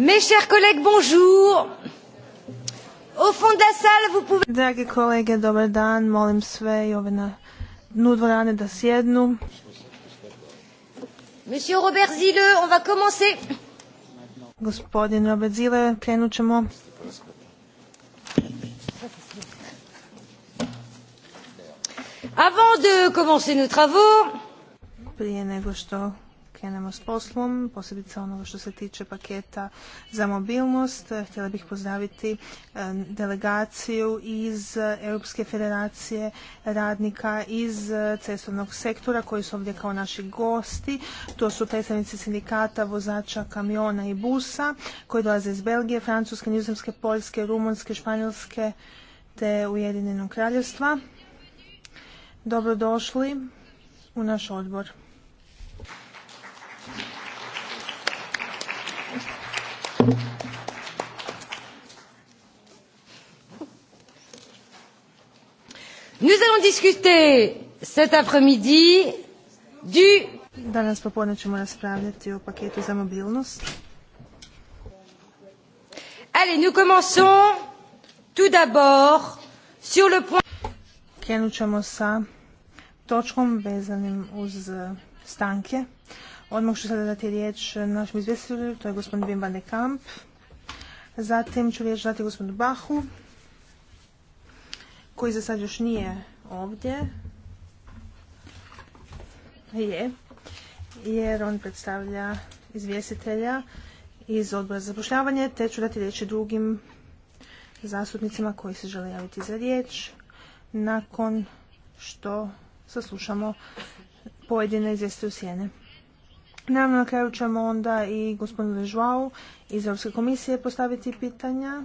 Mes chers collègues, bonjour. Au fond de la salle, vous pouvez... Dragi kolege, dobar dan. Molim sve i ove na dnu dvorane da sjednu. Monsieur Robert Zile, on va commencer. Gospodin Robert Zile, krenut ćemo. Avant de commencer nos travaux, krenemo s poslom, posebice ono što se tiče paketa za mobilnost. Htjela bih pozdraviti e, delegaciju iz Europske federacije radnika iz e, cestovnog sektora koji su ovdje kao naši gosti. To su predstavnici sindikata, vozača, kamiona i busa koji dolaze iz Belgije, Francuske, Nizozemske, Poljske, Rumunjske, Španjolske te Ujedinjenog kraljevstva. Dobrodošli u naš odbor. Nous allons discuter cet après-midi du... Danas popodne ćemo raspravljati o paketu za mobilnost. Allez, nous commençons tout d'abord sur le point... Krenut ćemo sa točkom vezanim uz stanke. Odmah ću sada dati riječ našem izvjestitelju, to je gospodin Wim van Kamp. Zatim ću riječ dati gospodinu Bahu, koji za sad još nije ovdje. Je, jer on predstavlja izvjestitelja iz odbora za zapošljavanje, te ću dati riječ drugim zastupnicima koji se žele javiti za riječ nakon što saslušamo pojedine izvjestitelju u sjene. Naravno, na kraju ćemo onda i gospodinu Ležvau iz Europske komisije postaviti pitanja.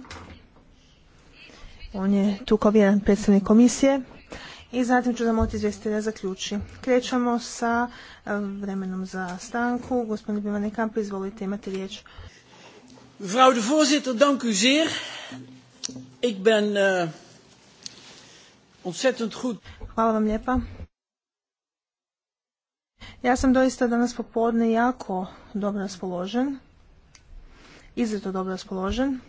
On je tu kao jedan predstavnik komisije. I zatim ću zamoliti izvjestitelja zaključi. Krećemo sa e, vremenom za stanku. Gospodin Bivane Kamp, izvolite, imate riječ. Mevrouw de voorzitter, dank u zeer. Ik ben eh, ontzettend goed. Hvala vam lijepa. Ja sam doista danas popodne jako dobro raspoložen, izredno dobro raspoložen.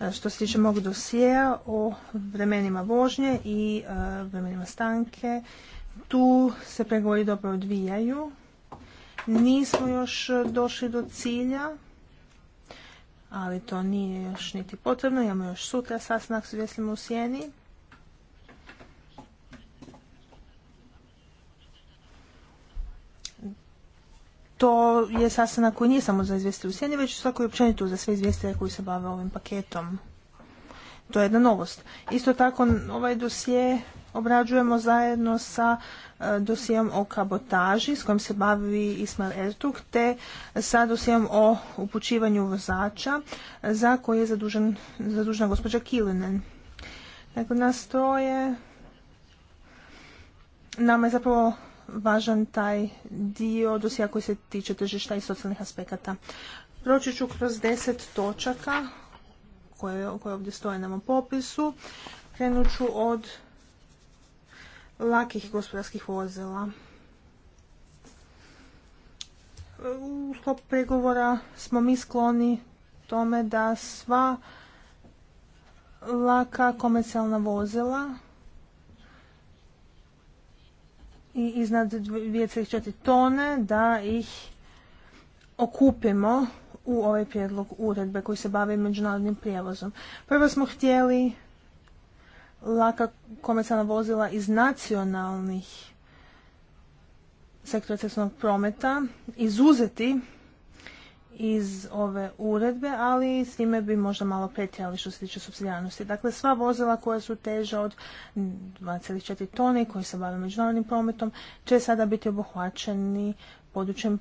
E, što se tiče mog dosijeja o vremenima vožnje i e, vremenima stanke, tu se pregovori dobro odvijaju. Nismo još došli do cilja, ali to nije još niti potrebno. Imamo još sutra sastanak s u Sjeni. to je sastanak koji nije samo za izvjestitelje u sjeni, već svako je općenito za sve izvjestitelje koji se bave ovim paketom. To je jedna novost. Isto tako ovaj dosje obrađujemo zajedno sa e, dosijem o kabotaži s kojim se bavi Ismail Ertug te sa dosijem o upućivanju vozača e, za koji je zadužena gospođa Kilinen. Dakle, nas je... nama je zapravo važan taj dio dosija koji se tiče tržišta i socijalnih aspekata. Proći ću kroz deset točaka koje, ovdje stoje na mom popisu. Krenut ću od lakih gospodarskih vozila. U sklopu pregovora smo mi skloni tome da sva laka komercijalna vozila i iznad 2,4 tone da ih okupimo u ovaj prijedlog uredbe koji se bavi međunarodnim prijevozom. Prvo smo htjeli laka komercijalna vozila iz nacionalnih sektora cestovnog prometa izuzeti iz ove uredbe, ali s njime bi možda malo pretjerali što se tiče subsidijarnosti. Dakle, sva vozila koja su teža od 2,4 tone i koji se bave međunarodnim prometom će sada biti obuhvaćeni područjem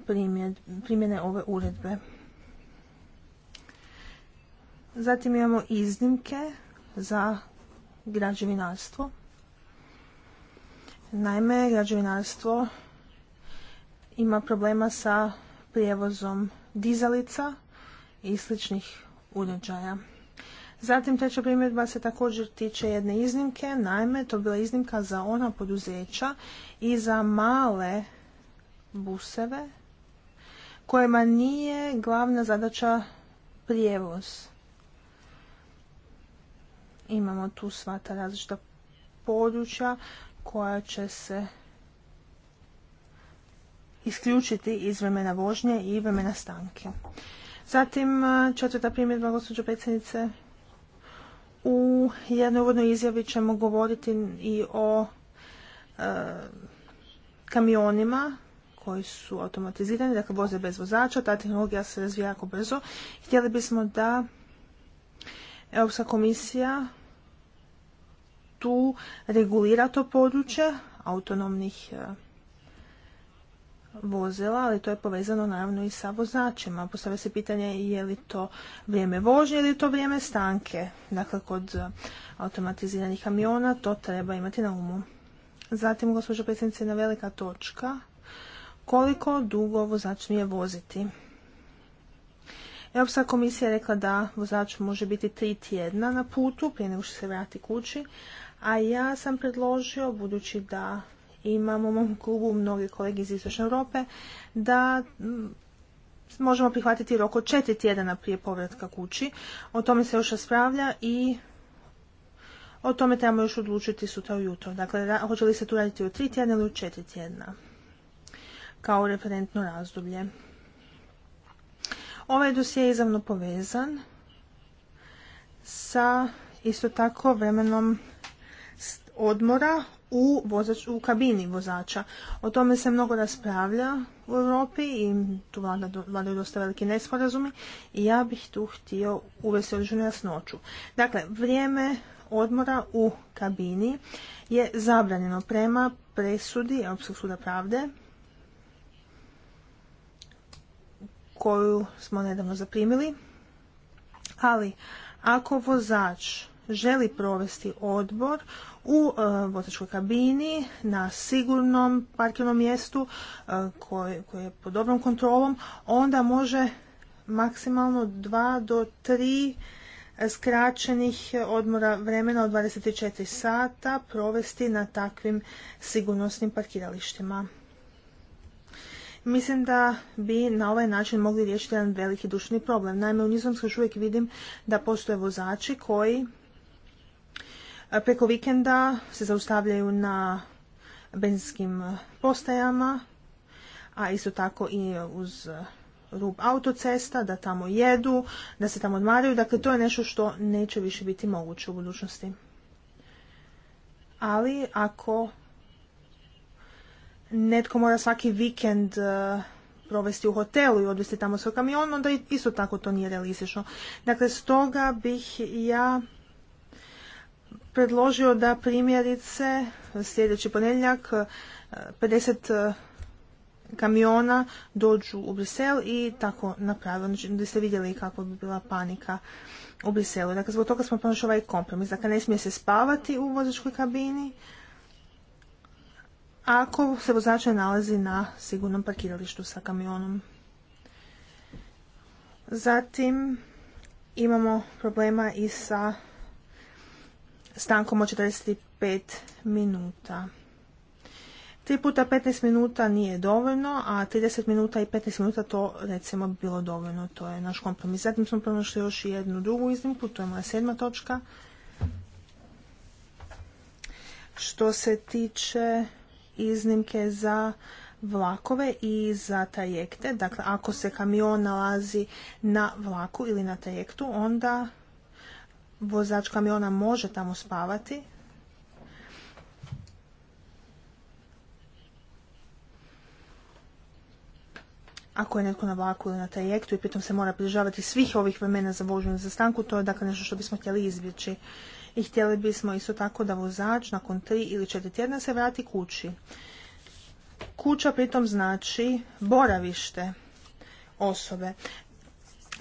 primjene ove uredbe. Zatim imamo iznimke za građevinarstvo. Naime, građevinarstvo ima problema sa prijevozom dizalica i sličnih uređaja. Zatim treća primjedba se također tiče jedne iznimke, naime to bila iznimka za ona poduzeća i za male buseve kojima nije glavna zadaća prijevoz. Imamo tu sva ta različita područja koja će se isključiti iz vremena vožnje i vremena stanke. Zatim, e, četvrta primjedba, gospođo predsjednice, u jednoj uvodnoj izjavi ćemo govoriti i o e, kamionima koji su automatizirani, dakle voze bez vozača, ta tehnologija se razvija jako brzo. Htjeli bismo da Europska komisija tu regulira to područje autonomnih e, vozila, ali to je povezano naravno i sa vozačima. Postavlja se pitanje je li to vrijeme vožnje ili je to vrijeme stanke. Dakle, kod automatiziranih kamiona to treba imati na umu. Zatim, gospođa predsjednice, jedna velika točka. Koliko dugo vozač nije voziti? Europska komisija je rekla da vozač može biti tri tjedna na putu prije nego što se vrati kući, a ja sam predložio, budući da imam u mom klubu mnogi kolege iz Istočne Europe, da mm, možemo prihvatiti rok od četiri tjedana prije povratka kući. O tome se još raspravlja i o tome trebamo još odlučiti sutra ujutro. Dakle, hoće li se tu raditi u tri tjedna ili u četiri tjedna kao referentno razdoblje. Ovaj dosje je izavno povezan sa isto tako vremenom odmora u, vozač, u kabini vozača. O tome se mnogo raspravlja u Europi i tu vladaju dosta veliki nesporazumi i ja bih tu htio uvesti određenu jasnoću. Dakle, vrijeme odmora u kabini je zabranjeno prema presudi Europskog suda pravde koju smo nedavno zaprimili. Ali, ako vozač želi provesti odbor u e, vozačkoj kabini na sigurnom parkirnom mjestu e, koje, je pod dobrom kontrolom, onda može maksimalno 2 do 3 skraćenih odmora vremena od 24 sata provesti na takvim sigurnosnim parkiralištima. Mislim da bi na ovaj način mogli riješiti jedan veliki dušni problem. Naime, u Nizozemskoj još uvijek vidim da postoje vozači koji preko vikenda se zaustavljaju na benzinskim postajama, a isto tako i uz rub autocesta, da tamo jedu, da se tamo odmaraju. Dakle, to je nešto što neće više biti moguće u budućnosti. Ali ako netko mora svaki vikend e, provesti u hotelu i odvesti tamo svoj kamion, onda isto tako to nije realistično. Dakle, stoga bih ja predložio da primjerice sljedeći ponedjeljak 50 e, e, kamiona dođu u Brisel i tako napravili. Znači, da ste vidjeli kako bi bila panika u Briselu. Dakle, zbog toga smo pronašli ovaj kompromis. Dakle, ne smije se spavati u vozačkoj kabini ako se vozače nalazi na sigurnom parkiralištu sa kamionom. Zatim, imamo problema i sa stankom od 45 minuta. 3 puta 15 minuta nije dovoljno, a 30 minuta i 15 minuta to recimo bi bilo dovoljno, to je naš kompromis. Zatim smo pronašli još jednu drugu iznimku, to je moja sedma točka. Što se tiče iznimke za vlakove i za trajekte, dakle ako se kamion nalazi na vlaku ili na trajektu, onda vozač kamiona može tamo spavati. Ako je netko na vlaku ili na trajektu i pritom se mora pridržavati svih ovih vremena za vožnju za stanku, to je dakle nešto što bismo htjeli izbjeći. I htjeli bismo isto tako da vozač nakon tri ili četiri tjedna se vrati kući. Kuća pritom znači boravište osobe.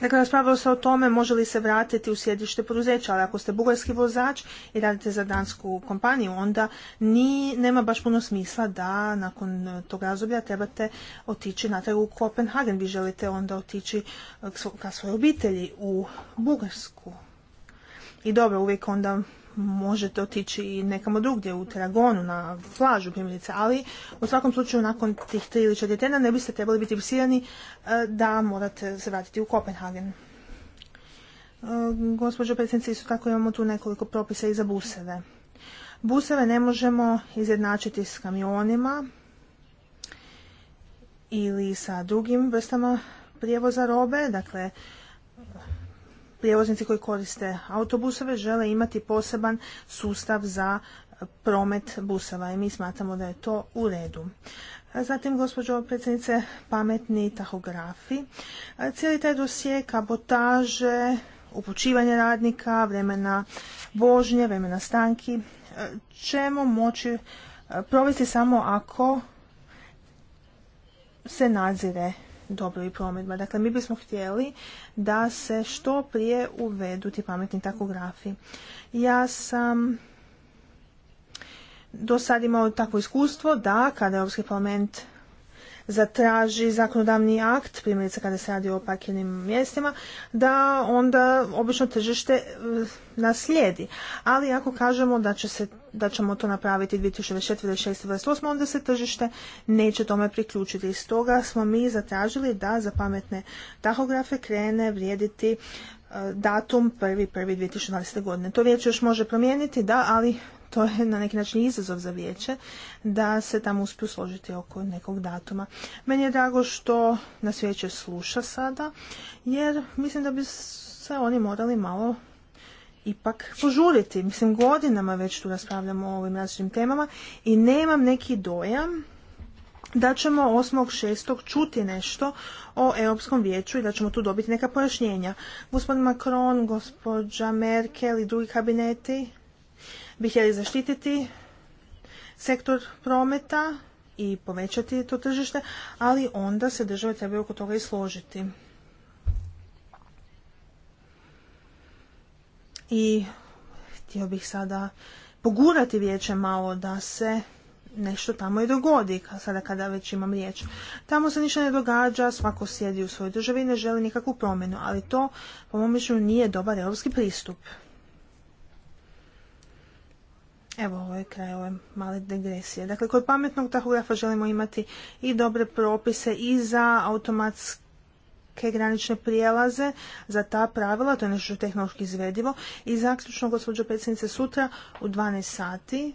Dakle, raspravljalo se o tome može li se vratiti u sjedište poduzeća, ali ako ste bugarski vozač i radite za dansku kompaniju, onda ni, nema baš puno smisla da nakon tog razdoblja trebate otići natrag u Kopenhagen. Vi želite onda otići eh, ka svojoj obitelji u Bugarsku. I dobro, uvijek onda možete otići i nekamo drugdje u Teragonu, na plažu primjerice, ali u svakom slučaju nakon tih tri ili četiri tjedna ne biste trebali biti psirani e, da morate se vratiti u Kopenhagen. E, gospođo predsjednice, isto tako imamo tu nekoliko propisa i za buseve. Buseve ne možemo izjednačiti s kamionima ili sa drugim vrstama prijevoza robe, dakle prijevoznici koji koriste autobuseve žele imati poseban sustav za promet busava i mi smatramo da je to u redu. Zatim, gospođo predsjednice, pametni tahografi. Cijeli taj dosijek, kabotaže, upućivanje radnika, vremena vožnje, vremena stanki e, ćemo moći e, provesti samo ako se nadzire i promidba. Dakle, mi bismo htjeli da se što prije uvedu ti pametni takografi. Ja sam do sad imao takvo iskustvo da kada Europski parlament zatraži zakonodavni akt, primjerice kada se radi o parkirnim mjestima, da onda obično tržište e, naslijedi. Ali ako kažemo da, će se, da ćemo to napraviti 2024. 2028. onda se tržište neće tome priključiti. I stoga smo mi zatražili da za pametne tahografe krene vrijediti e, datum 1.1.2020. godine. To vijeće još može promijeniti, da, ali to je na neki način izazov za vijeće da se tamo uspiju složiti oko nekog datuma. Meni je drago što nas vijeće sluša sada, jer mislim da bi se oni morali malo ipak požuriti. Mislim, godinama već tu raspravljamo o ovim različitim temama i nemam neki dojam da ćemo 8.6. čuti nešto o Europskom vijeću i da ćemo tu dobiti neka pojašnjenja. Gospod Macron, gospođa Merkel i drugi kabineti bi htjeli zaštititi sektor prometa i povećati to tržište, ali onda se države trebaju oko toga i složiti. I htio bih sada pogurati vijeće malo da se nešto tamo i dogodi, sada kada već imam riječ. Tamo se ništa ne događa, svako sjedi u svojoj državi i ne želi nikakvu promjenu, ali to, po mom mišljenju, nije dobar europski pristup. Evo, ovo je kraj ove male degresije. Dakle, kod pametnog tahografa želimo imati i dobre propise i za automatske granične prijelaze za ta pravila, to je nešto tehnološki izvedivo. I zaključno, gospođo predsjednice, sutra u 12 sati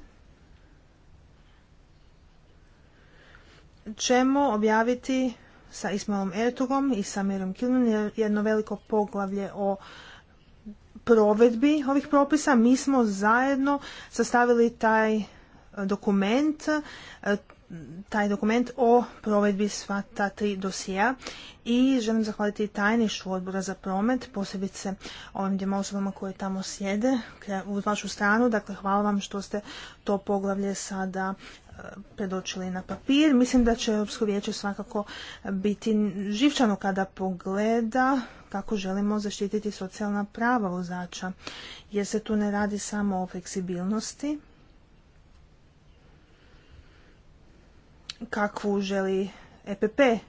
ćemo objaviti sa Ismailom Ertugom i sa Mirom Kilnom jedno veliko poglavlje o provedbi ovih propisa mi smo zajedno sastavili taj e, dokument e, taj dokument o provedbi sva ta tri dosija i želim zahvaliti tajništvu odbora za promet, posebice ovim djema osobama koje tamo sjede u vašu stranu. Dakle, hvala vam što ste to poglavlje sada predočili na papir. Mislim da će Europsko vijeće svakako biti živčano kada pogleda kako želimo zaštititi socijalna prava vozača, jer se tu ne radi samo o fleksibilnosti, kakvu želi EPP eh,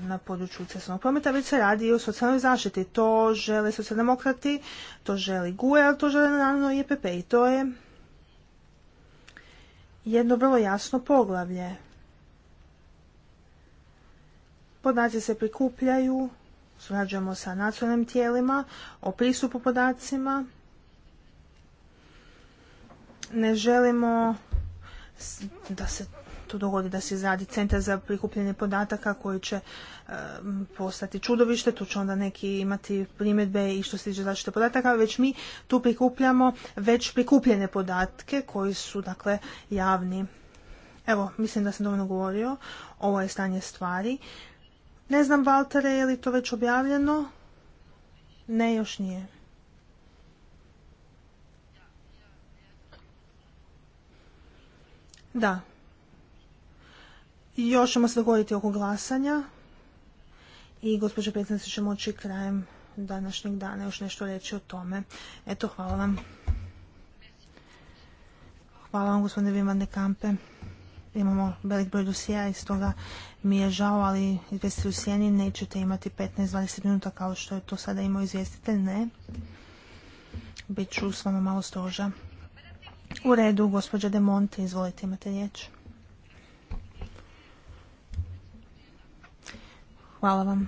na području cestovnog prometa, već se radi i o socijalnoj zaštiti. To žele socijaldemokrati, to želi GUE, ali to žele naravno i EPP i to je jedno vrlo jasno poglavlje. Podaci se prikupljaju, surađujemo sa nacionalnim tijelima o pristupu podacima. Ne želimo da se tu dogodi da se izradi centar za prikupljanje podataka koji će postati čudovište, tu će onda neki imati primjedbe i što se tiče zaštite podataka, već mi tu prikupljamo već prikupljene podatke koji su dakle javni. Evo, mislim da sam dovoljno govorio, ovo je stanje stvari. Ne znam, Valtere, je li to već objavljeno? Ne, još nije. Da, još ćemo se dogoditi oko glasanja i gospođa predsjednica će moći krajem današnjeg dana još nešto reći o tome. Eto, hvala vam. Hvala vam gospodine Vimane Kampe. Imamo velik broj dosija i stoga mi je žao, ali izvestitelj u sjeni nećete imati 15-20 minuta kao što je to sada imao izvjestitelj. Ne. Bit ću s vama malo stroža. U redu, gospođa De Monte, izvolite, imate riječ. Hvala vam.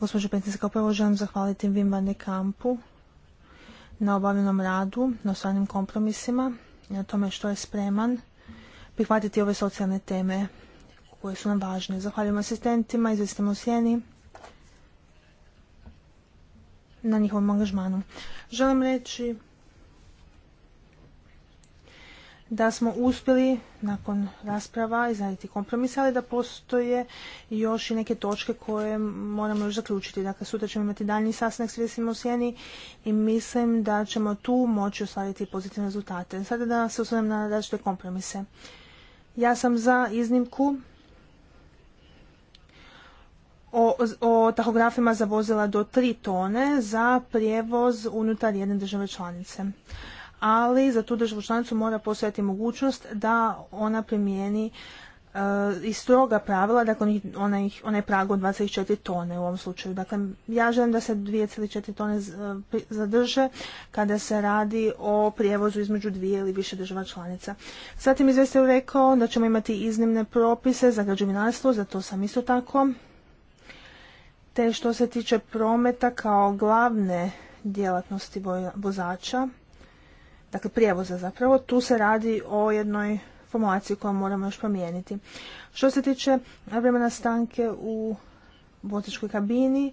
Gospođo Petinska, kao prvo želim zahvaliti Vimbani van Kampu na obavljenom radu, na osvanim kompromisima i na tome što je spreman prihvatiti ove socijalne teme koje su nam važne. Zahvaljujem asistentima, izvestimo u sjeni na njihovom angažmanu. Želim reći da smo uspjeli nakon rasprava izraditi kompromis, ali da postoje još i neke točke koje moramo još zaključiti. Dakle, sutra ćemo imati daljnji sastanak s u Sjeni i mislim da ćemo tu moći ostvariti pozitivne rezultate. Sada da se osvrnem na različite kompromise. Ja sam za iznimku o, o tahografima za vozila do 3 tone za prijevoz unutar jedne države članice ali za tu državu članicu mora postojati mogućnost da ona primijeni e, i stroga pravila, dakle onaj, je prag od 24 tone u ovom slučaju. Dakle, ja želim da se 2,4 tone e, zadrže kada se radi o prijevozu između dvije ili više država članica. Zatim izvestio rekao da ćemo imati iznimne propise za građevinarstvo, za to sam isto tako te što se tiče prometa kao glavne djelatnosti vozača dakle prijevoza zapravo, tu se radi o jednoj formulaciji koju moramo još promijeniti. Što se tiče vremena stanke u botičkoj kabini,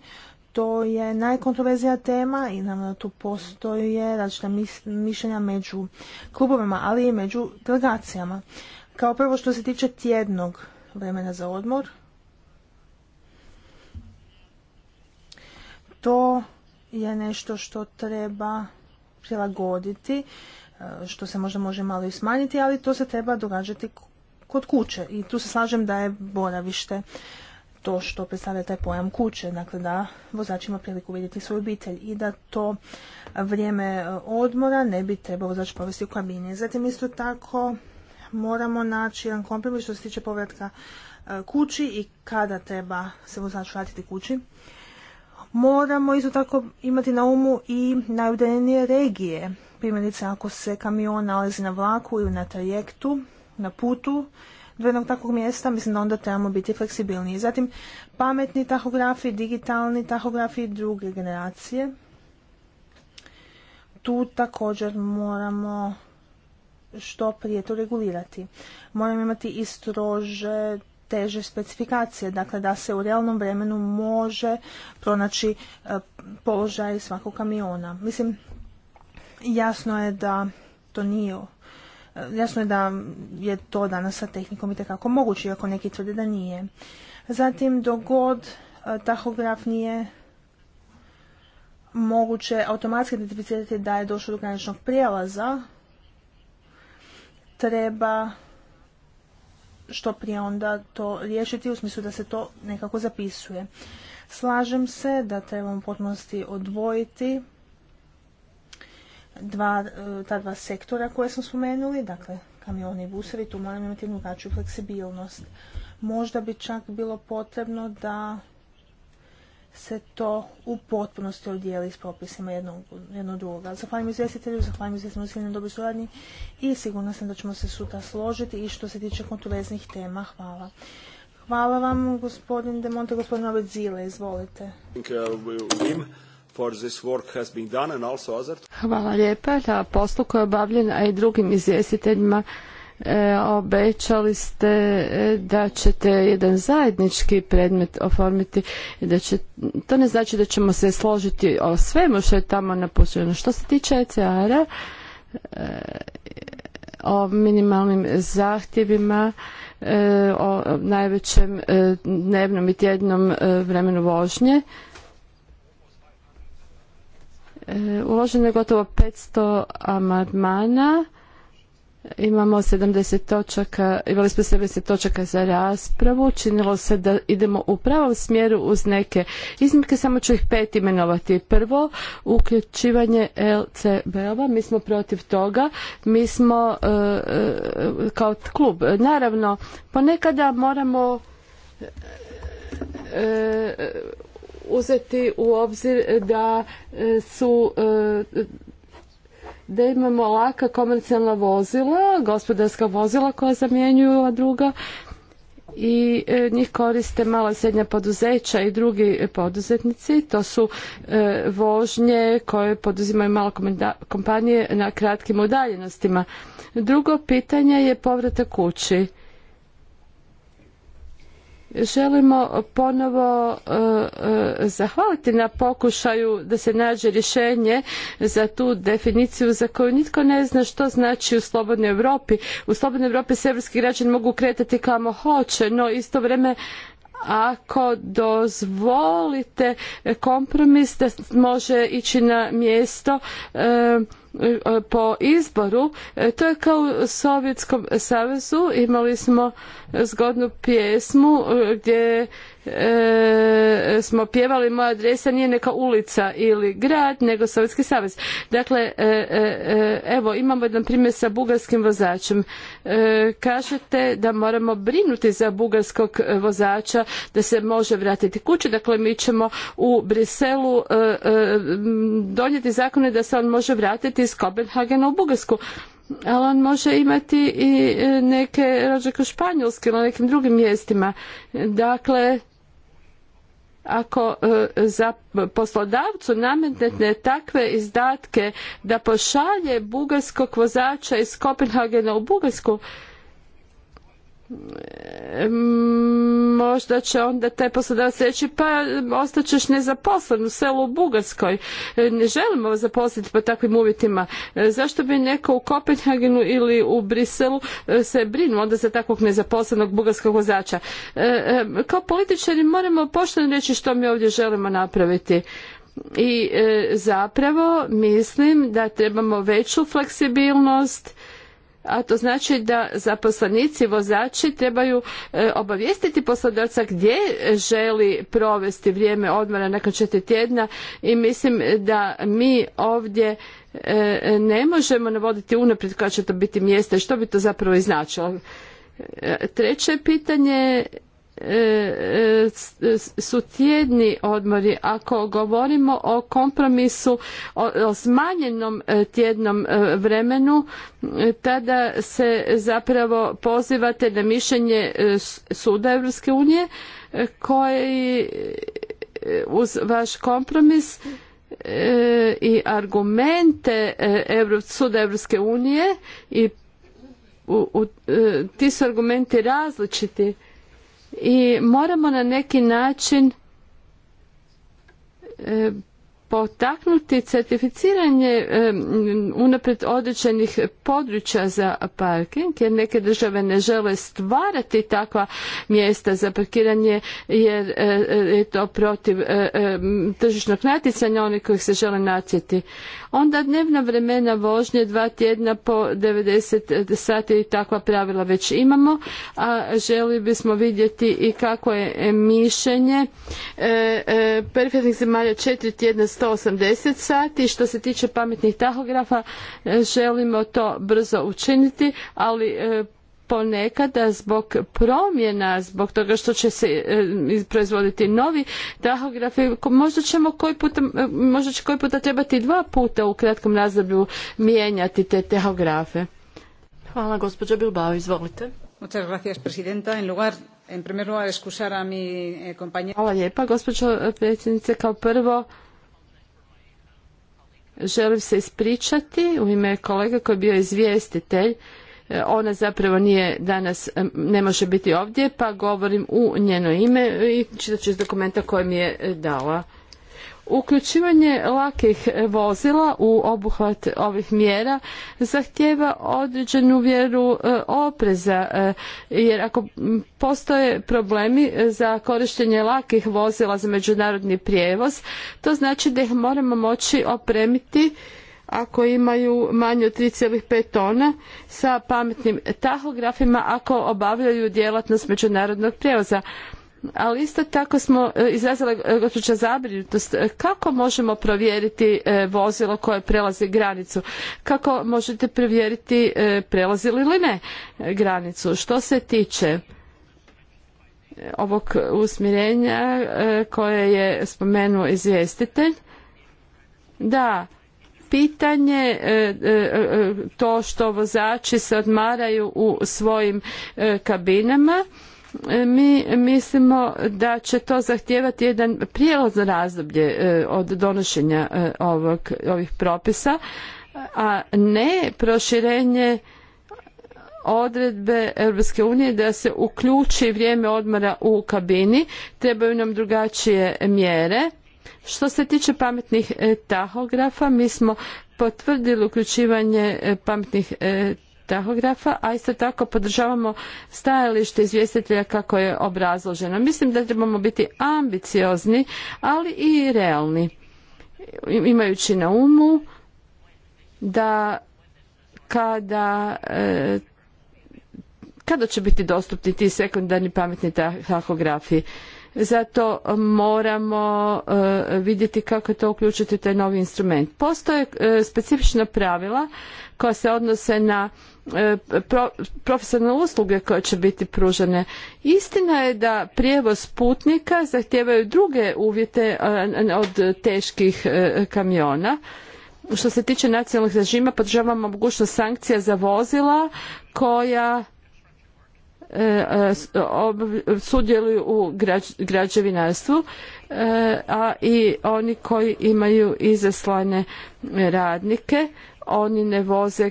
to je najkontroverzija tema i naravno tu postoje različita mišljenja među klubovima, ali i među delegacijama. Kao prvo što se tiče tjednog vremena za odmor, to je nešto što treba prilagoditi, e, što se možda može malo i smanjiti, ali to se treba događati kod kuće. I tu se slažem da je boravište to što predstavlja taj pojam kuće, dakle da vozač ima priliku vidjeti svoju obitelj i da to vrijeme e, odmora ne bi trebao vozač povesti u kabini. Zatim isto tako moramo naći jedan kompromis što se tiče povratka e, kući i kada treba se vozač vratiti kući moramo isto tako imati na umu i najudaljenije regije. Primjerice, ako se kamion nalazi na vlaku ili na trajektu, na putu, do jednog takvog mjesta, mislim da onda trebamo biti fleksibilniji. Zatim, pametni tahografi, digitalni tahografi druge generacije. Tu također moramo što prije to regulirati. Moramo imati i strože teže specifikacije, dakle da se u realnom vremenu može pronaći e, položaj svakog kamiona. Mislim, jasno je da to nije e, Jasno je da je to danas sa tehnikom i tekako moguće, iako neki tvrde da nije. Zatim, dogod e, tahograf nije moguće automatski identificirati da je došlo do graničnog prijelaza, treba što prije onda to riješiti u smislu da se to nekako zapisuje. Slažem se da trebamo u potpunosti odvojiti dva, e, ta dva sektora koje smo spomenuli, dakle kamioni i busevi, tu moramo imati jednu drugačiju fleksibilnost. Možda bi čak bilo potrebno da se to u potpunosti odijeli s propisima jednog, druga. drugoga. Zahvaljujem izvjestitelju, zahvaljujem izvjestitelju na dobroj suradnji i sigurno sam da ćemo se sutra složiti i što se tiče kontroverznih tema. Hvala. Hvala vam, gospodin Demonte, gospodin Robert Zile, izvolite. Hvala lijepa na poslu koja je obavljena, a i drugim izvjestiteljima E, obećali ste e, da ćete jedan zajednički predmet oformiti i da će, to ne znači da ćemo se složiti o svemu što je tamo napušteno. Što se tiče ECR-a, e, o minimalnim zahtjevima, o najvećem dnevnom i tjednom vremenu vožnje, uloženo je gotovo 500 amadmana Imamo 70 točaka, imali smo 70 točaka za raspravu. Činilo se da idemo u pravom smjeru uz neke iznimke, samo ću ih pet imenovati. Prvo, uključivanje LCB-ova. Mi smo protiv toga. Mi smo e, e, kao klub. Naravno, ponekada moramo e, uzeti u obzir da su da imamo laka komercijalna vozila, gospodarska vozila koja zamjenjuju druga i e, njih koriste mala i srednja poduzeća i drugi poduzetnici. To su e, vožnje koje poduzimaju male kompanije na kratkim udaljenostima. Drugo pitanje je povratak kući želimo ponovo e, e, zahvaliti na pokušaju da se nađe rješenje za tu definiciju za koju nitko ne zna što znači u slobodnoj Europi. U slobodnoj Europi se europski građani mogu kretati kamo hoće, no isto vreme ako dozvolite kompromis da može ići na mjesto e, po izboru, e, to je kao u Sovjetskom savezu, imali smo zgodnu pjesmu e, gdje e, smo pjevali moja adresa nije neka ulica ili grad nego Sovjetski savez. Dakle, e, e, e, evo imamo jedan primjer sa bugarskim vozačem. kažete da moramo brinuti za bugarskog vozača da se može vratiti kući. Dakle, mi ćemo u Briselu donijeti zakone da se on može vratiti iz Kopenhagena u Bugarsku ali on može imati i neke rođake u Španjolske ili nekim drugim mjestima. Dakle, ako e, za poslodavcu nametnete takve izdatke da pošalje bugarskog vozača iz Kopenhagena u Bugarsku, E, možda će onda taj poslodavac reći pa ostaćeš nezaposlen u selu u Bugarskoj e, ne želimo vas zaposliti po takvim uvjetima e, zašto bi neko u Kopenhagenu ili u Briselu se brinuo onda za takvog nezaposlenog bugarskog vozača kao političari moramo pošteno reći što mi ovdje želimo napraviti i zapravo mislim da trebamo veću fleksibilnost a to znači da zaposlenici vozači trebaju e, obavijestiti poslodavca gdje želi provesti vrijeme odmora nakon četiri tjedna i mislim da mi ovdje e, ne možemo navoditi unaprijed koja će to biti mjesta i što bi to zapravo i značilo. E, treće pitanje E, e, e, su tjedni odmori. Ako govorimo o kompromisu o smanjenom tjednom vremenu, tada se zapravo pozivate na mišljenje Suda Europske unije koji uz vaš kompromis i argumente Suda Europske unije i ti su argumenti različiti i moramo na neki način e, potaknuti certificiranje e, unaprijed određenih područja za parking jer neke države ne žele stvarati takva mjesta za parkiranje jer e, je to protiv tržišnog natjecanja onih kojih se žele natjeti onda dnevna vremena vožnje dva tjedna po 90 sati i takva pravila već imamo, a želi bismo vidjeti i kako je mišljenje e, e, perfektnih zemalja četiri tjedna 180 sati. Što se tiče pametnih tahografa, e, želimo to brzo učiniti, ali e, ponekada zbog promjena, zbog toga što će se e, proizvoditi novi tahografi, možda ćemo koji puta, e, možda će koji puta trebati dva puta u kratkom razdoblju mijenjati te tahografe. Hvala, gospođo Bilbao, izvolite. Muchas gracias, presidenta. En lugar, en excusar a mi eh, Hvala lijepa, gospođo eh, predsjednice. Kao prvo, želim se ispričati u ime kolega koji je bio izvjestitelj E, ona zapravo nije danas, ne može biti ovdje, pa govorim u njeno ime i čitat iz dokumenta koje mi je e, dala. Uključivanje lakih vozila u obuhvat ovih mjera zahtjeva određenu vjeru e, opreza, jer ako postoje problemi za korištenje lakih vozila za međunarodni prijevoz, to znači da ih moramo moći opremiti ako imaju manje od 3,5 tona sa pametnim tahografima ako obavljaju djelatnost međunarodnog prijevoza. Ali isto tako smo e, izrazila gospođa zabrinutost e, kako možemo provjeriti e, vozilo koje prelazi granicu, kako možete provjeriti prelazi li ili ne granicu. Što se tiče ovog usmjerenja koje je spomenuo izvjestitelj, da, pitanje e, e, e, to što vozači se odmaraju u svojim kabinama mi mislimo da će to zahtijevati jedan prijelazno razdoblje od donošenja ovih propisa a ne proširenje odredbe Europske unije da se uključi vrijeme odmora u kabini trebaju nam drugačije mjere što se tiče pametnih e, tahografa, mi smo potvrdili uključivanje e, pametnih e, tahografa, a isto tako podržavamo stajalište izvjestitelja kako je obrazloženo. Mislim da trebamo biti ambiciozni, ali i realni. Imajući na umu da kada kada će biti dostupni ti sekundarni pametni tahografi zato moramo e, vidjeti kako to uključiti taj novi instrument. Postoje e, specifična pravila koja se odnose na e, profesionalne usluge koje će biti pružene. Istina je da prijevoz putnika zahtijevaju druge uvjete od teških kamiona. Što se tiče nacionalnih režima, podržavamo mogućnost sankcija za vozila koja E, e, sudjeluju u građevinarstvu e, a i oni koji imaju izaslane radnike oni ne voze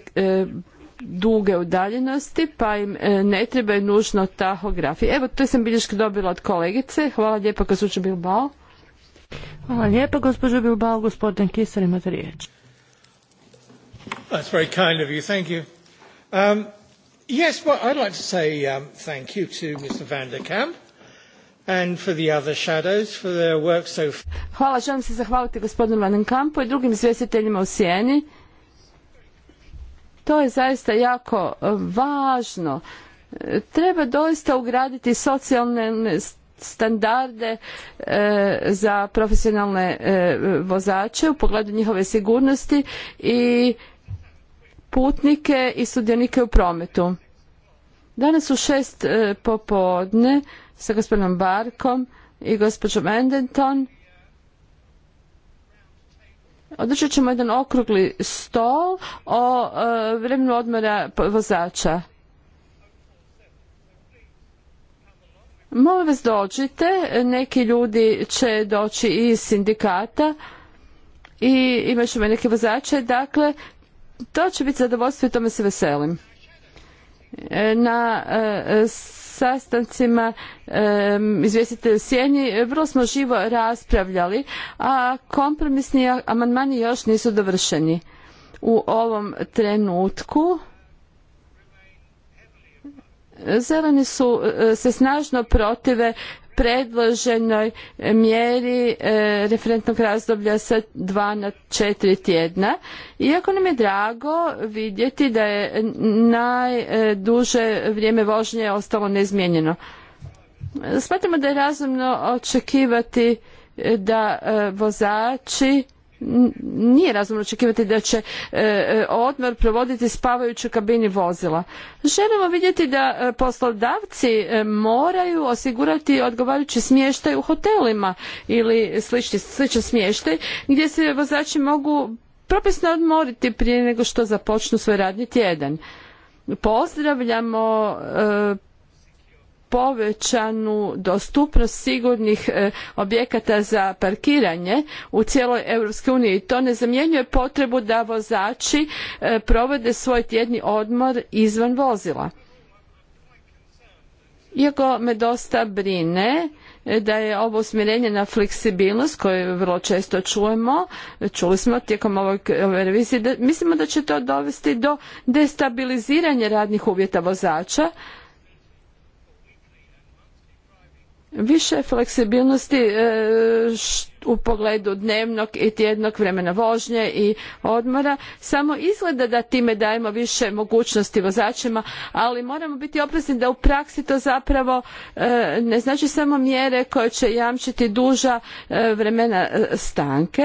duge udaljenosti pa im ne trebaju nužno tahografi. Evo to sam bilješke dobila od kolegice. Hvala lijepo, gospođo Bilbao. Hvala lijepo, gospođo Bilbao. Gospodin Kisar imate riječ. very kind you. Thank you. Um... Yes, well, I'd like to say um, thank you to Mr. Van der Kamp and for the other shadows for their work so Hvala, želim se zahvaliti gospodinu Van Kampu i drugim izvjestiteljima u Sijeni. To je zaista jako e, važno. E, treba doista ugraditi socijalne standarde e, za profesionalne vozače u pogledu njihove sigurnosti i putnike i sudionike u prometu. Danas su šest e, popodne sa gospodinom Barkom i gospođom Endenton održat ćemo jedan okrugli stol o e, vremenu odmora vozača. Molim vas dođite, neki ljudi će doći iz sindikata i imat ćemo neke vozače, dakle to će biti zadovoljstvo i tome se veselim. E, na e, sastancima e, izvjestitelj Sjeni vrlo smo živo raspravljali, a kompromisni amandmani još nisu dovršeni. U ovom trenutku zeleni su se snažno protive predloženoj mjeri e, referentnog razdoblja sa dva na četiri tjedna. Iako nam je drago vidjeti da je najduže vrijeme vožnje ostalo nezmijenjeno. Smatramo da je razumno očekivati da e, vozači nije razumno očekivati da će e, e, odmor provoditi spavajući u kabini vozila. Želimo vidjeti da e, poslodavci moraju osigurati odgovarajući smještaj u hotelima ili slični, sličan smještaj gdje se vozači mogu propisno odmoriti prije nego što započnu svoj radni tjedan. Pozdravljamo povećanu dostupnost sigurnih e, objekata za parkiranje u cijeloj EU. uniji. To ne zamjenjuje potrebu da vozači e, provode svoj tjedni odmor izvan vozila. Iako me dosta brine e, da je ovo usmjerenje na fleksibilnost koju vrlo često čujemo, čuli smo tijekom ove revizije, da mislimo da će to dovesti do destabiliziranja radnih uvjeta vozača, više fleksibilnosti e, u pogledu dnevnog i tjednog vremena vožnje i odmora. Samo izgleda da time dajemo više mogućnosti vozačima, ali moramo biti oprezni da u praksi to zapravo e, ne znači samo mjere koje će jamčiti duža e, vremena stanke,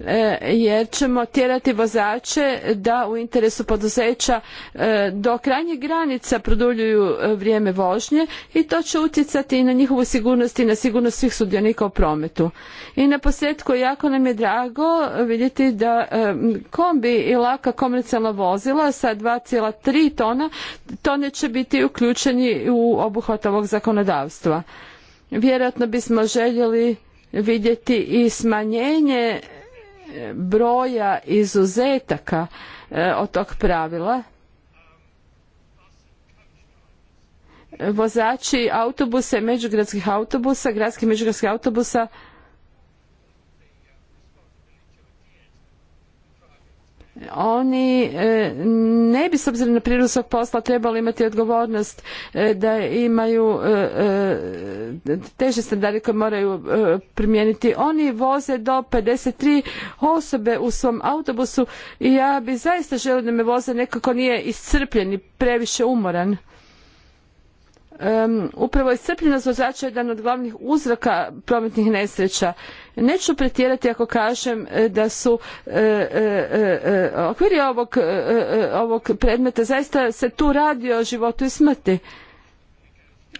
E, jer ćemo tjerati vozače da u interesu poduzeća e, do krajnjih granica produljuju e, vrijeme vožnje i to će utjecati i na njihovu sigurnost i na sigurnost svih sudionika u prometu. I na posljedku jako nam je drago vidjeti da kombi i laka komercijalna vozila sa 2,3 tona tone će biti uključeni u obuhvat ovog zakonodavstva. Vjerojatno bismo željeli vidjeti i smanjenje broja izuzetaka e, od tog pravila vozači autobusa međugradskih autobusa, gradskih međugradskih autobusa oni e, ne bi s obzirom na prirodu svog posla trebali imati odgovornost e, da imaju e, teže standarde koje moraju primijeniti. Oni voze do 53 osobe u svom autobusu i ja bi zaista želio da me voze nekako nije iscrpljen i previše umoran. upravo iscrpljenost vozača je jedan od glavnih uzroka prometnih nesreća Neću pretjerati ako kažem e, da su e, e, okviri ovog, ovog predmeta, zaista se tu radi o životu i smrti.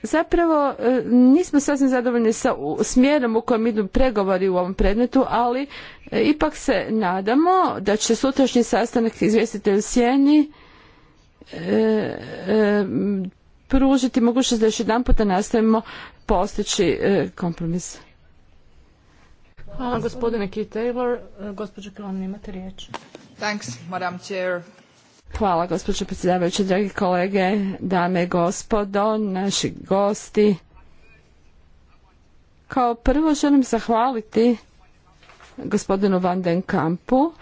Zapravo nismo sasvim zadovoljni sa smjerom u kojem idu pregovori u ovom predmetu, ali ipak se nadamo da će sutrašnji sastanak izvjestitelj u Sjeni pružiti mogućnost da još jedan puta nastavimo postići kompromis. Hvala gospodine Keith Taylor. E, gospođo imate riječ. Thanks, Madam Chair. Hvala gospođo predsjedavajući, dragi kolege, dame i gospodo, naši gosti. Kao prvo želim zahvaliti gospodinu Van den Kampu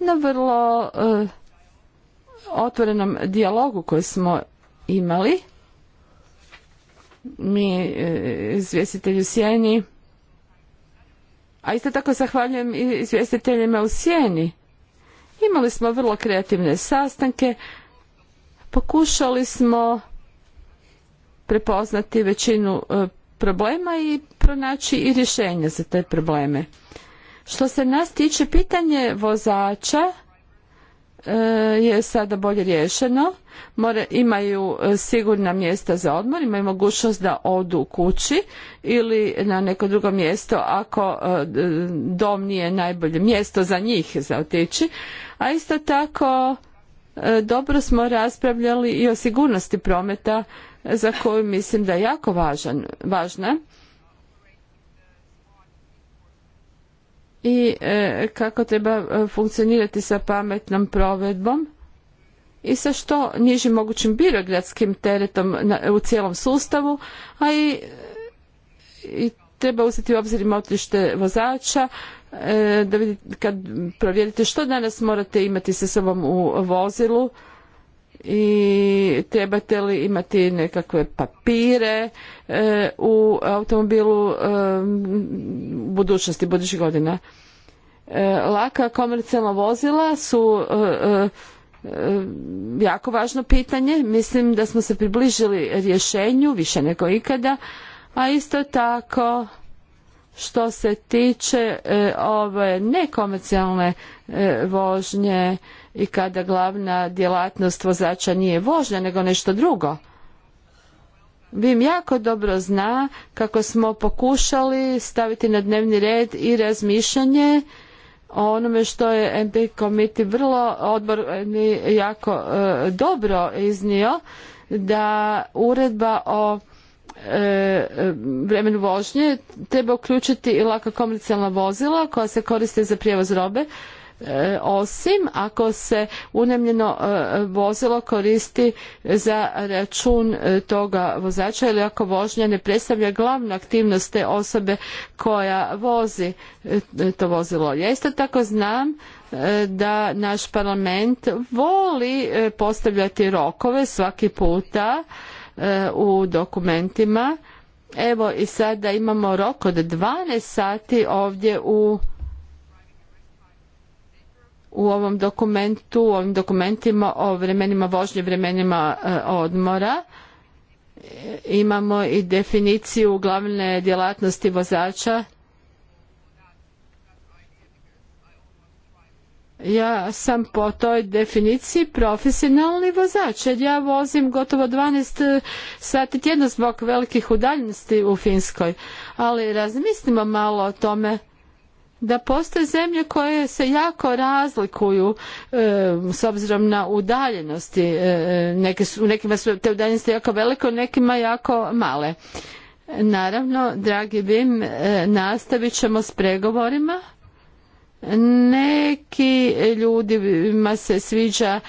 na vrlo e, otvorenom dijalogu koji smo imali. Mi, e, izvjestitelji Sjeni, a isto tako zahvaljujem i izvjestiteljima u Sjeni. Imali smo vrlo kreativne sastanke, pokušali smo prepoznati većinu e, problema i pronaći i rješenje za te probleme. Što se nas tiče pitanje vozača, E, je sada bolje riješeno. imaju e, sigurna mjesta za odmor, imaju mogućnost da odu kući ili na neko drugo mjesto ako e, dom nije najbolje mjesto za njih za otići. A isto tako dobro smo raspravljali i o sigurnosti prometa za koju mislim da je jako važna i e, kako treba e, funkcionirati sa pametnom provedbom i sa što nižim mogućim birogradskim teretom u cijelom sustavu, a i, i treba uzeti u obzir motrište vozača, e, da vidite, kad provjerite što danas morate imati sa sobom u vozilu, i trebate li imati nekakve papire e, u automobilu e, budućnosti, budućih godina. E, laka komercijalna vozila su e, jako važno pitanje. Mislim da smo se približili rješenju više nego ikada, a isto tako što se tiče ove nekomercijalne vožnje i kada glavna djelatnost vozača nije vožnja nego nešto drugo. Vim jako dobro zna kako smo pokušali staviti na dnevni red i razmišljanje o onome što je MP komiti vrlo odbor eh, jako eh, dobro iznio da uredba o eh, vremenu vožnje treba uključiti i laka komercijalna vozila koja se koriste za prijevoz robe E, osim ako se unemljeno e, vozilo koristi za račun e, toga vozača ili ako vožnja ne predstavlja glavnu aktivnost te osobe koja vozi to vozilo. Ja isto tako znam da naš parlament voli postavljati rokove svaki puta u dokumentima. Evo i sada imamo rok od 12 sati ovdje u u ovom dokumentu, u ovim dokumentima o vremenima vožnje, vremenima e, odmora. E, imamo i definiciju glavne djelatnosti vozača. Ja sam po toj definiciji profesionalni vozač, jer ja vozim gotovo 12 e, sati tjedno zbog velikih udaljenosti u Finskoj. Ali razmislimo malo o tome da postoje zemlje koje se jako razlikuju e, s obzirom na udaljenosti. E, e neke su, nekima su te udaljenosti jako velike, nekima jako male. Naravno, dragi Bim, e, nastavit ćemo s pregovorima. Neki ljudima se sviđa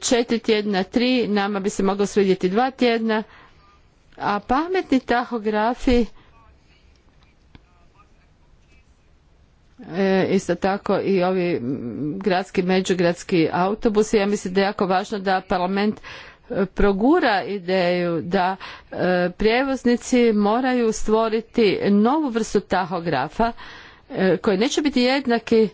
četiri tjedna, tri, nama bi se moglo svidjeti dva tjedna, a pametni tahografi E, isto tako i ovi gradski, međugradski autobusi. Ja mislim da je jako važno da parlament e, progura ideju da e, prijevoznici moraju stvoriti novu vrstu tahografa e, koji neće biti jednaki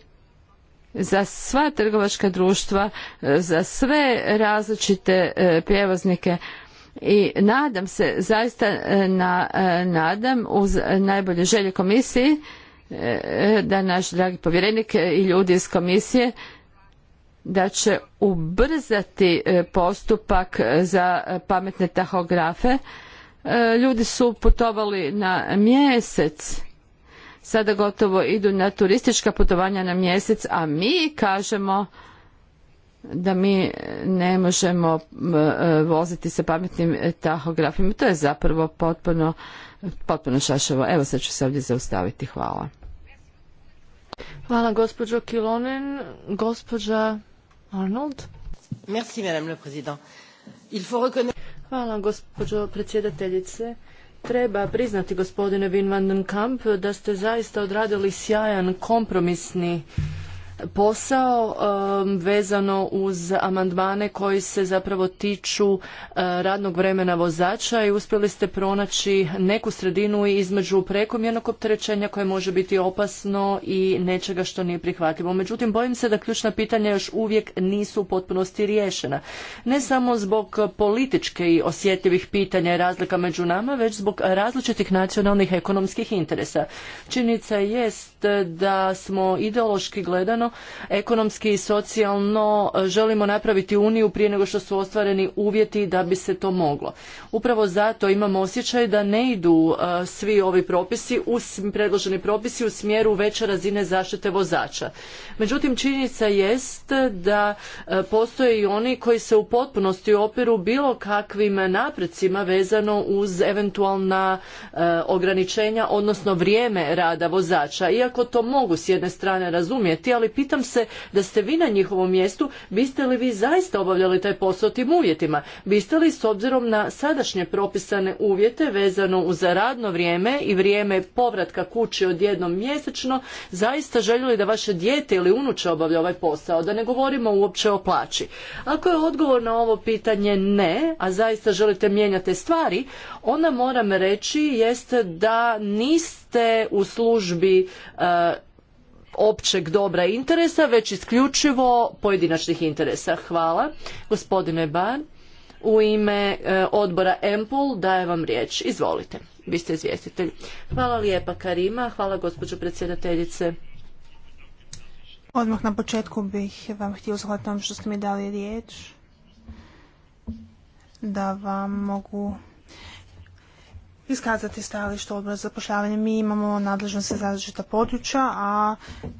za sva trgovačka društva, e, za sve različite prijevoznike i nadam se, zaista na, nadam uz najbolje želje komisiji E, da naš dragi povjerenik i ljudi iz komisije da će ubrzati e, postupak za pametne tahografe. E, ljudi su putovali na mjesec, sada gotovo idu na turistička putovanja na mjesec, a mi kažemo da mi ne možemo voziti sa pametnim tahografima. To je zapravo potpuno, potpuno šašavo. Evo sad ću se ovdje zaustaviti. Hvala. Hvala gospođo Kilonen. Gospođa Arnold. Merci, madame le président. Il faut reconnaître... Hvala gospođo predsjedateljice. Treba priznati gospodine Wim van den Kamp da ste zaista odradili sjajan kompromisni posao um, vezano uz amandmane koji se zapravo tiču uh, radnog vremena vozača i uspjeli ste pronaći neku sredinu između prekomjernog opterećenja koje može biti opasno i nečega što nije prihvatljivo. Međutim, bojim se da ključna pitanja još uvijek nisu u potpunosti riješena. Ne samo zbog političke i osjetljivih pitanja i razlika među nama, već zbog različitih nacionalnih ekonomskih interesa. Činjenica jest da smo ideološki gledano ekonomski i socijalno e, želimo napraviti uniju prije nego što su ostvareni uvjeti da bi se to moglo. Upravo zato imamo osjećaj da ne idu e, svi ovi propisi, predloženi propisi u smjeru veće razine zaštite vozača. Međutim, činjenica jest da e, postoje i oni koji se u potpunosti opiru bilo kakvim naprecima vezano uz eventualna ograničenja, odnosno vrijeme rada vozača. Iako to mogu s jedne strane razumjeti, ali pitam se da ste vi na njihovom mjestu, biste li vi zaista obavljali taj posao tim uvjetima? Biste li s obzirom na sadašnje propisane uvjete vezano uz radno vrijeme i vrijeme povratka kući od jednom mjesečno, zaista željeli da vaše dijete ili unuče obavlja ovaj posao, da ne govorimo uopće o plaći. Ako je odgovor na ovo pitanje ne, a zaista želite mijenjati stvari, onda moram reći jeste da niste u službi e, općeg dobra interesa, već isključivo pojedinačnih interesa. Hvala. Gospodine Ban, u ime e, odbora EMPUL daje vam riječ. Izvolite. Vi ste izvjestitelj. Hvala lijepa Karima, hvala gospođo predsjedateljice. Odmah na početku bih vam htio zahvatiti što ste mi dali riječ da vam mogu iskazati stajalište odbora za zapošljavanje. Mi imamo nadležnost za različita područja, a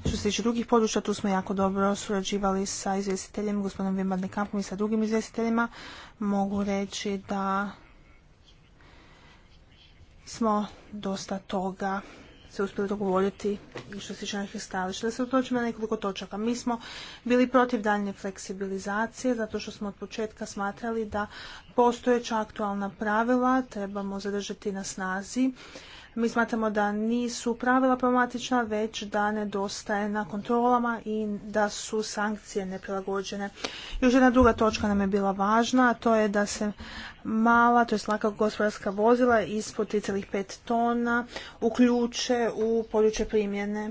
što se tiče drugih područja, tu smo jako dobro surađivali sa izvjestiteljem, gospodinom Vimbarne Kampom i sa drugim izvjestiteljima. Mogu reći da smo dosta toga se uspjeli dogovoriti i što se tiče naših stajališta. Da se utočimo na nekoliko točaka. Mi smo bili protiv daljne fleksibilizacije zato što smo od početka smatrali da postojeća aktualna pravila trebamo zadržati na snazi. Mi smatramo da nisu pravila problematična, već da nedostaje na kontrolama i da su sankcije neprilagođene. Još jedna druga točka nam je bila važna, a to je da se mala, to je laka gospodarska vozila ispod 3,5 tona uključe u područje primjene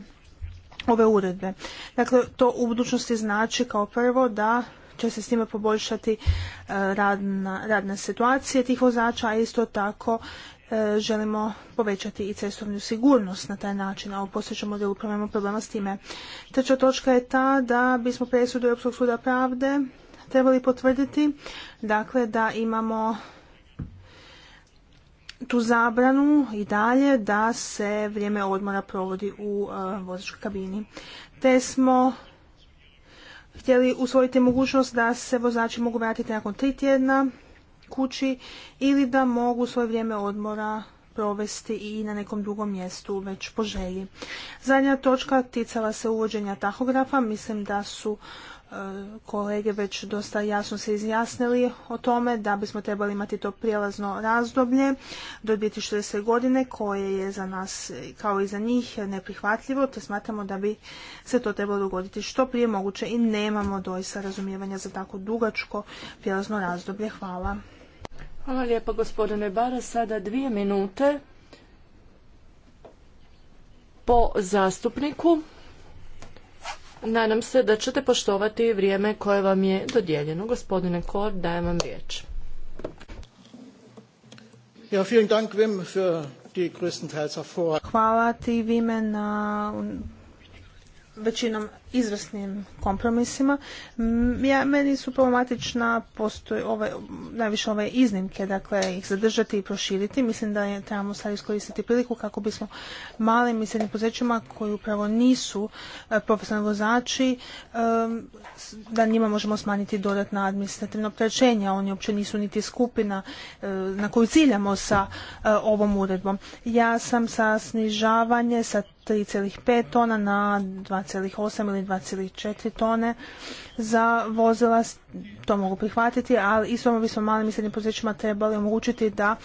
ove uredbe. Dakle, to u budućnosti znači kao prvo da će se s time poboljšati e, radna, radna situacija tih vozača, a isto tako e, želimo povećati i cestovnu sigurnost na taj način, a u postojećem modelu imamo problema s time. Treća točka je ta da bismo presudu Europskog suda pravde trebali potvrditi, dakle da imamo tu zabranu i dalje da se vrijeme odmora provodi u e, vozačkoj kabini. Te smo htjeli usvojiti mogućnost da se vozači mogu vratiti nakon tri tjedna kući ili da mogu svoje vrijeme odmora provesti i na nekom drugom mjestu već po želji. Zadnja točka ticala se uvođenja tahografa. Mislim da su kolege već dosta jasno se izjasnili o tome da bismo trebali imati to prijelazno razdoblje do 2040. godine koje je za nas kao i za njih neprihvatljivo te smatramo da bi se to trebalo dogoditi što prije moguće i nemamo doista razumijevanja za tako dugačko prijelazno razdoblje. Hvala. Hvala lijepa gospodine Bara. Sada dvije minute po zastupniku. Nadam se da ćete poštovati vrijeme koje vam je dodijeljeno. Gospodine Kord, dajem vam riječ. Ja, vielen Dank, Wim, für die Hvala ti, Vime, na većinom izvrsnim kompromisima. meni su problematična postoje ove, najviše ove iznimke, dakle ih zadržati i proširiti. Mislim da je, trebamo sad iskoristiti priliku kako bismo malim i srednjim poduzećima koji upravo nisu e, profesionalni vozači, e, da njima možemo smanjiti dodatna administrativna opterećenja. Oni uopće nisu niti skupina e, na koju ciljamo sa ovom uredbom. Ja sam sa snižavanje sa 3,5 tona na 2,8 ili ili 2,4 tone za vozila, to mogu prihvatiti, ali isto bismo malim i srednjim poduzećima trebali omogućiti da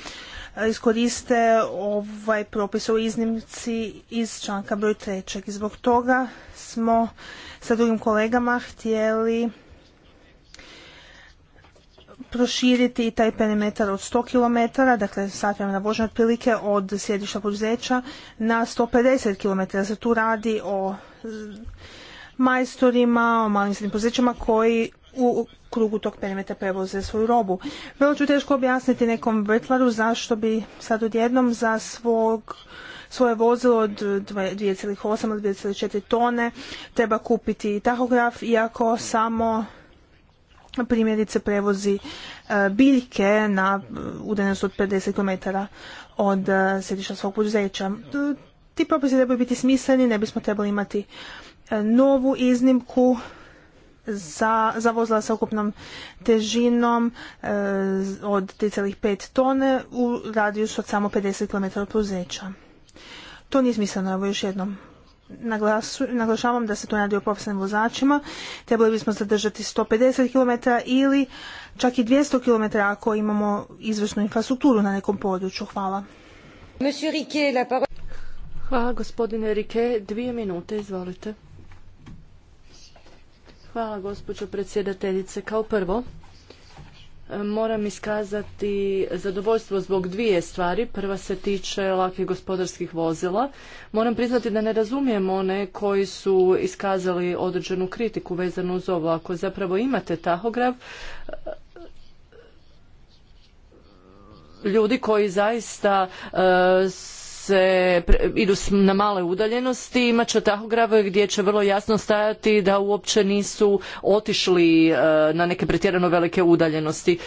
e, iskoriste ovaj propis o iznimci iz članka broj 3. zbog toga smo sa drugim kolegama htjeli proširiti taj perimetar od 100 km, dakle sat na vožnje otprilike od sjedišta poduzeća na 150 km. Se tu radi o majstorima, o malim srednjim poduzećima koji u krugu tog perimetra prevoze svoju robu. Vrlo ću teško objasniti nekom vrtlaru zašto bi sad odjednom za svog svoje vozilo od 2,8 od 2,4 tone treba kupiti tahograf iako samo primjerice prevozi e, biljke na udaljenost od 50 km od e, sjedišta svog poduzeća. Ti propisi trebaju biti smisleni, ne bismo trebali imati E, novu iznimku za, vozila sa ukupnom težinom e, od 3,5 tone u radijusu od samo 50 km od To nije smisleno, evo još jednom. naglašavam da se to radi o profesionalnim vozačima. Trebali bismo zadržati 150 km ili čak i 200 km ako imamo izvršnu infrastrukturu na nekom području. Hvala. Hvala gospodine Rike. Dvije minute, izvolite. Hvala gospođo predsjedateljice. Kao prvo, moram iskazati zadovoljstvo zbog dvije stvari. Prva se tiče lakih gospodarskih vozila. Moram priznati da ne razumijem one koji su iskazali određenu kritiku vezanu uz ovo. Ako zapravo imate tahograf, ljudi koji zaista su e, se idu na male udaljenosti imat će tahografe gdje će vrlo jasno stajati da uopće nisu otišli e, na neke pretjerano velike udaljenosti e,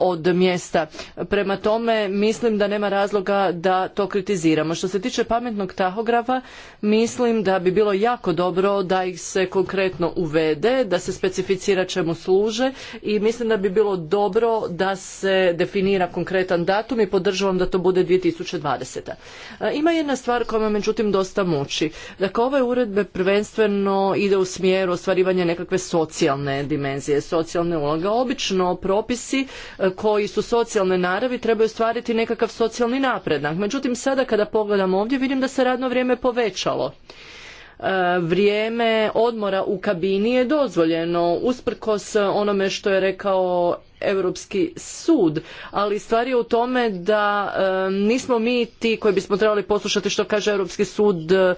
od mjesta. Prema tome mislim da nema razloga da to kritiziramo. Što se tiče pametnog tahografa mislim da bi bilo jako dobro da ih se konkretno uvede, da se specificira čemu služe i mislim da bi bilo dobro da se definira konkretan datum i podržavam da to bude 2020. Ima jedna stvar koja me međutim dosta muči. Dakle, ove uredbe prvenstveno ide u smjeru ostvarivanja nekakve socijalne dimenzije, socijalne uloge. Obično propisi e, koji su socijalne naravi trebaju ostvariti nekakav socijalni napredak. Međutim, sada kada pogledam ovdje vidim da se radno vrijeme povećalo e, vrijeme odmora u kabini je dozvoljeno usprkos onome što je rekao Europski sud, ali stvar je u tome da e, nismo mi ti koji bismo trebali poslušati što kaže Europski sud e,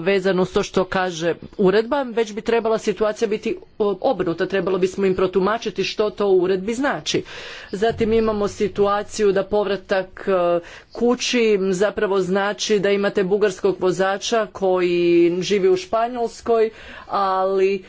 vezano s to što kaže uredba, već bi trebala situacija biti e, obrnuta, trebalo bismo im protumačiti što to u uredbi znači. Zatim imamo situaciju da povratak kući zapravo znači da imate bugarskog vozača koji živi u Španjolskoj, ali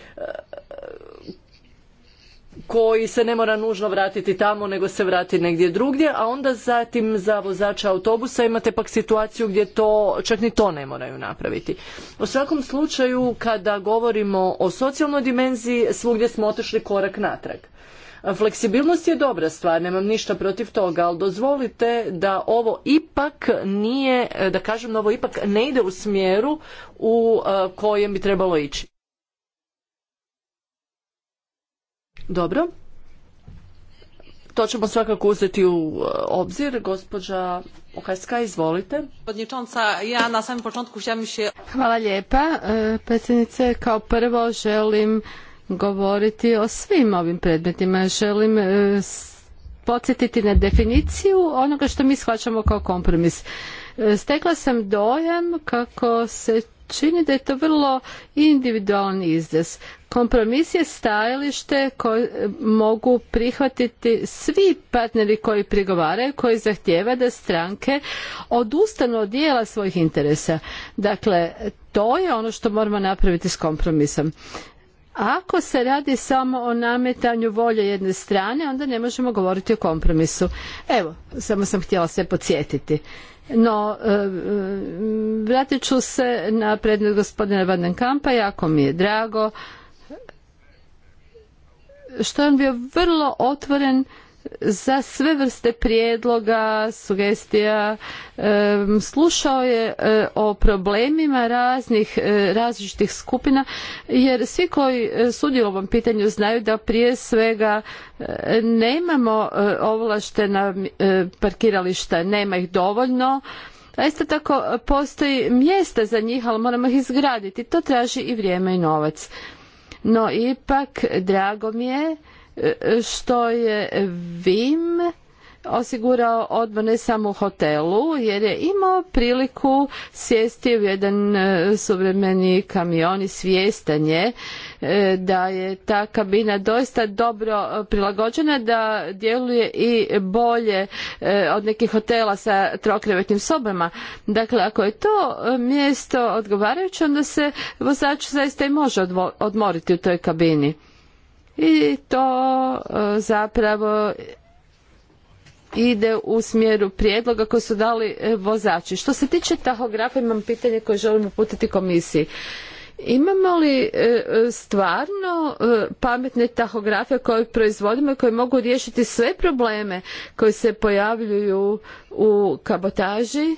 koji se ne mora nužno vratiti tamo nego se vrati negdje drugdje, a onda zatim za vozača autobusa imate pak situaciju gdje to čak ni to ne moraju napraviti. U svakom slučaju kada govorimo o socijalnoj dimenziji svugdje smo otišli korak natrag. Fleksibilnost je dobra stvar, nemam ništa protiv toga, ali dozvolite da ovo ipak nije, da kažem da ovo ipak ne ide u smjeru u eh, kojem bi trebalo ići. Dobro. To ćemo svakako uzeti u e, obzir. Gospođa Okajska, izvolite. ja na samom početku Hvala lijepa. E, predsjednice, kao prvo želim govoriti o svim ovim predmetima. Želim e, podsjetiti na definiciju onoga što mi shvaćamo kao kompromis. Stekla sam dojam kako se čini da je to vrlo individualni izraz. Kompromis je stajalište koje eh, mogu prihvatiti svi partneri koji prigovaraju, koji zahtjeva da stranke odustanu od dijela svojih interesa. Dakle, to je ono što moramo napraviti s kompromisom. Ako se radi samo o nametanju volje jedne strane, onda ne možemo govoriti o kompromisu. Evo, samo sam htjela sve podsjetiti. No, e, e, vratit ću se na predmet gospodina Kampa, jako mi je drago što je on bio vrlo otvoren za sve vrste prijedloga, sugestija. Slušao je e, o problemima raznih e, različitih skupina jer svi koji e, sudjeluju u ovom pitanju znaju da prije svega nemamo ovlaštena parkirališta, nema ih dovoljno. A isto tako postoji mjesta za njih, ali moramo ih izgraditi. To traži i vrijeme i novac. No ipak, drago mi je što je Vim osigurao odmor ne samo u hotelu jer je imao priliku sjesti u jedan e, suvremeni kamion i svjestan je e, da je ta kabina doista dobro e, prilagođena da djeluje i bolje od nekih hotela sa trokrevetnim sobama. Dakle, ako je to mjesto odgovarajuće onda se vozač zaista i može odmoriti u toj kabini i to e, zapravo ide u smjeru prijedloga koji su dali e, vozači. Što se tiče tahografa imam pitanje koje želim uputiti komisiji. Imamo li e, stvarno pametne tahografe koje proizvodimo i koje mogu riješiti sve probleme koji se pojavljuju u kabotaži?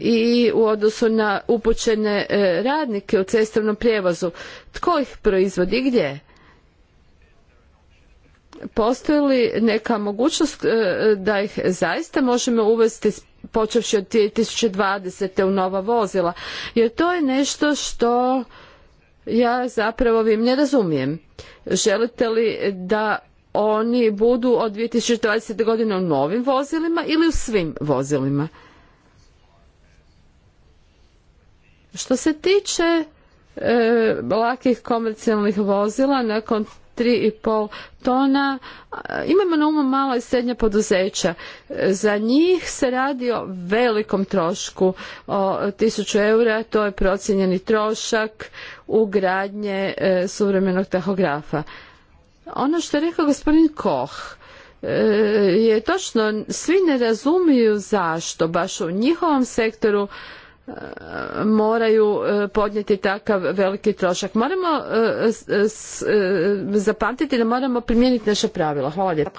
i u odnosu na upućene e, radnike u cestovnom prijevozu. Tko ih proizvodi i gdje? Postoji li neka mogućnost e, da ih zaista možemo uvesti počevši od 2020. u nova vozila? Jer to je nešto što ja zapravo vim ne razumijem. Želite li da oni budu od 2020. godine u novim vozilima ili u svim vozilima? Što se tiče e, lakih komercijalnih vozila nakon 3,5 tona, e, imamo na umu mala i srednja poduzeća. Za njih se radi o velikom trošku, o 1000 eura, to je procijenjeni trošak ugradnje e, suvremenog tahografa. Ono što je rekao gospodin Koh, e, je točno, svi ne razumiju zašto, baš u njihovom sektoru moraju e, podnijeti takav veliki trošak. Moramo e, e, zapamtiti da moramo primijeniti naše pravila. Hvala lijepo.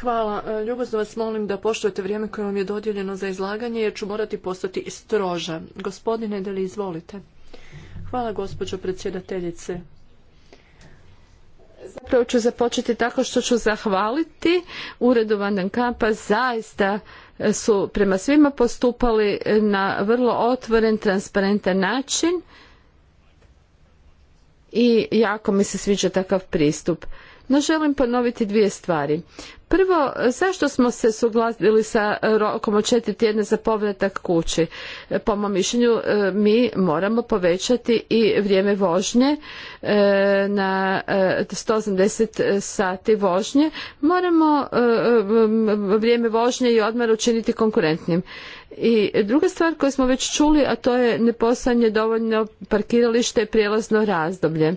Hvala. Ljubazno vas molim da poštujete vrijeme koje vam je dodijeljeno za izlaganje jer ću morati postati stroža. Gospodine, da li izvolite? Hvala gospođo predsjedateljice. Zapravo ću započeti tako što ću zahvaliti Uredu kampa zaista su prema svima postupali na vrlo otvoren, transparentan način i jako mi se sviđa takav pristup. No želim ponoviti dvije stvari. Prvo, zašto smo se suglasili sa rokom od četiri tjedna za povratak kući? Po mom mišljenju e, mi moramo povećati i vrijeme vožnje e, na 180 e, sati vožnje. Moramo vrijeme vožnje i odmah učiniti konkurentnim. I druga stvar koju smo već čuli, a to je neposanje dovoljno parkiralište i prijelazno razdoblje.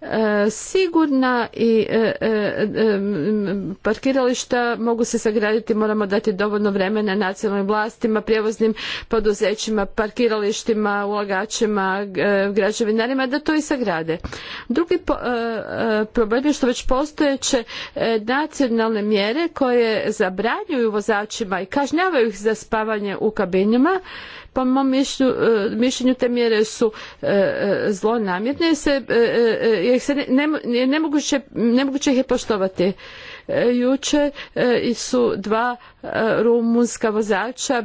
E, sigurna i e, e, parkirališta mogu se sagraditi, moramo dati dovoljno vremena nacionalnim vlastima, prijevoznim poduzećima, parkiralištima, ulagačima, građevinarima da to i sagrade. Drugi problem je što već postojeće nacionalne mjere koje zabranjuju vozačima i kažnjavaju ih za spavanje u kabinima po mom e, mišljenju te mjere su e, e, zlonamjerne jer se, ne, nemoguće, ih je poštovati. Jučer su dva rumunska vozača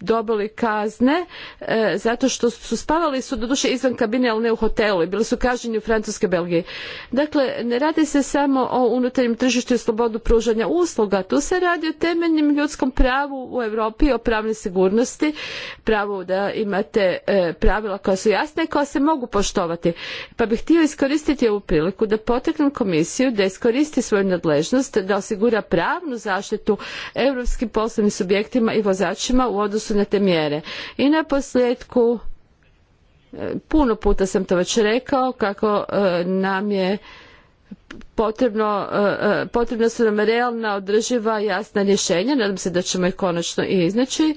dobili kazne e, zato što su spavali su doduše izvan kabine ali ne u hotelu i bili su kažnjeni u Francuskoj Belgiji. Dakle, ne radi se samo o unutarnjem tržištu i slobodu pružanja usluga, tu se radi o temeljnim ljudskom pravu u Europi, o pravnoj sigurnosti, pravu da imate e, pravila koja su jasna i koja se mogu poštovati. Pa bih htio iskoristiti ovu priliku da potaknem komisiju da iskoristi svoju nadležnost da osigura pravnu zaštitu europskim poslovnim subjektima i vozačima u odnosu te mjere. I na posljedku, e, puno puta sam to već rekao, kako e, nam je potrebno, e, potrebno su nam realna, održiva, jasna rješenja. Nadam se da ćemo ih konačno i iznaći,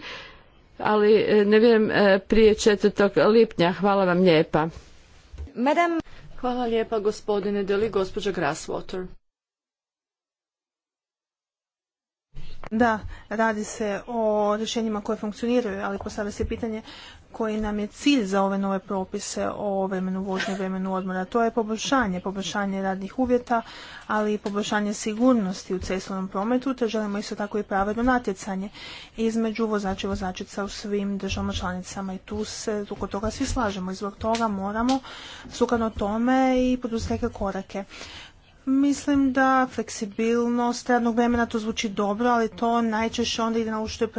ali ne vjerujem prije 4. lipnja. Hvala vam lijepa. Hvala lijepa gospodine Deli, gospođa Grasswater. Da, radi se o rješenjima koje funkcioniraju, ali postavlja se pitanje koji nam je cilj za ove nove propise o vremenu vožnje i vremenu odmora. To je poboljšanje, poboljšanje radnih uvjeta, ali i poboljšanje sigurnosti u cestovnom prometu, te želimo isto tako i pravedno natjecanje između vozača i vozačica u svim državama članicama. I tu se, oko toga svi slažemo i zbog toga moramo sukladno tome i poduzeti korake. Mislim da fleksibilnost radnog vremena to zvuči dobro, ali to najčešće onda ide na uštep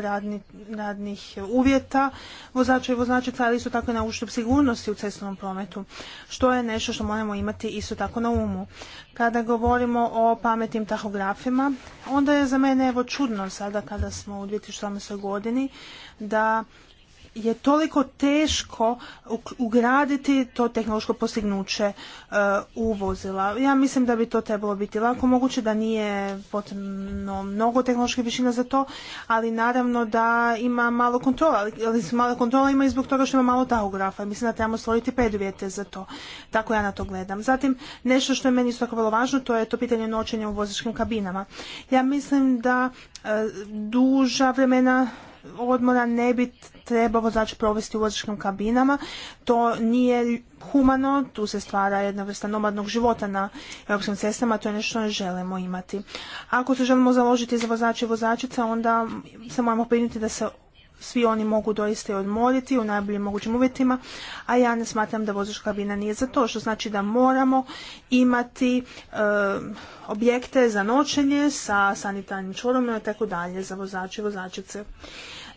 radnih uvjeta vozača i vozače ali isto tako i na uštep sigurnosti u cestovnom prometu, što je nešto što moramo imati isto tako na umu. Kada govorimo o pametnim tahografima, onda je za mene evo čudno sada kada smo u 2018. godini da je toliko teško ugraditi to tehnološko postignuće e, u vozila. Ja mislim da bi to trebalo biti lako moguće, da nije potrebno mnogo tehnoloških višina za to, ali naravno da ima malo kontrola, ali, malo kontrola ima i zbog toga što ima malo tahografa. Mislim da trebamo stvoriti preduvjete za to. Tako ja na to gledam. Zatim, nešto što je meni isto tako vrlo važno, to je to pitanje noćenja u vozačkim kabinama. Ja mislim da e, duža vremena odmora ne bi trebao vozač provesti u vozačkim kabinama. To nije humano, tu se stvara jedna vrsta nomadnog života na europskim cestama, to je nešto što ne želimo imati. Ako se želimo založiti za vozače i vozačica, onda se moramo brinuti da se svi oni mogu doista i odmoriti u najboljim mogućim uvjetima, a ja ne smatram da vozačka kabina nije za to, što znači da moramo imati e, objekte za noćenje sa sanitarnim čvorom i tako dalje za vozače i vozačice.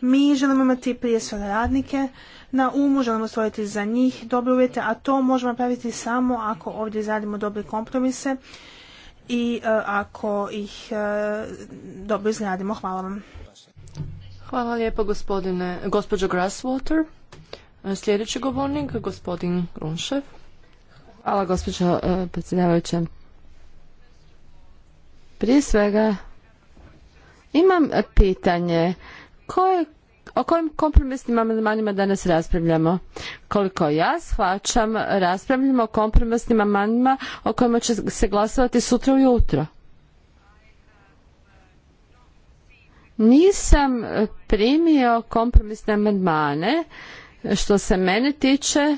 Mi želimo imati prije svega radnike na umu, želimo stvoriti za njih dobre uvjete, a to možemo napraviti samo ako ovdje izradimo dobre kompromise i e, ako ih e, dobro izgradimo. Hvala vam. Hvala lijepo gospodine, gospođo Grasswater. Sljedeći govornik, gospodin Grunšev. Hvala gospođo e, predsjedavajuća. Prije svega imam pitanje koje, o kojim kompromisnim amandmanima danas raspravljamo? Koliko ja shvaćam, raspravljamo o kompromisnim amandmanima o kojima će se glasovati sutra ujutro. Nisam e, primio kompromisne amandmane što se mene tiče.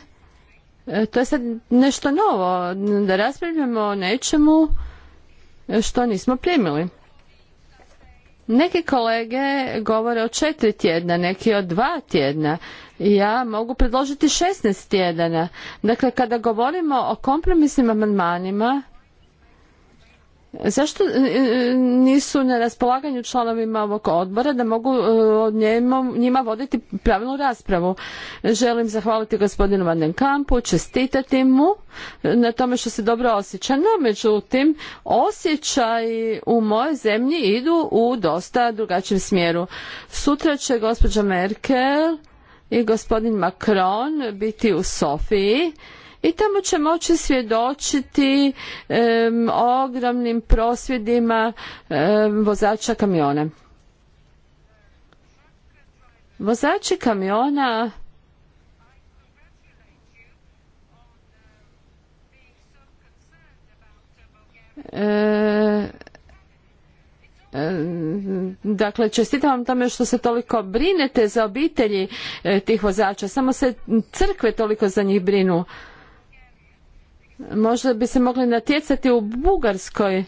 E, to je sad nešto novo, da raspravljamo o nečemu e, što nismo primili. Neki kolege govore o četiri tjedna, neki o dva tjedna. Ja mogu predložiti 16 tjedana. Dakle, kada govorimo o kompromisnim amandmanima, Zašto e, e, nisu na raspolaganju članovima ovog odbora da mogu e, njima voditi pravilnu raspravu? Želim zahvaliti gospodinu Van den Kampu, čestitati mu na tome što se dobro osjeća. No, međutim, osjećaj u mojoj zemlji idu u dosta drugačijem smjeru. Sutra će gospođa Merkel i gospodin Macron biti u Sofiji i tamo će moći svjedočiti ogromnim prosvjedima vozača kamiona. Vozači kamiona dakle čestitam vam tome što se toliko brinete za obitelji eh, tih vozača samo se crkve toliko za njih brinu možda bi se mogli natjecati u Bugarskoj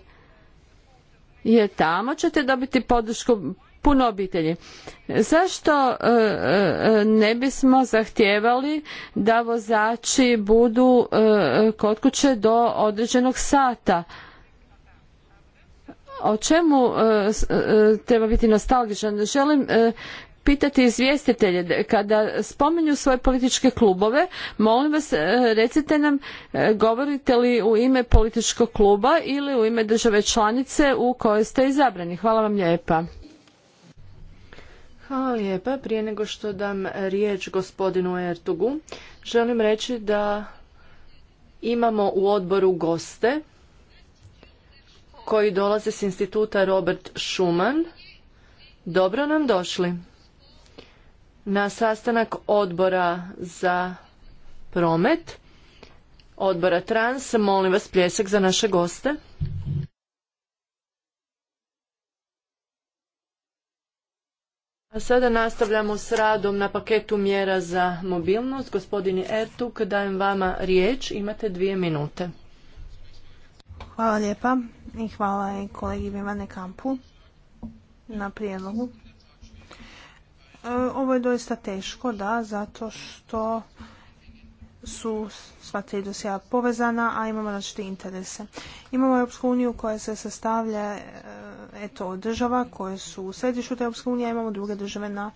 jer tamo ćete dobiti podršku puno obitelji. Zašto e, e, ne bismo zahtijevali da vozači budu e, kod kuće do određenog sata? O čemu treba biti nostalgičan? Želim pitati izvjestitelje kada spominju svoje političke klubove molim vas e, recite nam e, govorite li u ime političkog kluba ili u ime države članice u kojoj ste izabrani hvala vam lijepa Hvala lijepa. Prije nego što dam riječ gospodinu Ertugu, želim reći da imamo u odboru goste koji dolaze s instituta Robert Schumann. Dobro nam došli na sastanak odbora za promet, odbora trans. Molim vas pljesak za naše goste. A sada nastavljamo s radom na paketu mjera za mobilnost. Gospodini Ertuk, dajem vama riječ. Imate dvije minute. Hvala lijepa i hvala i kolegi Kampu na prijedlogu. E, ovo je doista teško, da, zato što su sva tri dosija povezana, a imamo različite interese. Imamo Europsku uniju koja se sastavlja e, eto, od država koje su u središtu te Europske unije, a imamo druge države na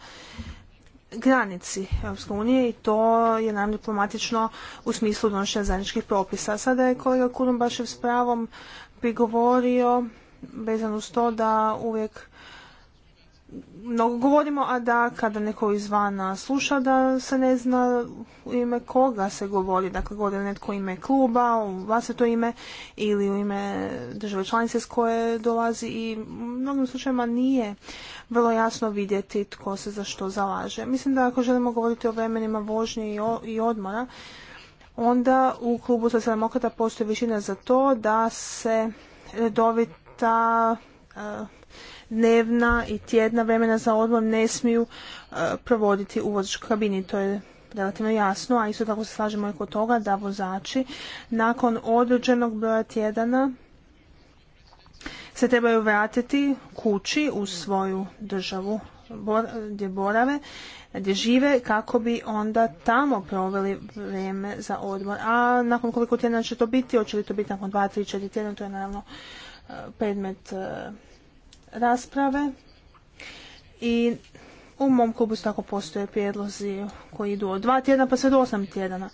granici Europske unije i to je nam diplomatično u smislu donošenja zajedničkih propisa. Sada je kolega Kurumbašev s pravom prigovorio vezano uz to da uvijek mnogo govorimo, a da kada neko izvana sluša da se ne zna u ime koga se govori, dakle govori netko ime kluba, u to ime ili u ime države članice s koje dolazi i u mnogim slučajevima nije vrlo jasno vidjeti tko se za što zalaže. Mislim da ako želimo govoriti o vremenima vožnje i odmora, onda u klubu se postoji većina za to da se redovita e, dnevna i tjedna vremena za odmor ne smiju e, provoditi u vozičkoj kabini. To je relativno jasno, a isto tako se slažemo i kod toga da vozači nakon određenog broja tjedana se trebaju vratiti kući u svoju državu gdje borave, gdje žive kako bi onda tamo proveli vrijeme za odmor. A nakon koliko tjedana će to biti, hoće li to biti nakon dva, tri, četiri tjedna, to je naravno e, predmet e, rasprave i u mom klubu tako postoje prijedlozi koji idu od dva tjedna pa sve do osam tjedana.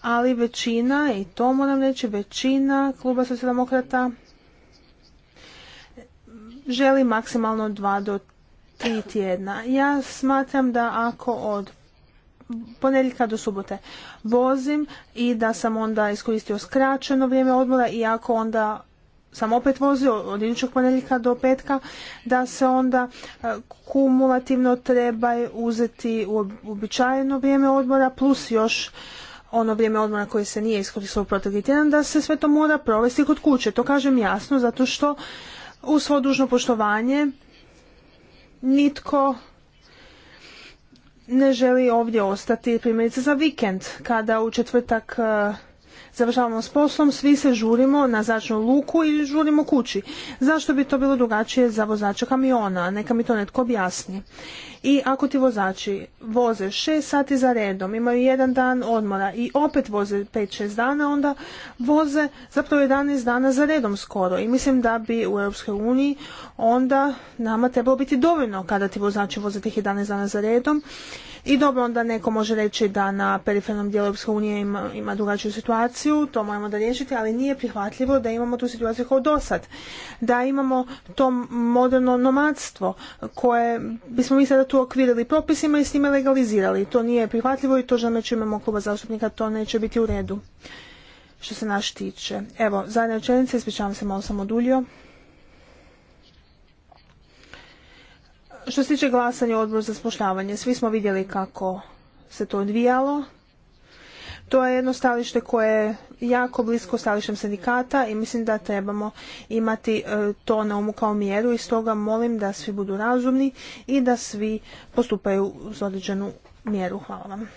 Ali većina, i to moram reći, većina kluba socijaldemokrata želi maksimalno dva do tri tjedna. Ja smatram da ako od ponedjeljka do subote vozim i da sam onda iskoristio skraćeno vrijeme odmora i ako onda sam opet vozio od idućeg ponedjeljka do petka, da se onda e, kumulativno treba uzeti uobičajeno vrijeme odmora plus još ono vrijeme odmora koje se nije iskoristilo u protekli tjedan, da se sve to mora provesti kod kuće. To kažem jasno, zato što u svo dužno poštovanje nitko ne želi ovdje ostati primjerice za vikend, kada u četvrtak e, završavamo s poslom, svi se žurimo na začnu luku i žurimo kući. Zašto bi to bilo drugačije za vozača kamiona? Neka mi to netko objasni. I ako ti vozači voze šest sati za redom, imaju jedan dan odmora i opet voze 5-6 dana, onda voze zapravo 11 dana za redom skoro. I mislim da bi u Europskoj uniji onda nama trebalo biti dovoljno kada ti vozači voze tih 11 dana za redom i dobro, onda neko može reći da na perifernom dijelu Europske unije ima, ima drugačiju situaciju, to moramo da riješiti, ali nije prihvatljivo da imamo tu situaciju kao dosad. Da imamo to moderno nomadstvo koje bismo mi sada tu okvirili propisima i s njime legalizirali. To nije prihvatljivo i to žameću imamo kluba zastupnika, to neće biti u redu što se naš tiče. Evo, zadnja rečenica, ispričavam se, malo sam oduljio. Što se tiče glasanja u odboru za spošljavanje, svi smo vidjeli kako se to odvijalo. To je jedno stalište koje je jako blisko stalištem sindikata i mislim da trebamo imati e, to na umu kao mjeru i stoga molim da svi budu razumni i da svi postupaju uz određenu mjeru. Hvala vam.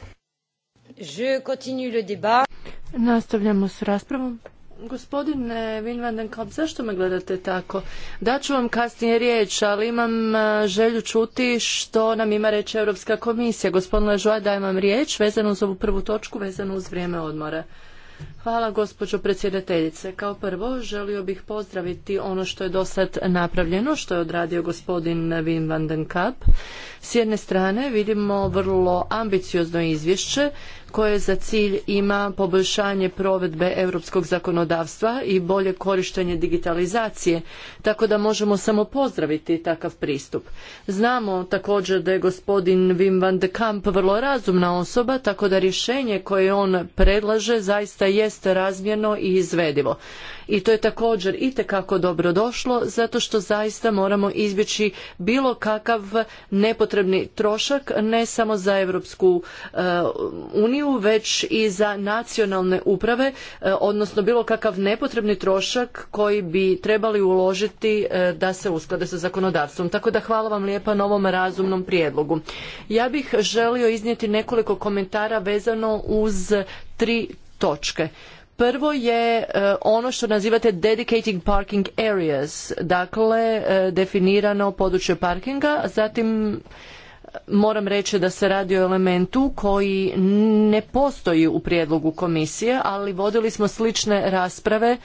Nastavljamo s raspravom. Gospodine Den Kamp, zašto me gledate tako? Daću vam kasnije riječ, ali imam e, želju čuti što nam ima reći Europska komisija. Gospodin Ležoa, dajem vam riječ vezanu uz ovu prvu točku, vezanu uz vrijeme odmora. Hvala gospođo predsjedateljice. Kao prvo želio bih pozdraviti ono što je dosad napravljeno, što je odradio gospodin Wim van den Kapp. S jedne strane vidimo vrlo ambiciozno izvješće koje za cilj ima poboljšanje provedbe europskog zakonodavstva i bolje korištenje digitalizacije, tako da možemo samo pozdraviti takav pristup. Znamo također da je gospodin Wim van de Kamp vrlo razumna osoba, tako da rješenje koje on predlaže zaista jest razmjerno i izvedivo i to je također itekako dobro došlo zato što zaista moramo izbjeći bilo kakav nepotrebni trošak ne samo za Europsku eh, uniju već i za nacionalne uprave eh, odnosno bilo kakav nepotrebni trošak koji bi trebali uložiti eh, da se usklade sa zakonodavstvom. Tako da hvala vam lijepa na ovom razumnom prijedlogu. Ja bih želio iznijeti nekoliko komentara vezano uz tri točke. Prvo je e, ono što nazivate dedicating parking areas, dakle e, definirano područje parkinga, zatim e, moram reći da se radi o elementu koji ne postoji u prijedlogu komisije, ali vodili smo slične rasprave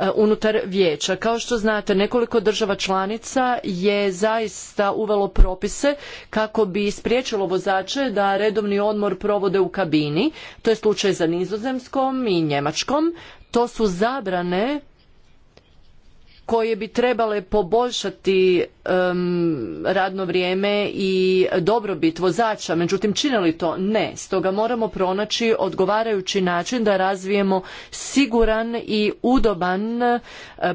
E, unutar vijeća. Kao što znate, nekoliko država članica je zaista uvelo propise kako bi spriječilo vozače da redovni odmor provode u kabini. To je slučaj za nizozemskom i njemačkom. To su zabrane koje bi trebale poboljšati radno vrijeme i dobrobit vozača međutim čine li to ne stoga moramo pronaći odgovarajući način da razvijemo siguran i udoban e,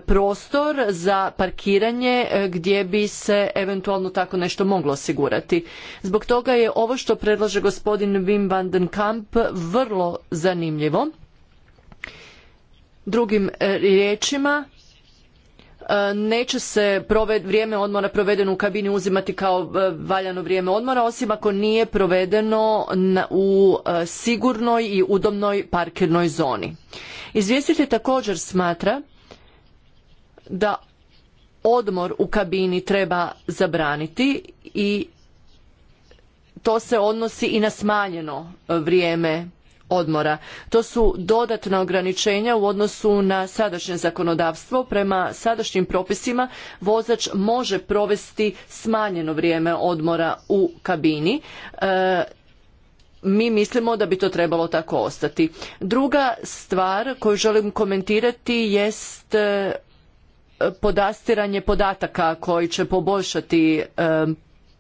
prostor za parkiranje e, gdje bi se eventualno tako nešto moglo osigurati zbog toga je ovo što predlaže gospodin Wim van den Kamp vrlo zanimljivo drugim e, riječima E, neće se vrijeme odmora provedeno u kabini uzimati kao e, valjano vrijeme odmora osim ako nije provedeno u e, sigurnoj i udobnoj parkirnoj zoni. Izvjestitelj također smatra da odmor u kabini treba zabraniti i to se odnosi i na smanjeno vrijeme odmora. To su dodatna ograničenja u odnosu na sadašnje zakonodavstvo. Prema sadašnjim propisima vozač može provesti smanjeno vrijeme odmora u kabini. E, mi mislimo da bi to trebalo tako ostati. Druga stvar koju želim komentirati jest e, podastiranje podataka koji će poboljšati e,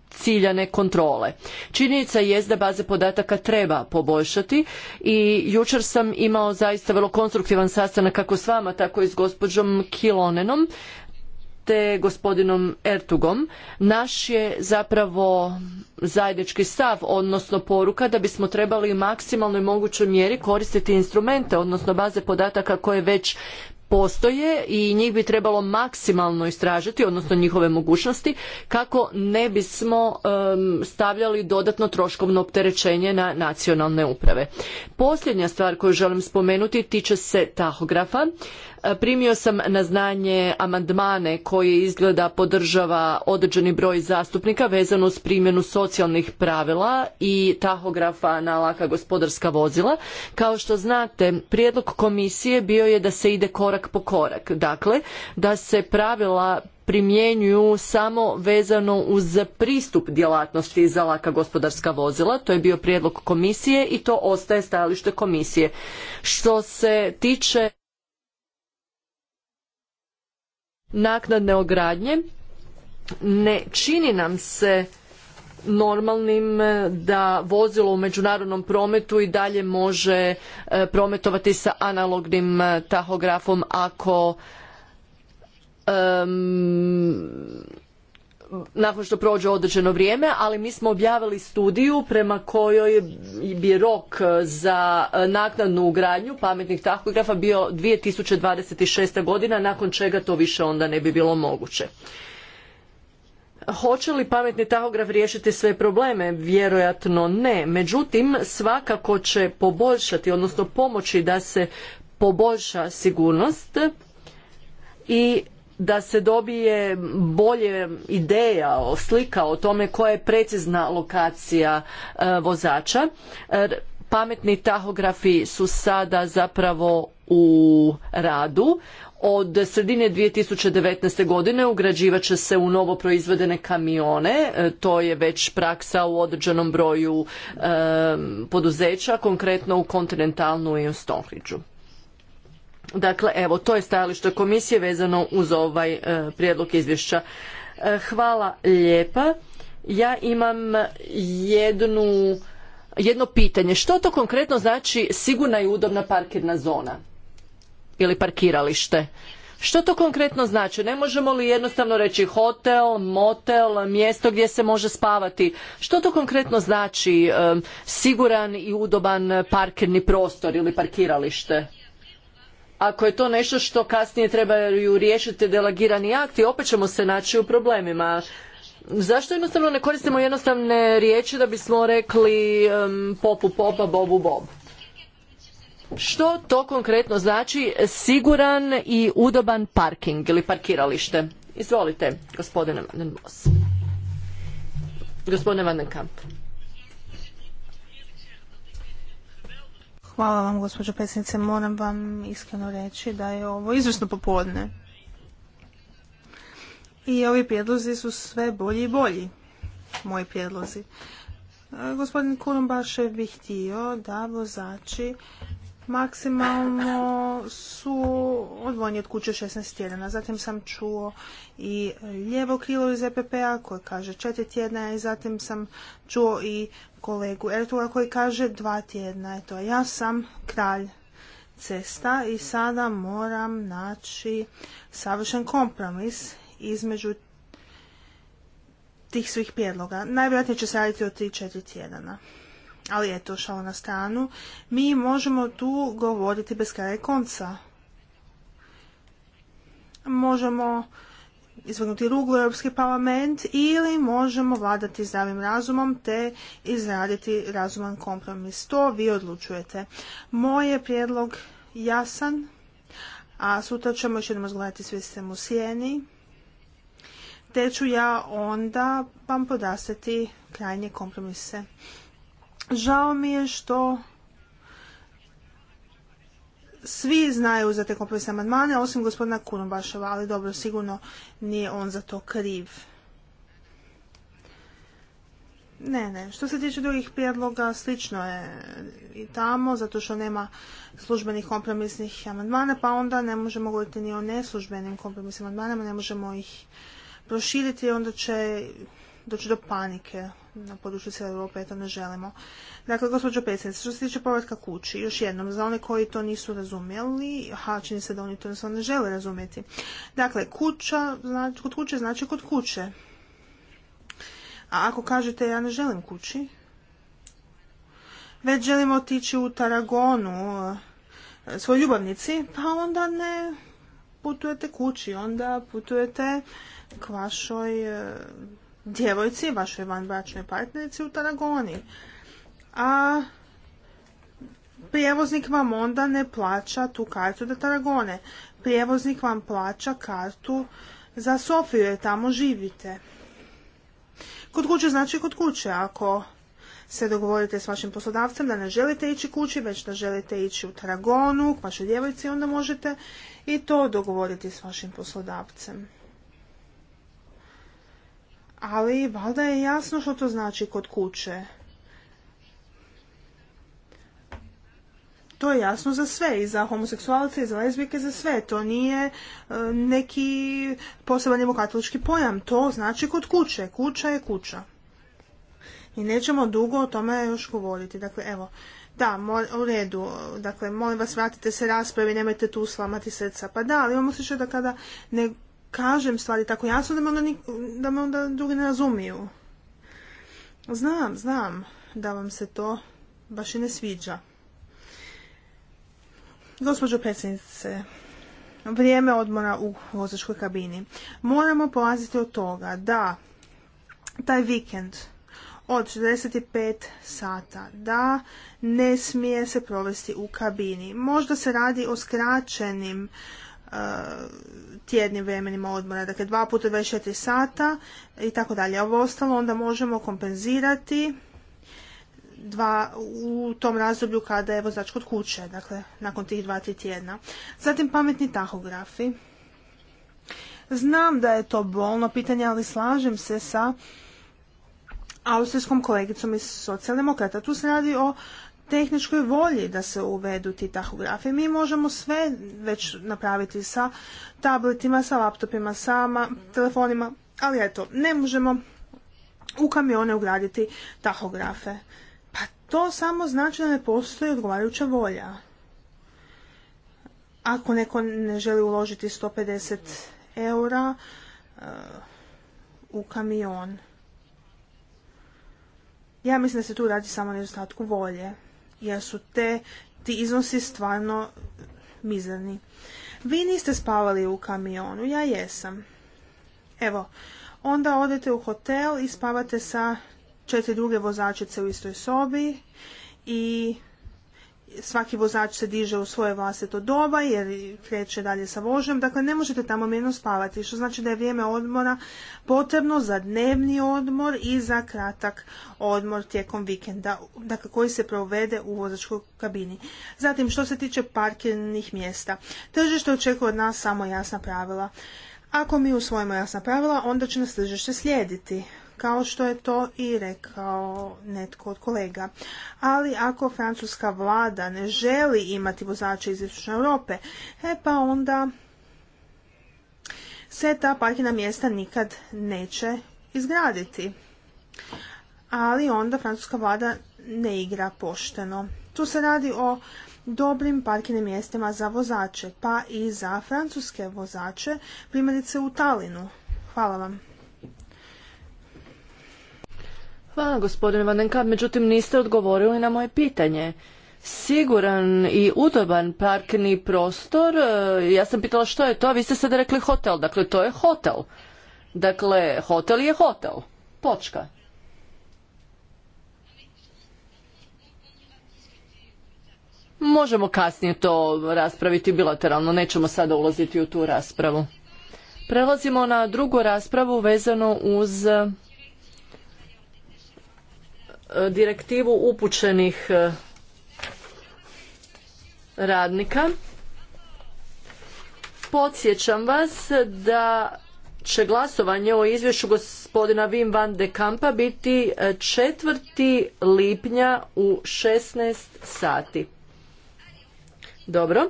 ciljane kontrole. Činjenica je da baze podataka treba poboljšati i jučer sam imao zaista vrlo konstruktivan sastanak kako s vama, tako i s gospođom Kilonenom te gospodinom Ertugom. Naš je zapravo zajednički stav, odnosno poruka da bismo trebali u maksimalnoj mogućoj mjeri koristiti instrumente, odnosno baze podataka koje već postoje i njih bi trebalo maksimalno istražiti, odnosno njihove mogućnosti, kako ne bismo stavljali dodatno troškovno opterećenje na nacionalne uprave. Posljednja stvar koju želim spomenuti tiče se tahografa. E, primio sam na znanje amandmane koje izgleda podržava određeni broj zastupnika vezano uz primjenu socijalnih pravila i tahografa na laka gospodarska vozila. Kao što znate, prijedlog komisije bio je da se ide korak po korak. Dakle, da se pravila primjenjuju samo vezano uz pristup djelatnosti za laka gospodarska vozila. To je bio prijedlog komisije i to ostaje stajalište komisije. Što se tiče naknadne ogradnje ne čini nam se normalnim e, da vozilo u međunarodnom prometu i dalje može e, prometovati sa analognim e, tahografom ako nakon što prođe određeno vrijeme, ali mi smo objavili studiju prema kojoj bi rok za e, naknadnu ugradnju pametnih tahografa bio 2026. godina, nakon čega to više onda ne bi bilo moguće. Hoće li pametni tahograf riješiti sve probleme? Vjerojatno ne. Međutim, svakako će poboljšati, odnosno pomoći da se poboljša sigurnost i da se dobije bolje ideja, slika o tome koja je precizna lokacija e, vozača. E, pametni tahografi su sada zapravo u radu. Od sredine 2019. godine ugrađivat će se u novo proizvedene kamione. E, to je već praksa u određenom broju poduzeća, konkretno u Kontinentalnu i u Dakle, evo, to je stajalište komisije vezano uz ovaj e, prijedlog izvješća. E, hvala lijepa. Ja imam jednu, jedno pitanje. Što to konkretno znači sigurna i udobna parkirna zona? Ili parkiralište? Što to konkretno znači? Ne možemo li jednostavno reći hotel, motel, mjesto gdje se može spavati? Što to konkretno znači e, siguran i udoban parkirni prostor ili parkiralište? ako je to nešto što kasnije trebaju riješiti delegirani akti, opet ćemo se naći u problemima. Zašto jednostavno ne koristimo jednostavne riječi da bismo rekli popu popa, bobu bob? Što to konkretno znači siguran i udoban parking ili parkiralište? Izvolite, gospodine Vandenkamp. Gospodine Vandenkamp. Hvala vam, gospođo predsjednice. Moram vam iskreno reći da je ovo izvrsno popodne. I ovi prijedlozi su sve bolji i bolji. Moji prijedlozi. E, gospodin Kurumbašev bi htio da vozači maksimalno su odvojeni od kuće 16 tjedana. Zatim sam čuo i lijevo krilo iz EPP-a koje kaže 4 tjedna i zatim sam čuo i kolegu Ertuga koji kaže dva tjedna je Ja sam kralj cesta i sada moram naći savršen kompromis između tih svih prijedloga. Najvjerojatnije će se raditi od 3-4 tjedana. Ali eto, šalo na stranu. Mi možemo tu govoriti bez kraja konca. Možemo izvrgnuti ruglu Europski parlament ili možemo vladati zdravim razumom te izraditi razuman kompromis. To vi odlučujete. Moj je prijedlog jasan, a sutra ćemo još jednom razgledati svi ste u sjeni, te ću ja onda vam podastati krajnje kompromise. Žao mi je što svi znaju za te kompromisne amandmane, osim gospodina Kunobaševa, ali dobro, sigurno nije on za to kriv. Ne, ne. Što se tiče drugih prijedloga, slično je i tamo, zato što nema službenih kompromisnih amandmana, pa onda ne možemo govoriti ni o neslužbenim kompromisnim amandmanama, ne možemo ih proširiti, onda će doći do panike na području cijele Europe, to ne želimo. Dakle, gospođo predsjednice, što se tiče povratka kući, još jednom, za one koji to nisu razumjeli, a čini se da oni to ne žele razumjeti. Dakle, kuća, znači, kod kuće znači kod kuće. A ako kažete ja ne želim kući, već želimo otići u Taragonu eh, svoj ljubavnici, pa onda ne putujete kući, onda putujete k vašoj eh, djevojci, vašoj vanbračnoj partnerici u Taragoni. A prijevoznik vam onda ne plaća tu kartu do Taragone. Prijevoznik vam plaća kartu za Sofiju jer tamo živite. Kod kuće znači kod kuće. Ako se dogovorite s vašim poslodavcem da ne želite ići kući, već da želite ići u Taragonu, k vašoj djevojci, onda možete i to dogovoriti s vašim poslodavcem ali valjda je jasno što to znači kod kuće. To je jasno za sve, i za homoseksualce, i za lezbijke, za sve. To nije e, neki poseban demokatolički pojam. To znači kod kuće. Kuća je kuća. I nećemo dugo o tome još govoriti. Dakle, evo, da, u redu, dakle, molim vas, vratite se raspravi, nemojte tu slamati srca. Pa da, ali imamo osjećaj da kada ne kažem stvari tako jasno da me onda, da me onda drugi ne razumiju. Znam, znam da vam se to baš i ne sviđa. Gospođo predsjednice, vrijeme odmora u vozačkoj kabini. Moramo polaziti od toga da taj vikend od 45 sata da ne smije se provesti u kabini. Možda se radi o skraćenim tjednim vremenima odmora, dakle dva puta 24 sata i tako dalje. Ovo ostalo onda možemo kompenzirati dva, u tom razdoblju kada je vozač kod kuće, dakle nakon tih dva, tri tjedna. Zatim pametni tahografi. Znam da je to bolno pitanje, ali slažem se sa austrijskom kolegicom iz socijaldemokrata. Tu se radi o tehničkoj volji da se uvedu ti tahografi. Mi možemo sve već napraviti sa tabletima, sa laptopima, sa telefonima, ali eto, ne možemo u kamione ugraditi tahografe. Pa to samo znači da ne postoji odgovarajuća volja. Ako neko ne želi uložiti 150 eura eh, u kamion. Ja mislim da se tu radi samo o nedostatku volje jer su te, ti iznosi stvarno mizerni. Vi niste spavali u kamionu, ja jesam. Evo, onda odete u hotel i spavate sa četiri druge vozačice u istoj sobi i svaki vozač se diže u svoje vlastito doba jer kreće dalje sa vožnjom, dakle ne možete tamo mirno spavati, što znači da je vrijeme odmora potrebno za dnevni odmor i za kratak odmor tijekom vikenda, dakle koji se provede u vozačkoj kabini. Zatim što se tiče parkirnih mjesta, tržište očekuje od nas samo jasna pravila. Ako mi usvojimo jasna pravila, onda će nas tržište slijediti kao što je to i rekao netko od kolega. Ali ako francuska vlada ne želi imati vozače iz Istočne Europe, e pa onda se ta parkina mjesta nikad neće izgraditi. Ali onda francuska vlada ne igra pošteno. Tu se radi o dobrim parkinim mjestima za vozače, pa i za francuske vozače, primjerice u Talinu. Hvala vam. Hvala gospodine Vandenka, međutim niste odgovorili na moje pitanje. Siguran i udoban parkni prostor, e, ja sam pitala što je to, a vi ste sada rekli hotel, dakle to je hotel. Dakle, hotel je hotel. Točka. Možemo kasnije to raspraviti bilateralno, nećemo sada ulaziti u tu raspravu. Prelazimo na drugu raspravu vezanu uz E, direktivu upućenih e, radnika. Podsjećam vas da će glasovanje o izvješću gospodina Wim van de Kampa biti 4. E, lipnja u 16 sati. Dobro.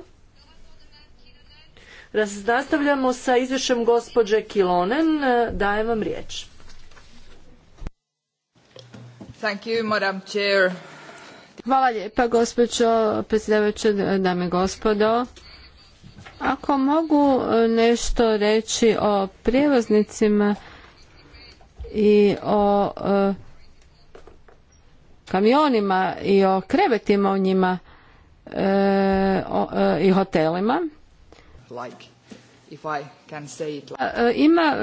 Nastavljamo sa izvješćem gospođe Kilonen. Dajem vam riječ. Thank you, Hvala lijepa gospođo dame i gospodo. Ako mogu nešto reći o prijevoznicima i o e, kamionima i o krevetima u njima e, e, i hotelima. Like. E, ima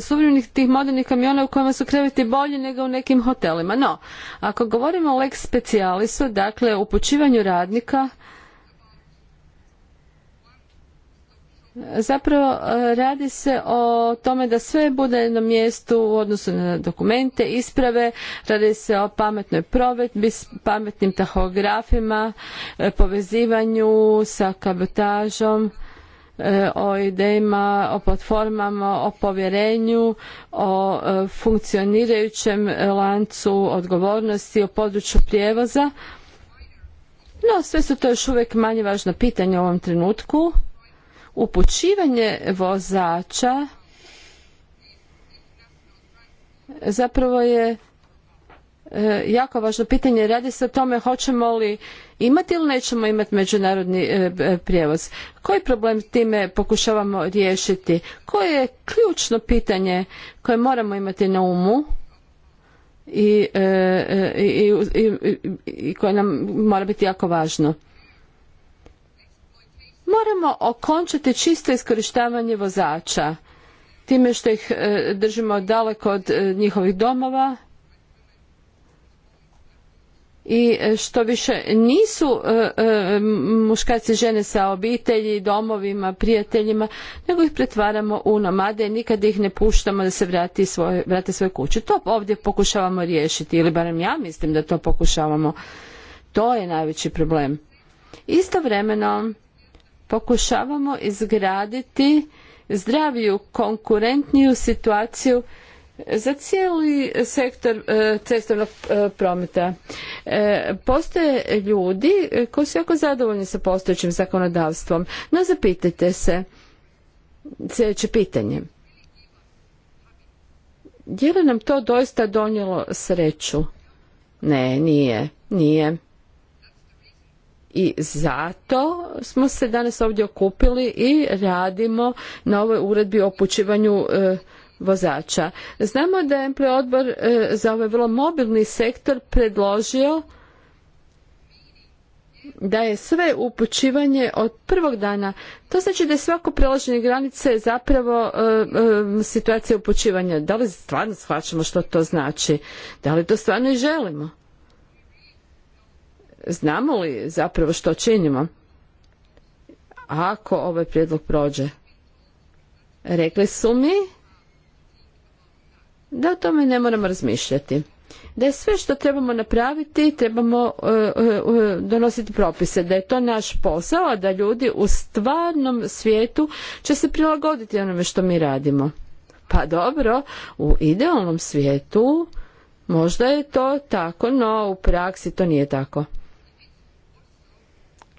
suvremenih tih modernih kamiona u kojima su kreveti bolji nego u nekim hotelima. No, ako govorimo o lex specialisu, dakle o upućivanju radnika, zapravo e, radi se o tome da sve bude na mjestu u odnosu na dokumente, isprave, radi se o pametnoj provedbi, s pametnim tahografima, e, povezivanju sa kabotažom E, o idejima, o platformama, o povjerenju, o e, funkcionirajućem lancu odgovornosti, o području prijevoza. No, sve su to još uvijek manje važno pitanje u ovom trenutku. Upućivanje vozača zapravo je E, jako važno pitanje. Radi se o tome hoćemo li imati ili nećemo imati međunarodni e, e, prijevoz. Koji problem time pokušavamo riješiti? Koje je ključno pitanje koje moramo imati na umu? I, i, i, i koje nam mora biti jako važno. Moramo okončati čisto iskorištavanje vozača time što ih držimo daleko od njihovih domova i e, što više nisu e, e muškarci žene sa obitelji, domovima, prijateljima, nego ih pretvaramo u nomade i nikad ih ne puštamo da se vrati svoje, vrate svoje kuće. To ovdje pokušavamo riješiti ili barem ja mislim da to pokušavamo. To je najveći problem. Istovremeno pokušavamo izgraditi zdraviju, konkurentniju situaciju za cijeli sektor e, cestovnog e, prometa e, postoje ljudi koji su jako zadovoljni sa postojećim zakonodavstvom no zapitajte se sljedeće pitanje je li nam to doista donijelo sreću ne nije nije i zato smo se danas ovdje okupili i radimo na ovoj uredbi o upućivanju vozača. Znamo da je odbor e, za ovaj vrlo mobilni sektor predložio da je sve upućivanje od prvog dana. To znači da je svako prelaženje granice zapravo e, e, situacija upućivanja. Da li stvarno shvaćamo što to znači? Da li to stvarno i želimo? Znamo li zapravo što činimo? Ako ovaj prijedlog prođe. Rekli su mi da o tome ne moramo razmišljati da je sve što trebamo napraviti trebamo e, e, e, donositi propise da je to naš posao a da ljudi u stvarnom svijetu će se prilagoditi onome što mi radimo pa dobro u idealnom svijetu možda je to tako no u praksi to nije tako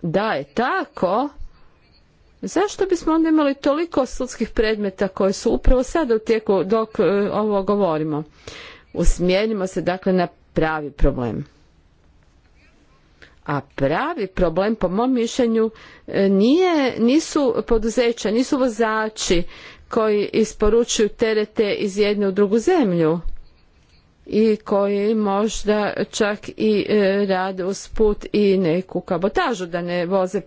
da je tako Zašto bismo onda imali toliko sudskih predmeta koji su upravo sada u tijeku dok e, ovo govorimo? Usmjerimo se dakle na pravi problem. A pravi problem po mom mišljenju e, nije, nisu poduzeća, nisu vozači koji isporučuju terete iz jedne u drugu zemlju i koji možda čak i e, rade put i neku kabotažu da ne voze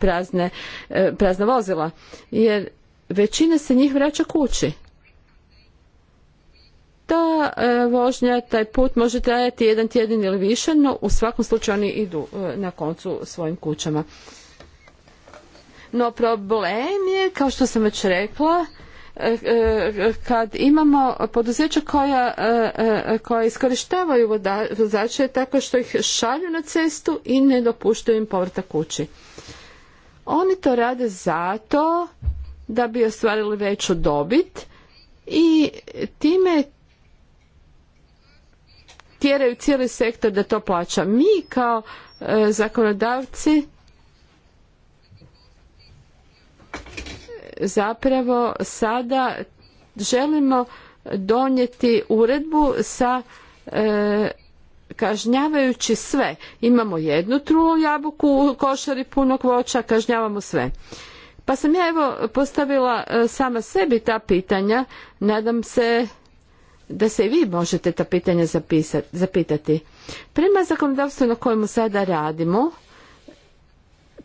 prazne, e, prazna vozila jer većina se njih vraća kući ta e, vožnja, taj put može trajati jedan tjedan ili više, no u svakom slučaju oni idu na koncu svojim kućama. No problem je, kao što sam već rekla, Eh, eh, kad imamo poduzeća koja, eh, koja iskorištavaju vozače tako što ih šalju na cestu i ne dopuštaju im povrta kući. Oni to rade zato da bi ostvarili veću dobit i time tjeraju cijeli sektor da to plaća. Mi kao zakonodavci zapravo sada želimo donijeti uredbu sa e, kažnjavajući sve. Imamo jednu trulu jabuku u košari punog voća, kažnjavamo sve. Pa sam ja evo postavila e, sama sebi ta pitanja, nadam se da se i vi možete ta pitanja zapisati, zapitati. Prema zakonodavstvu na kojemu sada radimo,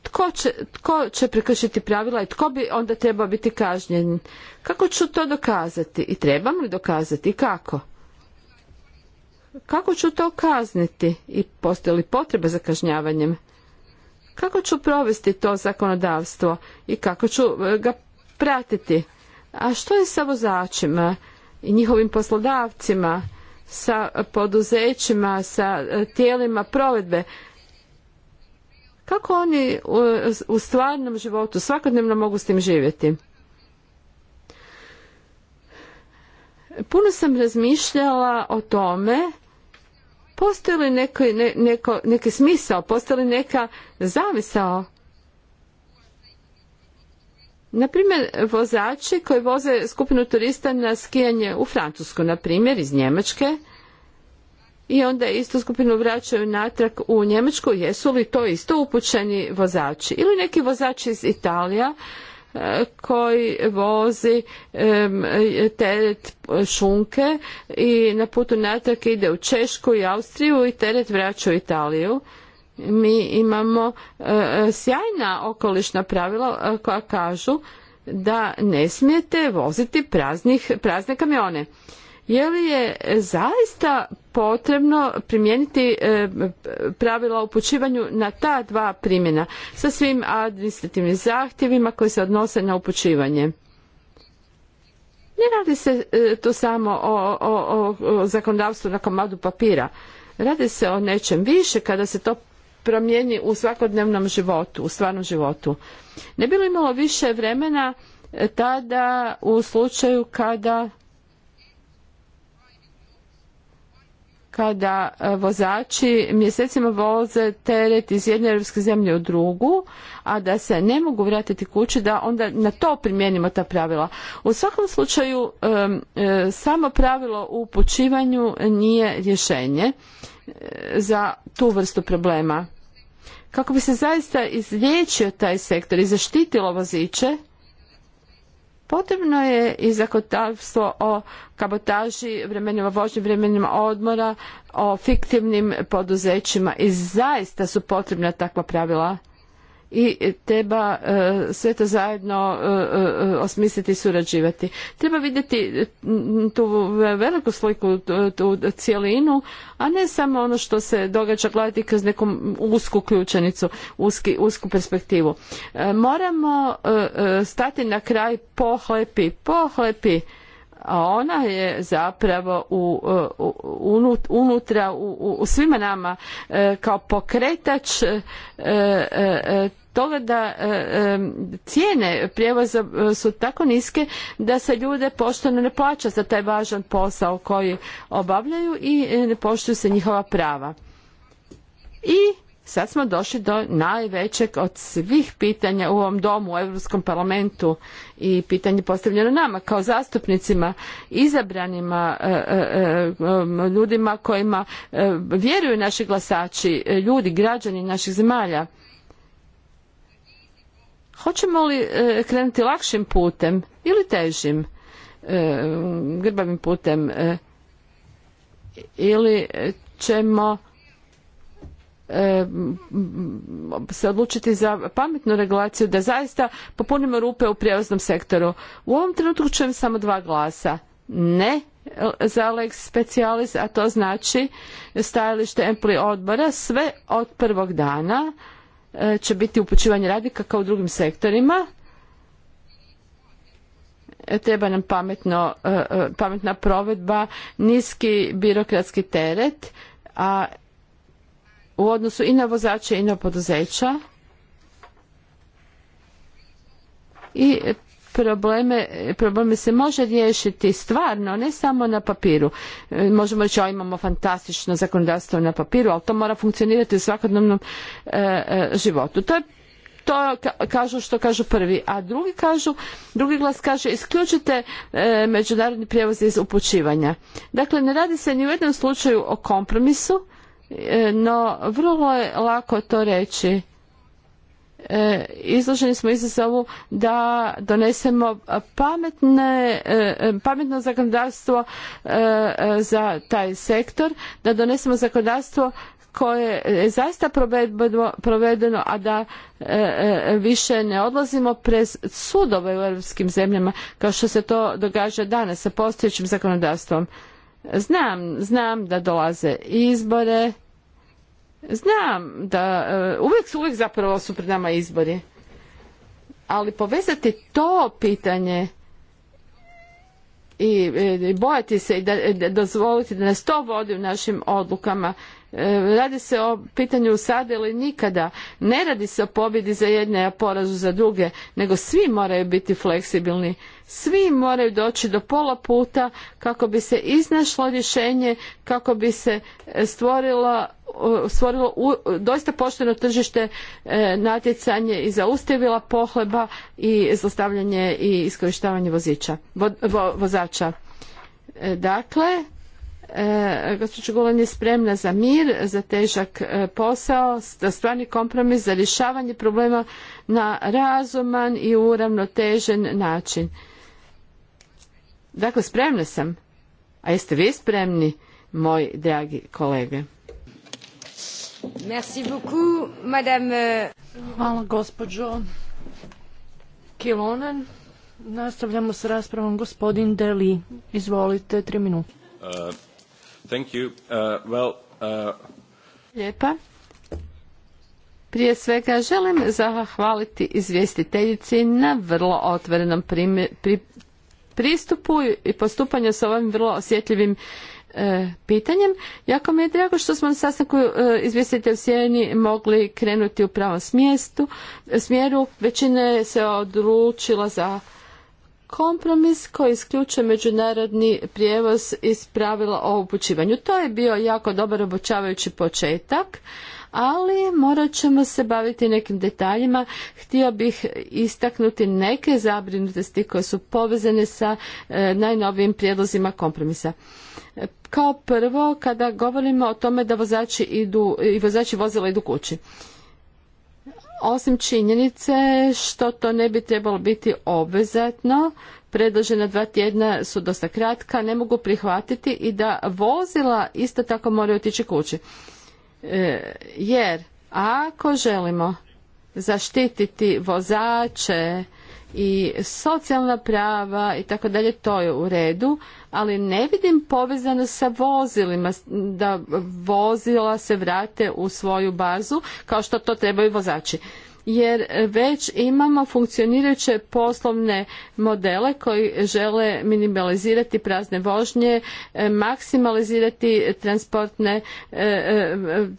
tko će, tko prekršiti pravila i tko bi onda trebao biti kažnjen? Kako ću to dokazati? I trebam li dokazati? I kako? Kako ću to kazniti? I postoji li potreba za kažnjavanjem? Kako ću provesti to zakonodavstvo i kako ću e, ga pratiti? A što je sa vozačima i njihovim poslodavcima, sa poduzećima, sa e, tijelima provedbe? Kako oni u, stvarnom životu svakodnevno mogu s tim živjeti? Puno sam razmišljala o tome postoji li neko, neki smisao, postoji li neka zamisao na primjer, vozači koji voze skupinu turista na skijanje u Francusku, na primjer, iz Njemačke, i onda istu skupinu vraćaju natrag u Njemačku. Jesu li to isto upućeni vozači? Ili neki vozači iz Italija e, koji vozi teret šunke i na putu natrag ide u Češku i Austriju i teret vraća u Italiju. Mi imamo e, sjajna okolišna pravila e, koja kažu da ne smijete voziti praznih, prazne kamione. Je li je zaista potrebno primijeniti e, pravila o upućivanju na ta dva primjena sa svim administrativnim zahtjevima koji se odnose na upućivanje? Ne radi se e, tu samo o, zakonodavstvu na komadu papira. Radi se o nečem više kada se to promijeni u svakodnevnom životu, u stvarnom životu. Ne bi li imalo više vremena e, tada u slučaju kada kada e, vozači mjesecima voze teret iz jedne europske zemlje u drugu, a da se ne mogu vratiti kući, da onda na to primijenimo ta pravila. U svakom slučaju, e, samo pravilo u upućivanju nije rješenje e, za tu vrstu problema. Kako bi se zaista izliječio taj sektor i zaštitilo voziće, Potrebno je i zakotavstvo o kabotaži, vremenima vožnje, vremenima odmora, o fiktivnim poduzećima i zaista su potrebna takva pravila i treba e, sve to zajedno e, e, osmisliti i surađivati. Treba vidjeti tu veliku sliku, tu cijelinu, a ne samo ono što se događa gledati kroz neku usku ključenicu, uski, usku perspektivu. Moramo stati na kraj pohlepi, pohlepi a ona je zapravo u, unutra u, u svima nama e, kao pokretač e, e, toga da cijene prijevoza su tako niske da se ljude pošteno ne plaća za taj važan posao koji obavljaju i ne poštuju se njihova prava. I Sad smo došli do najvećeg od svih pitanja u ovom domu, u Europskom parlamentu i pitanje postavljeno nama kao zastupnicima, izabranima e, e, e, ljudima kojima vjeruju naši glasači, ljudi, građani naših zemalja. Hoćemo li krenuti lakšim putem ili težim, grbavim putem ili ćemo E, se odlučiti za pametnu regulaciju da zaista popunimo rupe u prijevoznom sektoru. U ovom trenutku čujem samo dva glasa. Ne za lex specialis, a to znači stajalište empli odbora sve od prvog dana e, će biti upućivanje radnika kao u drugim sektorima. E, treba nam pametno, pametna provedba, niski birokratski teret, a u odnosu i na vozače i na poduzeća i probleme, se može riješiti stvarno, ne samo na papiru. E, možemo reći, a imamo fantastično zakonodavstvo na papiru, ali to mora funkcionirati u svakodnevnom e, e, životu. To je to kažu što kažu prvi, a drugi kažu, drugi glas kaže isključite međunarodni prijevoz iz upućivanja. Dakle, ne radi se ni u jednom slučaju o kompromisu, E, no vrlo je lako to reći e, izloženi smo izazovu da donesemo pametne, e, pametno zakonodavstvo za taj sektor, da donesemo zakonodavstvo koje je zaista provedeno, a da više ne odlazimo prez sudove u europskim zemljama kao što se to događa danas sa postojećim zakonodavstvom. Znam, znam da dolaze izbore. Znam da e, uvijek, uvijek zapravo su pred nama izbori. Ali povezati to pitanje i e, bojati se i da, e, da dozvoliti da nas to vodi u našim odlukama E, radi se o pitanju sada ili nikada. Ne radi se o pobjedi za jedne, a porazu za druge, nego svi moraju biti fleksibilni. Svi moraju doći do pola puta kako bi se iznašlo rješenje, kako bi se e, stvorilo, stvorilo doista pošteno tržište e, natjecanje i zaustavila pohleba i zlostavljanje i iskorištavanje vozača. Dakle, E, gospođa Gulan je spremna za mir, za težak e, posao, za stvarni kompromis, za rješavanje problema na razuman i uravnotežen način. Dakle, spremna sam. A jeste vi spremni, moji dragi kolege? Merci beaucoup, madame. Euh, Hvala, Kilonen. Nastavljamo s raspravom. Gospodin Deli, izvolite, tri minute. Uh, Uh, uh, Lijepa. Prije svega želim zahvaliti izvjestiteljici na vrlo otvorenom pristupu i postupanju s ovim vrlo osjetljivim e, pitanjem. Jako mi je drago što smo na sastanku e, izvjestitelj Sjeni mogli krenuti u pravom smjestu, smjeru. Većina je se odlučila za kompromis koji isključuje međunarodni prijevoz iz pravila o upućivanju. To je bio jako dobar obučavajući početak, ali morat ćemo se baviti nekim detaljima. Htio bih istaknuti neke zabrinutosti koje su povezane sa e, najnovijim prijedlozima kompromisa. Kao prvo, kada govorimo o tome da vozači idu, i vozači vozila idu kući. Osim činjenice što to ne bi trebalo biti obvezatno, predložena dva tjedna su dosta kratka, ne mogu prihvatiti i da vozila isto tako moraju otići kući. E, jer ako želimo zaštititi vozače i socijalna prava i tako dalje, to je u redu, ali ne vidim povezano sa vozilima, da vozila se vrate u svoju bazu kao što to trebaju vozači. Jer već imamo funkcionirajuće poslovne modele koji žele minimalizirati prazne vožnje, e, maksimalizirati transportne, e,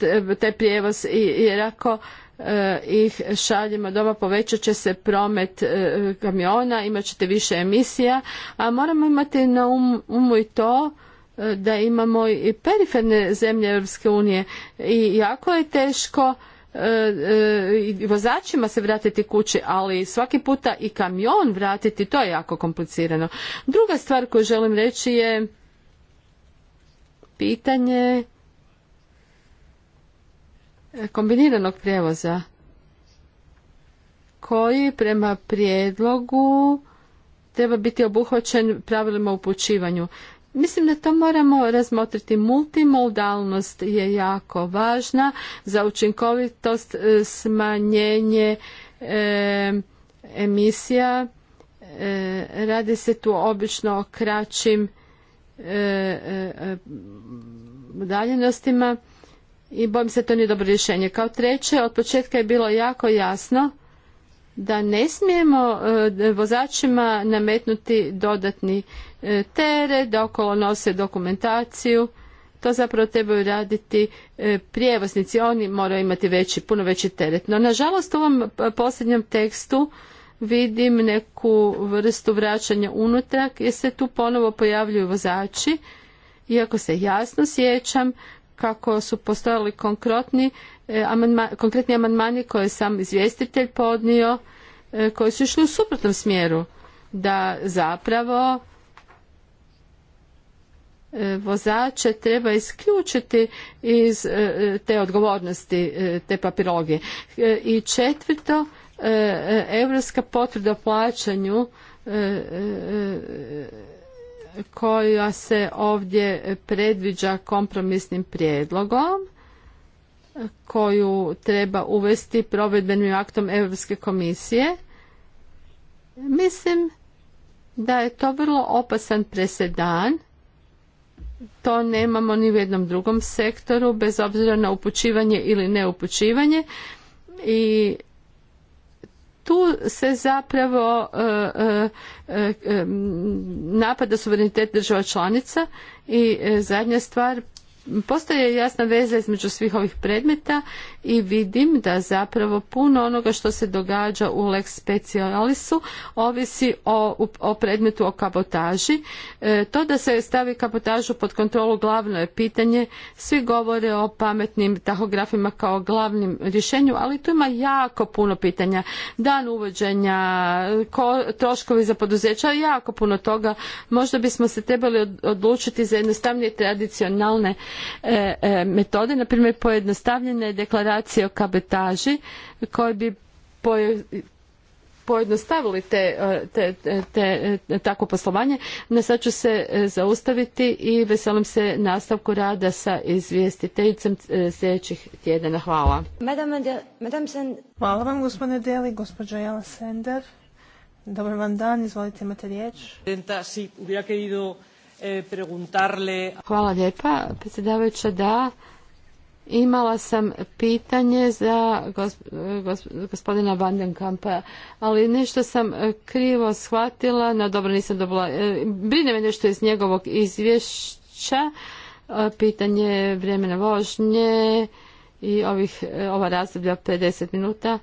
e, te prijevoz jer ako Eh, ih šaljemo doma povećat će se promet eh, kamiona, imat ćete više emisija, a moramo imati na um, umu i to eh, da imamo i periferne zemlje Europske unije i jako je teško i vozačima se vratiti kući, ali svaki puta i kamion vratiti, to je jako komplicirano. Druga stvar koju želim reći je pitanje kombiniranog prijevoza koji prema prijedlogu treba biti obuhvaćen pravilima upućivanju. Mislim da to moramo razmotriti. Multimodalnost je jako važna za učinkovitost e, smanjenje e, emisija. E, radi se tu obično o kraćim udaljenostima i bojim se to nije dobro rješenje. Kao treće, od početka je bilo jako jasno da ne smijemo e, vozačima nametnuti dodatni e, teret, da okolo nose dokumentaciju. To zapravo trebaju raditi e, prijevoznici, oni moraju imati veći, puno veći teret. No, nažalost, u ovom posljednjem tekstu vidim neku vrstu vraćanja unutra jer se tu ponovo pojavljuju vozači. Iako se jasno sjećam kako su postojali e, konkretni amandmani koje je sam izvjestitelj podnio e, koji su išli u suprotnom smjeru da zapravo e, vozače treba isključiti iz te odgovornosti te papirologije. I četvrto, europska potvrda o plaćanju koja se ovdje predviđa kompromisnim prijedlogom koju treba uvesti provedbenim aktom Europske komisije. Mislim da je to vrlo opasan presedan. To nemamo ni u jednom drugom sektoru, bez obzira na upućivanje ili neupućivanje. I tu se zapravo e, e, e, napada suverenitet država članica i zadnja stvar postoje jasna veza između svih ovih predmeta i vidim da zapravo puno onoga što se događa u lex specialisu ovisi o, o predmetu o kabotaži. E, to da se stavi kabotažu pod kontrolu glavno je pitanje. Svi govore o pametnim tahografima kao glavnim rješenju, ali tu ima jako puno pitanja. Dan uvođenja, ko, troškovi za poduzeća, jako puno toga. Možda bismo se trebali odlučiti za jednostavnije tradicionalne e, e, metode, na primjer pojednostavljene deklaracije informacije o kabetaži koji bi pojednostavili e, te, te, te, te takvo poslovanje. No sad ću se e, zaustaviti i veselim se nastavku rada sa izvjestiteljicom e, sljedećih tjedana. Hvala. Hvala vam gospodine Deli, gospođa Jela Sender. Dobar vam dan, izvolite imate riječ. Eh, Hvala lijepa, predsjedavajuća da Imala sam pitanje za gospodina Vandenkampa, ali nešto sam e, krivo shvatila, no dobro nisam dobila, e, brine me nešto iz njegovog izvješća, e, pitanje vremena vožnje i ovih, ova razdoblja 50 minuta.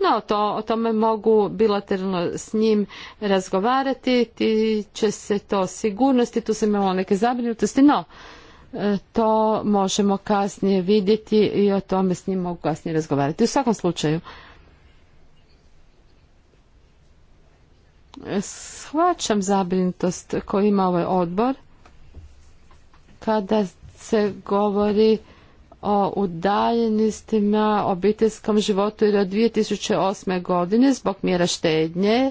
No, to, o tome mogu bilateralno s njim razgovarati, tiče se to sigurnosti, tu sam imala neke zabrinutosti, no E, to možemo kasnije vidjeti i o tome s njim mogu kasnije razgovarati. U svakom slučaju, shvaćam zabrinutost koju ima ovaj odbor kada se govori o udaljenostima obiteljskom životu jer od 2008. godine zbog mjera štednje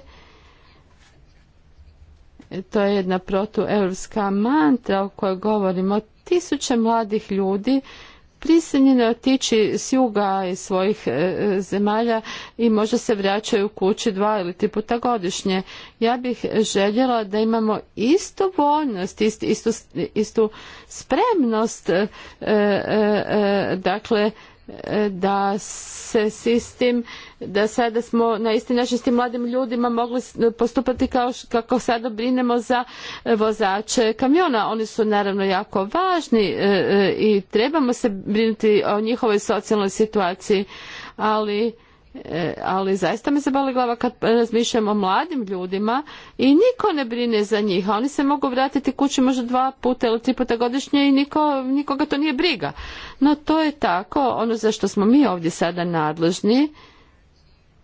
e, to je jedna protueuropska mantra o kojoj govorimo tisuće mladih ljudi prisiljene otići s juga iz svojih e, e, zemalja i možda se vraćaju kući dva ili tri puta godišnje. Ja bih željela da imamo istu voljnost, istu, spremnost e, dakle E, da se s da sada smo na isti način s tim mladim ljudima mogli postupati kao kako sada brinemo za e, vozače kamiona. Oni su naravno jako važni e, i trebamo se brinuti o njihovoj socijalnoj situaciji, ali E, ali zaista me se boli glava kad e, razmišljam o mladim ljudima i niko ne brine za njih. Oni se mogu vratiti kući možda dva puta ili tri puta godišnje i niko, nikoga to nije briga. No to je tako, ono za što smo mi ovdje sada nadležni,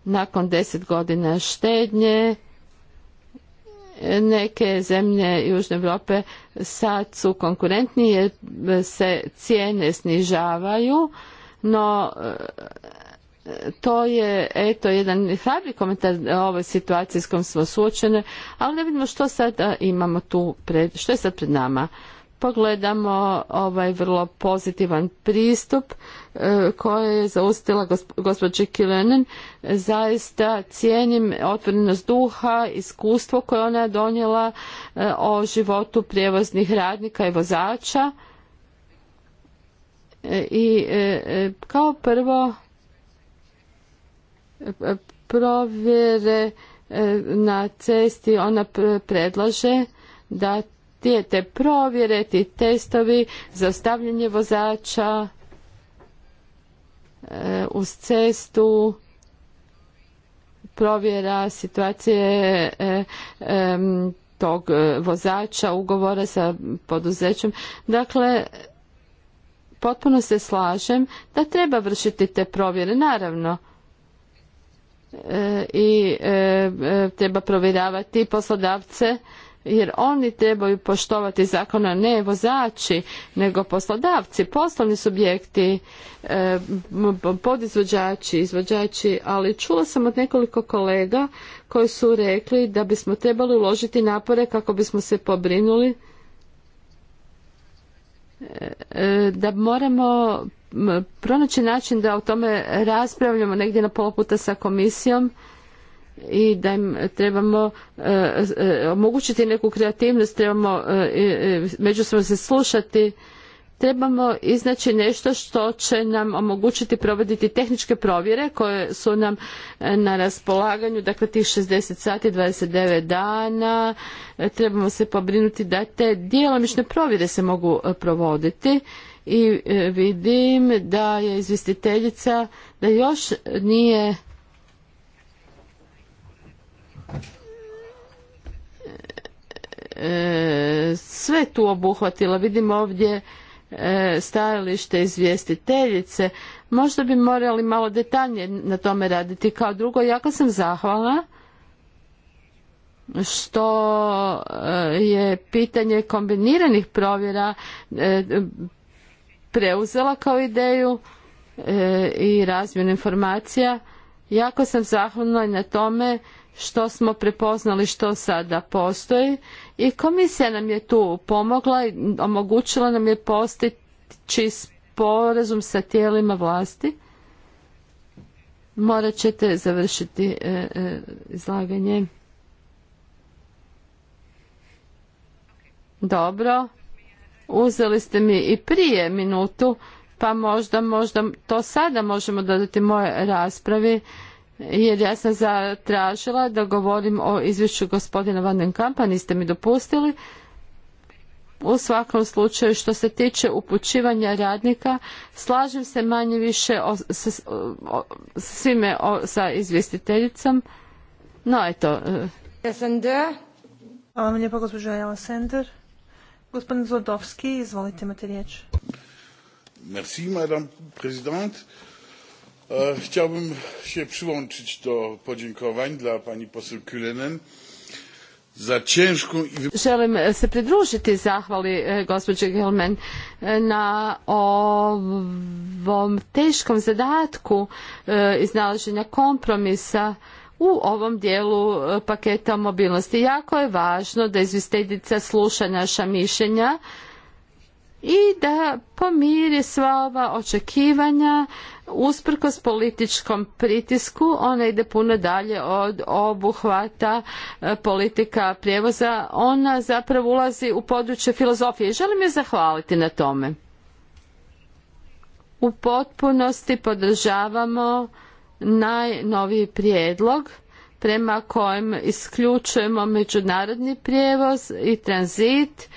nakon deset godina štednje, neke zemlje Južne Europe sad su konkurentnije, se cijene snižavaju, no to je eto jedan hrabri komentar ovoj situacijskom s kojom smo suočene, ali ne vidimo što sad imamo tu, pred, što je sad pred nama. Pogledamo ovaj vrlo pozitivan pristup e, koji je zaustila gospođa Kilenen. Zaista cijenim otvorenost duha, iskustvo koje ona je donijela e, o životu prijevoznih radnika i vozača. E, I kao prvo provjere e, na cesti ona predlaže da te provjere, ti testovi za stavljanje vozača e, uz cestu provjera situacije e, tog vozača, ugovora sa poduzećem. Dakle, potpuno se slažem da treba vršiti te provjere, naravno E, i e, e, treba provjeravati poslodavce jer oni trebaju poštovati zakon, a ne vozači, nego poslodavci, poslovni subjekti, podizvođači, izvođači, ali čula sam od nekoliko kolega koji su rekli da bismo trebali uložiti napore kako bismo se pobrinuli da moramo pronaći način da o tome raspravljamo negdje na pola puta sa komisijom i da im trebamo e, e, omogućiti neku kreativnost, trebamo e, međusobno se slušati, trebamo iznaći nešto što će nam omogućiti provoditi tehničke provjere koje su nam na raspolaganju, dakle tih 60 sati, 29 dana, trebamo se pobrinuti da te djelomične provjere se mogu provoditi i e, vidim da je izvjestiteljica da još nije e, sve tu obuhvatila. Vidim ovdje e, stajalište izvjestiteljice. Možda bi morali malo detaljnije na tome raditi. Kao drugo, jako sam zahvala što je pitanje kombiniranih provjera preuzela kao ideju e, i razmjenu informacija. Jako sam zahvalna na tome što smo prepoznali što sada postoji i komisija nam je tu pomogla i omogućila nam je postići sporazum sa tijelima vlasti. Morat ćete završiti e, e, izlaganje. Dobro. Uzeli ste mi i prije minutu, pa možda, možda to sada možemo dodati moje raspravi, jer ja sam zatražila da govorim o izvješću gospodina Van Kampa, niste mi dopustili. U svakom slučaju što se tiče upućivanja radnika, slažem se manje više s, svime sa izvjestiteljicom. No eto. E. Hvala vam lijepa gospođa Gospodin Zlodovski, izvolite, imate riječ. Merci, madame prezident. Eh, chciałbym się przyłączyć do podziękowań dla pani poseł Kulenen za ciężką i... Želim eh, se pridružiti zahvali eh, gospođe Gilman na ovom teškom zadatku iznalaženja kompromisa u ovom dijelu e, paketa mobilnosti. Jako je važno da izvjestiteljica sluša naša mišljenja i da pomiri sva ova očekivanja usprkos političkom pritisku ona ide puno dalje od obuhvata e, politika prijevoza ona zapravo ulazi u područje filozofije i želim je zahvaliti na tome u potpunosti podržavamo najnoviji prijedlog prema kojem isključujemo međunarodni prijevoz i tranzit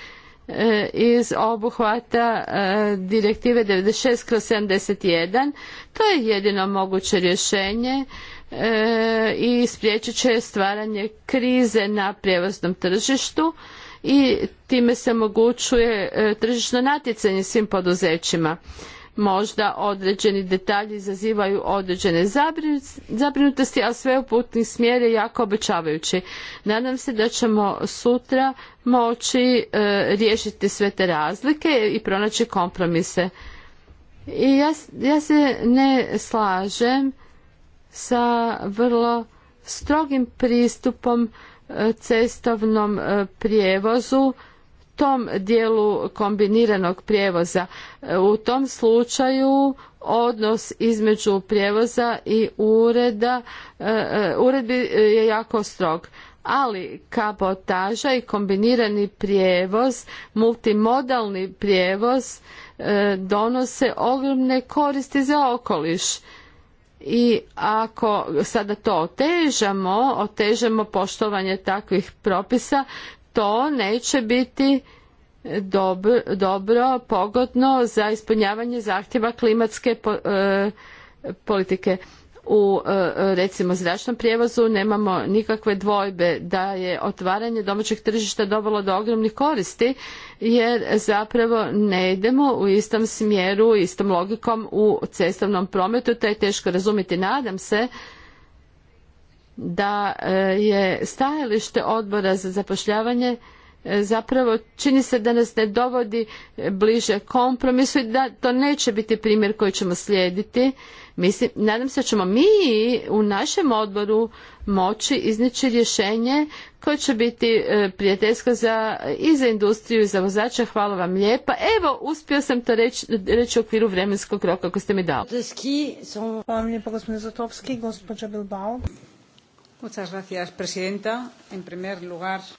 e, iz obuhvata e, direktive 96 71. To je jedino moguće rješenje e, i spriječit će stvaranje krize na prijevoznom tržištu i time se omogućuje tržišno natjecanje svim poduzećima možda određeni detalji izazivaju određene zabrinutosti, a sve uputni smjer je jako obećavajući. Nadam se da ćemo sutra moći e, riješiti sve te razlike i pronaći kompromise. I ja, ja se ne slažem sa vrlo strogim pristupom e, cestovnom e, prijevozu tom dijelu kombiniranog prijevoza. E, u tom slučaju odnos između prijevoza i ureda, e, e, uredbi je jako strog. Ali kabotaža i kombinirani prijevoz, multimodalni prijevoz donose ogromne koristi za okoliš i ako sada to otežamo, otežamo poštovanje takvih propisa, to neće biti dobro, pogodno za ispunjavanje zahtjeva klimatske e, politike u e, recimo zračnom prijevozu nemamo nikakve dvojbe da je otvaranje domaćeg tržišta dovelo do ogromnih koristi jer zapravo ne idemo u istom smjeru, istom logikom u cestovnom prometu, to je teško razumjeti. Nadam se da e, je stajalište odbora za zapošljavanje e, zapravo čini se da nas ne dovodi bliže kompromisu i da to neće biti primjer koji ćemo slijediti. Mislim, nadam se da ćemo mi u našem odboru moći iznići rješenje koje će biti e, prijateljsko za, i za industriju i za vozača. Hvala vam lijepa. Evo, uspio sam to reći, u okviru vremenskog roka koji ste mi dali. Hvala vam gospodine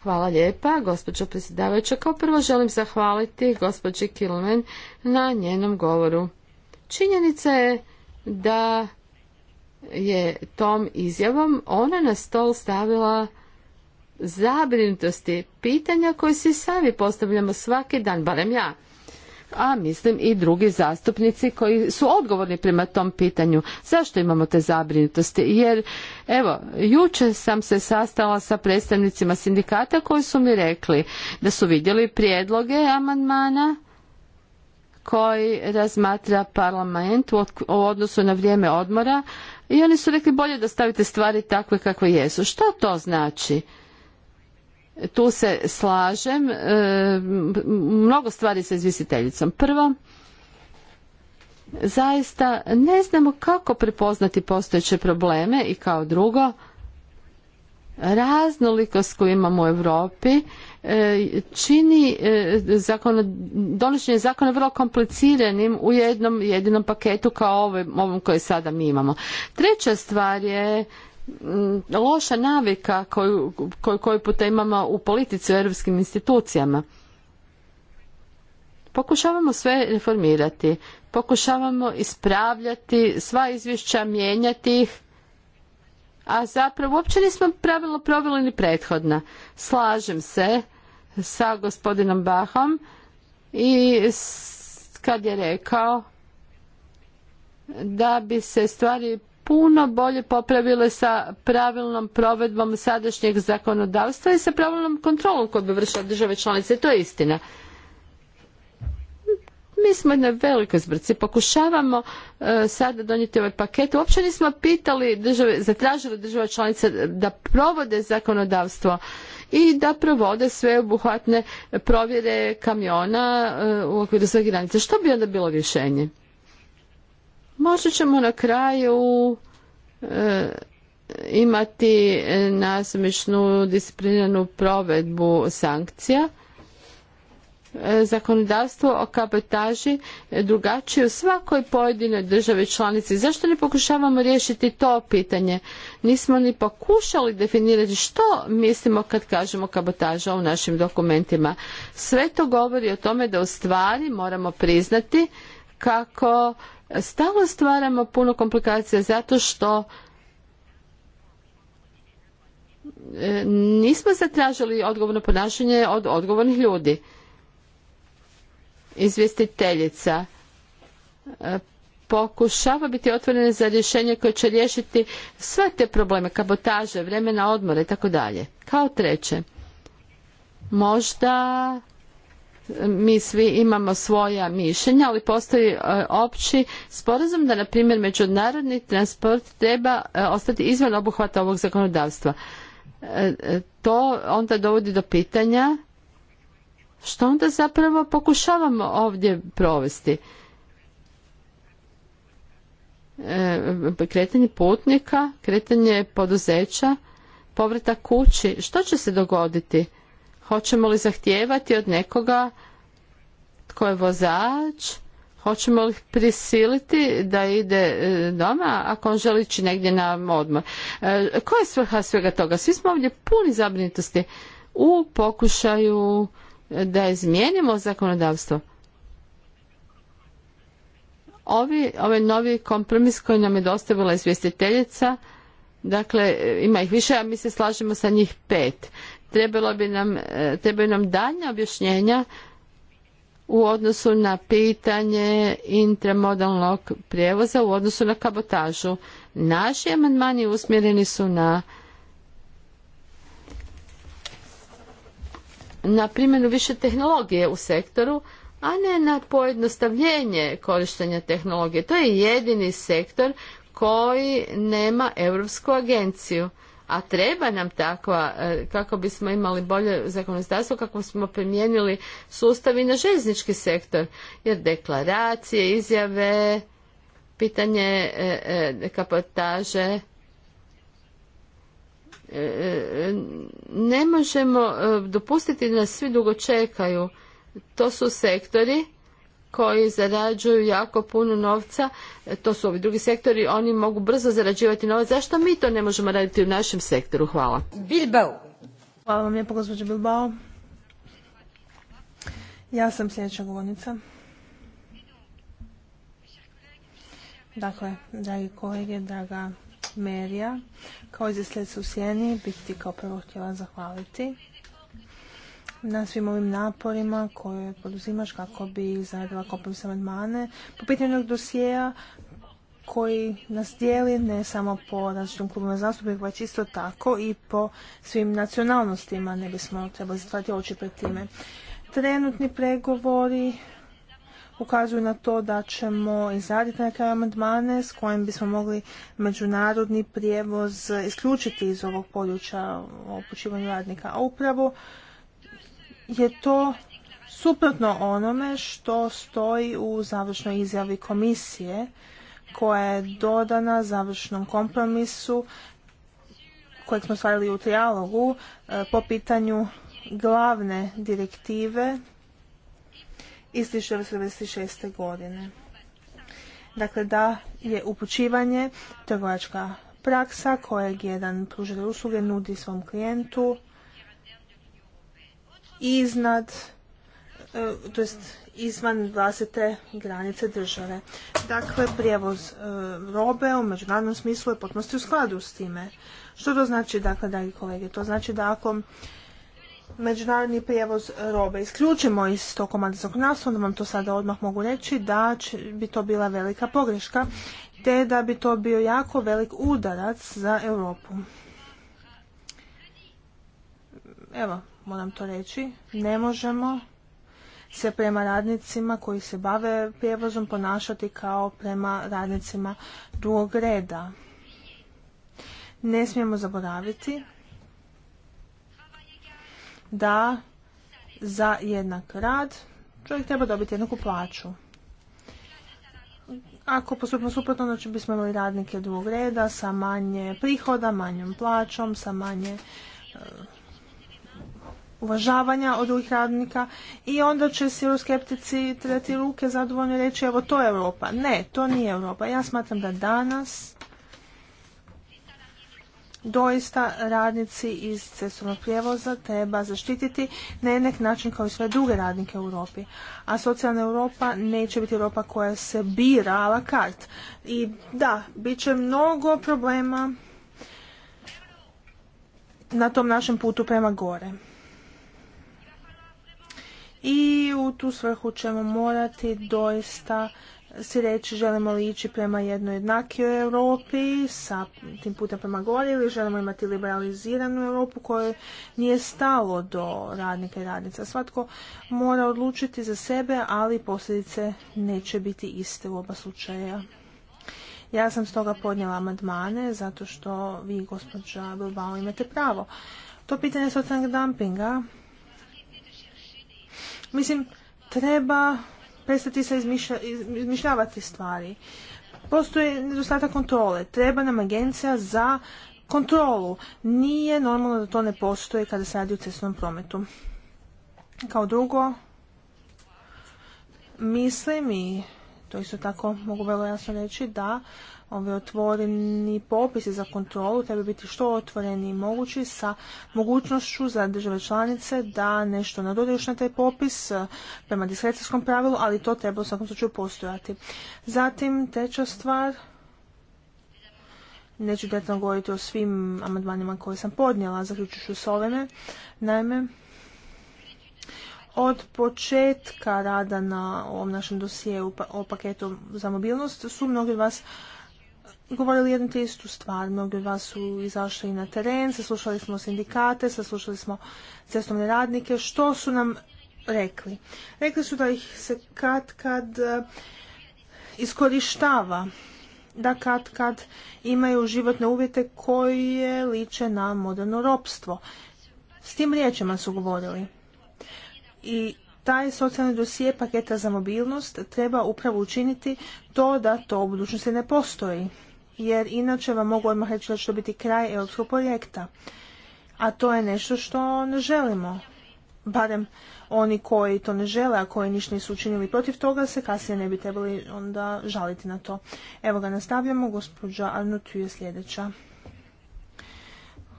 Hvala lijepa, gospođo predsjedavajuća. Kao prvo želim zahvaliti gospođi Kilmen na njenom govoru. Činjenica je da je tom izjavom ona na stol stavila zabrinutosti, pitanja koje si sami postavljamo svaki dan, barem ja a mislim i drugi zastupnici koji su odgovorni prema tom pitanju. Zašto imamo te zabrinutosti? Jer evo, jučer sam se sastala sa predstavnicima sindikata koji su mi rekli da su vidjeli prijedloge amandmana koji razmatra parlament u odnosu na vrijeme odmora i oni su rekli bolje da stavite stvari takve kakve jesu. Što to znači? tu se slažem e, mnogo stvari sa izvisiteljicom prvo zaista ne znamo kako prepoznati postojeće probleme i kao drugo raznolikost koju imamo u Europi e, čini e, zakon, donošenje zakona vrlo kompliciranim u jednom jedinom paketu kao ovom, ovom koje sada mi imamo. Treća stvar je Mm, loša navika koju, koju, koju puta imamo u politici u europskim institucijama. Pokušavamo sve reformirati, pokušavamo ispravljati, sva izvješća mijenjati ih, a zapravo uopće nismo pravilno proveli ni prethodna. Slažem se sa gospodinom Bahom i kad je rekao da bi se stvari puno bolje popravile sa pravilnom provedbom sadašnjeg zakonodavstva i sa pravilnom kontrolom koju bi vršile države članice. To je istina. Mi smo na velikoj zbrci. Pokušavamo e, sada donijeti ovaj paket. Uopće nismo pitali države, zatražili država članice da provode zakonodavstvo i da provode sve obuhvatne provjere kamiona e, u okviru svoje granice. Što bi onda bilo rješenje? Možda ćemo na kraju e, imati e, nasmišnu disciplinarnu provedbu sankcija. E, zakonodavstvo o kabotaži drugačije u svakoj pojedinoj državi članici. Zašto ne pokušavamo riješiti to pitanje? Nismo ni pokušali definirati što mislimo kad kažemo kabotaža u našim dokumentima. Sve to govori o tome da u stvari moramo priznati kako stalno stvaramo puno komplikacija zato što e, nismo zatražili odgovorno ponašanje od odgovornih ljudi. Izvjestiteljica e, pokušava biti otvorena za rješenje koje će riješiti sve te probleme, kabotaže, vremena odmora i tako dalje. Kao treće, možda mi svi imamo svoja mišljenja, ali postoji e, opći sporazum da, na primjer, međunarodni transport treba e, ostati izvan obuhvata ovog zakonodavstva. E, to onda dovodi do pitanja što onda zapravo pokušavamo ovdje provesti. Kretanje putnika, kretanje poduzeća, povratak kući. Što će se dogoditi? Hoćemo li zahtijevati od nekoga tko je vozač? Hoćemo li prisiliti da ide e, doma ako on želi ići negdje na odmor? E, koja je svrha svega toga? Svi smo ovdje puni zabrinutosti u pokušaju da izmijenimo zakonodavstvo. Ovi, ovaj novi kompromis koji nam je dostavila izvjestiteljica, dakle ima ih više, a mi se slažemo sa njih pet. Trebalo bi nam, e, trebaju nam daljnja objašnjenja u odnosu na pitanje intramodalnog prijevoza u odnosu na kabotažu. Naši amandmani usmjereni su na na primjenu više tehnologije u sektoru, a ne na pojednostavljenje korištenja tehnologije. To je jedini sektor koji nema Europsku agenciju a treba nam takva e, kako bismo imali bolje zakonodavstvo kako smo primijenili sustav i na željeznički sektor jer deklaracije, izjave pitanje e, e, kapotaže ne možemo dopustiti da nas svi dugo čekaju to su sektori koji zarađuju jako puno novca, e, to su ovi drugi sektori, oni mogu brzo zarađivati novac. Zašto mi to ne možemo raditi u našem sektoru? Hvala. Bilbao. Hvala vam lijepo, gospođo Bilbao. Ja sam sljedeća govornica. Dakle, dragi kolege, draga Merija, kao za u Sjeni bih ti kao prvo htjela zahvaliti na svim ovim naporima koje poduzimaš kako bi izradila sa amandmane po pitanju dosijeja koji nas dijeli ne samo po različitim klubima zastupnika, već isto tako i po svim nacionalnostima. Ne bismo trebali zatvarati oči pred time. Trenutni pregovori ukazuju na to da ćemo izraditi neke amandmane s kojim bismo mogli međunarodni prijevoz isključiti iz ovog područja o radnika. A upravo je to suprotno onome što stoji u završnoj izjavi komisije koja je dodana završnom kompromisu kojeg smo stvarili u trijalogu e, po pitanju glavne direktive iz 1996. godine. Dakle, da je upućivanje trgovačka praksa kojeg jedan pružatelj usluge nudi svom klijentu iznad, e, to jest izvan vlastite granice države. Dakle, prijevoz e, robe u međunarodnom smislu je potpunosti u skladu s time. Što to znači, dakle, dragi kolege? To znači da ako međunarodni prijevoz robe isključimo iz tog komanda zakonodavstva, onda vam to sada odmah mogu reći da bi to bila velika pogreška, te da bi to bio jako velik udarac za Europu. Evo, moram to reći, ne možemo se prema radnicima koji se bave prijevozom ponašati kao prema radnicima drugog reda. Ne smijemo zaboraviti da za jednak rad čovjek treba dobiti jednaku plaću. Ako postupimo suprotno, znači bismo imali radnike drugog reda sa manje prihoda, manjom plaćom, sa manje uvažavanja od drugih radnika i onda će se euroskeptici trebati ruke zadovoljno reći evo to je Europa. Ne, to nije Europa. Ja smatram da danas doista radnici iz cestovnog prijevoza treba zaštititi na jednak način kao i sve druge radnike u Europi. A socijalna Europa neće biti Europa koja se bira a la carte. I da, bit će mnogo problema na tom našem putu prema gore i u tu svrhu ćemo morati doista si reći želimo li ići prema jednoj jednakijoj Europi sa tim putem prema gori ili želimo imati liberaliziranu Europu kojoj nije stalo do radnika i radnica. Svatko mora odlučiti za sebe, ali posljedice neće biti iste u oba slučaja. Ja sam stoga podnijela amandmane zato što vi, gospođa Bilbao, imate pravo. To pitanje socijalnog dumpinga Mislim, treba prestati se izmišljavati stvari. Postoji nedostatak kontrole. Treba nam agencija za kontrolu. Nije normalno da to ne postoji kada se radi o cestnom prometu. Kao drugo, mislim i to isto tako mogu vrlo jasno reći da ovi otvoreni popisi za kontrolu treba biti što otvoreni i mogući sa mogućnošću za države članice da nešto nadodaju na taj popis e, prema diskrecijskom pravilu, ali to treba u svakom slučaju postojati. Zatim, treća stvar, neću detaljno govoriti o svim amandmanima koje sam podnijela, zaključujući s ovime. Naime, od početka rada na ovom našem dosijeu pa- o paketu za mobilnost su mnogi od vas govorili jednu te istu stvar. Mnogi od vas su izašli na teren, saslušali smo sindikate, saslušali smo cestovne radnike. Što su nam rekli? Rekli su da ih se kad kad e, iskorištava, da kad kad imaju životne uvjete koje liče na moderno ropstvo. S tim riječima su govorili i taj socijalni dosije paketa za mobilnost treba upravo učiniti to da to u budućnosti ne postoji. Jer inače vam mogu odmah reći da će to biti kraj europskog projekta. A to je nešto što ne želimo. Barem oni koji to ne žele, a koji ništa nisu učinili protiv toga, se kasnije ne bi trebali onda žaliti na to. Evo ga, nastavljamo. Gospođa Arnutu je sljedeća.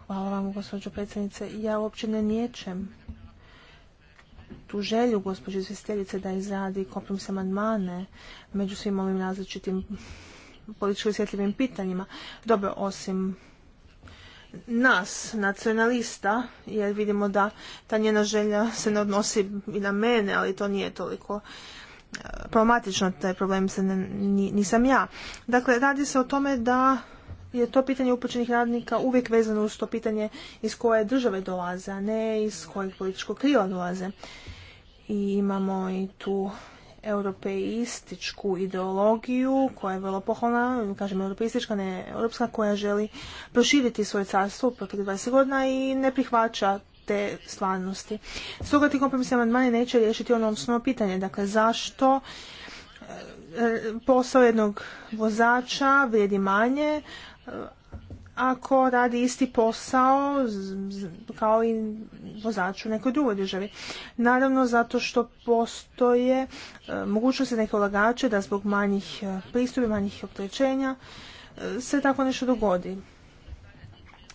Hvala vam, gospođo predsjednice. Ja uopće ne niječem tu želju gospođe izvjestiteljice da izradi kompromis amandmane među svim ovim različitim političko osjetljivim pitanjima. Dobro, osim nas, nacionalista, jer vidimo da ta njena želja se ne odnosi i na mene, ali to nije toliko e, problematično, taj problem se nisam ja. Dakle, radi se o tome da je to pitanje upućenih radnika uvijek vezano uz to pitanje iz koje države dolaze, a ne iz kojeg političkog kriva dolaze i imamo i tu europeističku ideologiju koja je vrlo pohvalna, kažem europeistička, ne europska, koja želi proširiti svoje carstvo u 20 godina i ne prihvaća te stvarnosti. Stoga ti kompromisni amandmani neće riješiti ono osnovno pitanje, dakle zašto e, e, posao jednog vozača vrijedi manje, ako radi isti posao kao i vozač u nekoj drugoj državi. Naravno zato što postoje e, mogućnosti neke ulagače da zbog manjih e, pristupi, manjih opterećenja e, se tako nešto dogodi.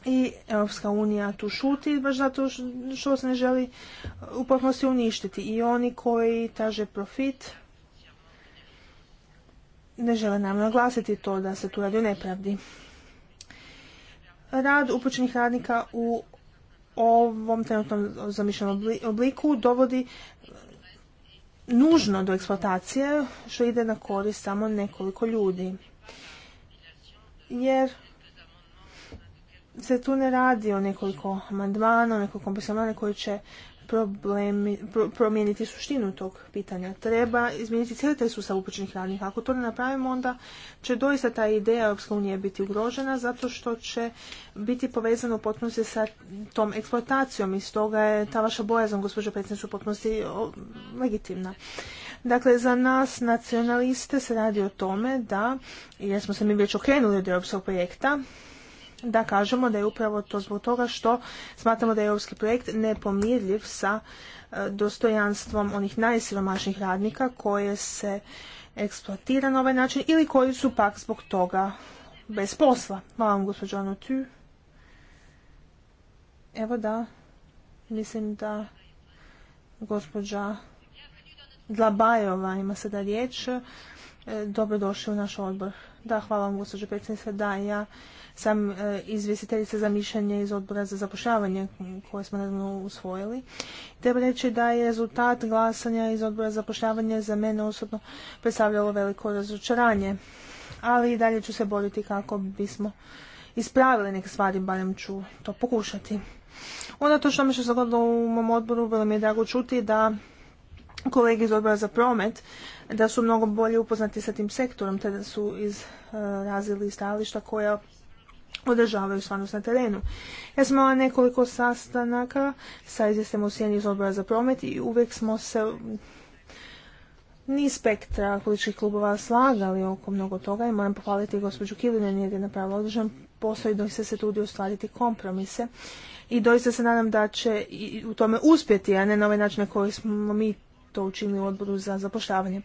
I Europska unija tu šuti baš zato što se ne želi u potpunosti uništiti. I oni koji traže profit ne žele nam naglasiti to da se tu radi o nepravdi rad upućenih radnika u ovom trenutnom zamišljenom obliku dovodi nužno do eksploatacije što ide na korist samo nekoliko ljudi. Jer se tu ne radi o nekoliko amandmana, o nekoliko amandmana koji će problemi, promijeniti suštinu tog pitanja. Treba izmijeniti cijeli taj sustav upućenih radnika. Ako to ne napravimo, onda će doista ta ideja Europske biti ugrožena zato što će biti povezano u potpunosti sa tom eksploatacijom i stoga je ta vaša bojazan, gospođo predsjednice, u potpunosti legitimna. Dakle, za nas nacionaliste se radi o tome da, jer smo se mi već okrenuli od europskog projekta, da kažemo da je upravo to zbog toga što smatramo da je europski projekt nepomirljiv sa e, dostojanstvom onih najsiromašnijih radnika koje se eksploatira na ovaj način ili koji su pak zbog toga bez posla. Hvala vam gospođo Anotu. Evo da, mislim da gospođa Dlabajova ima sada riječ. E, dobrodošli u naš odbor. Da, hvala vam gospođo predsjednice. Da, ja sam e, izvjestiteljica za mišljenje iz odbora za zapošljavanje koje smo nedavno usvojili. Treba reći da je rezultat glasanja iz odbora za zapošljavanje za mene osobno predstavljalo veliko razočaranje. Ali i dalje ću se boriti kako bismo ispravili neke stvari, barem ću to pokušati. Unatoč tome što se zagodilo u mom odboru, bilo mi je drago čuti da kolege iz odbora za promet da su mnogo bolje upoznati sa tim sektorom, te da su izrazili e, stajališta koja održavaju stvarnost na terenu. Ja sam imala nekoliko sastanaka sa izvjestem u sjeni iz odbora za promet i uvijek smo se ni spektra političkih klubova slagali oko mnogo toga i moram pohvaliti gospođu Kilinen jer je napravila održan posao i doista se trudi ostvariti kompromise. I doista se nadam da će u tome uspjeti, a ne na ovaj način na koji smo mi to učinili u odboru za zapošljavanje.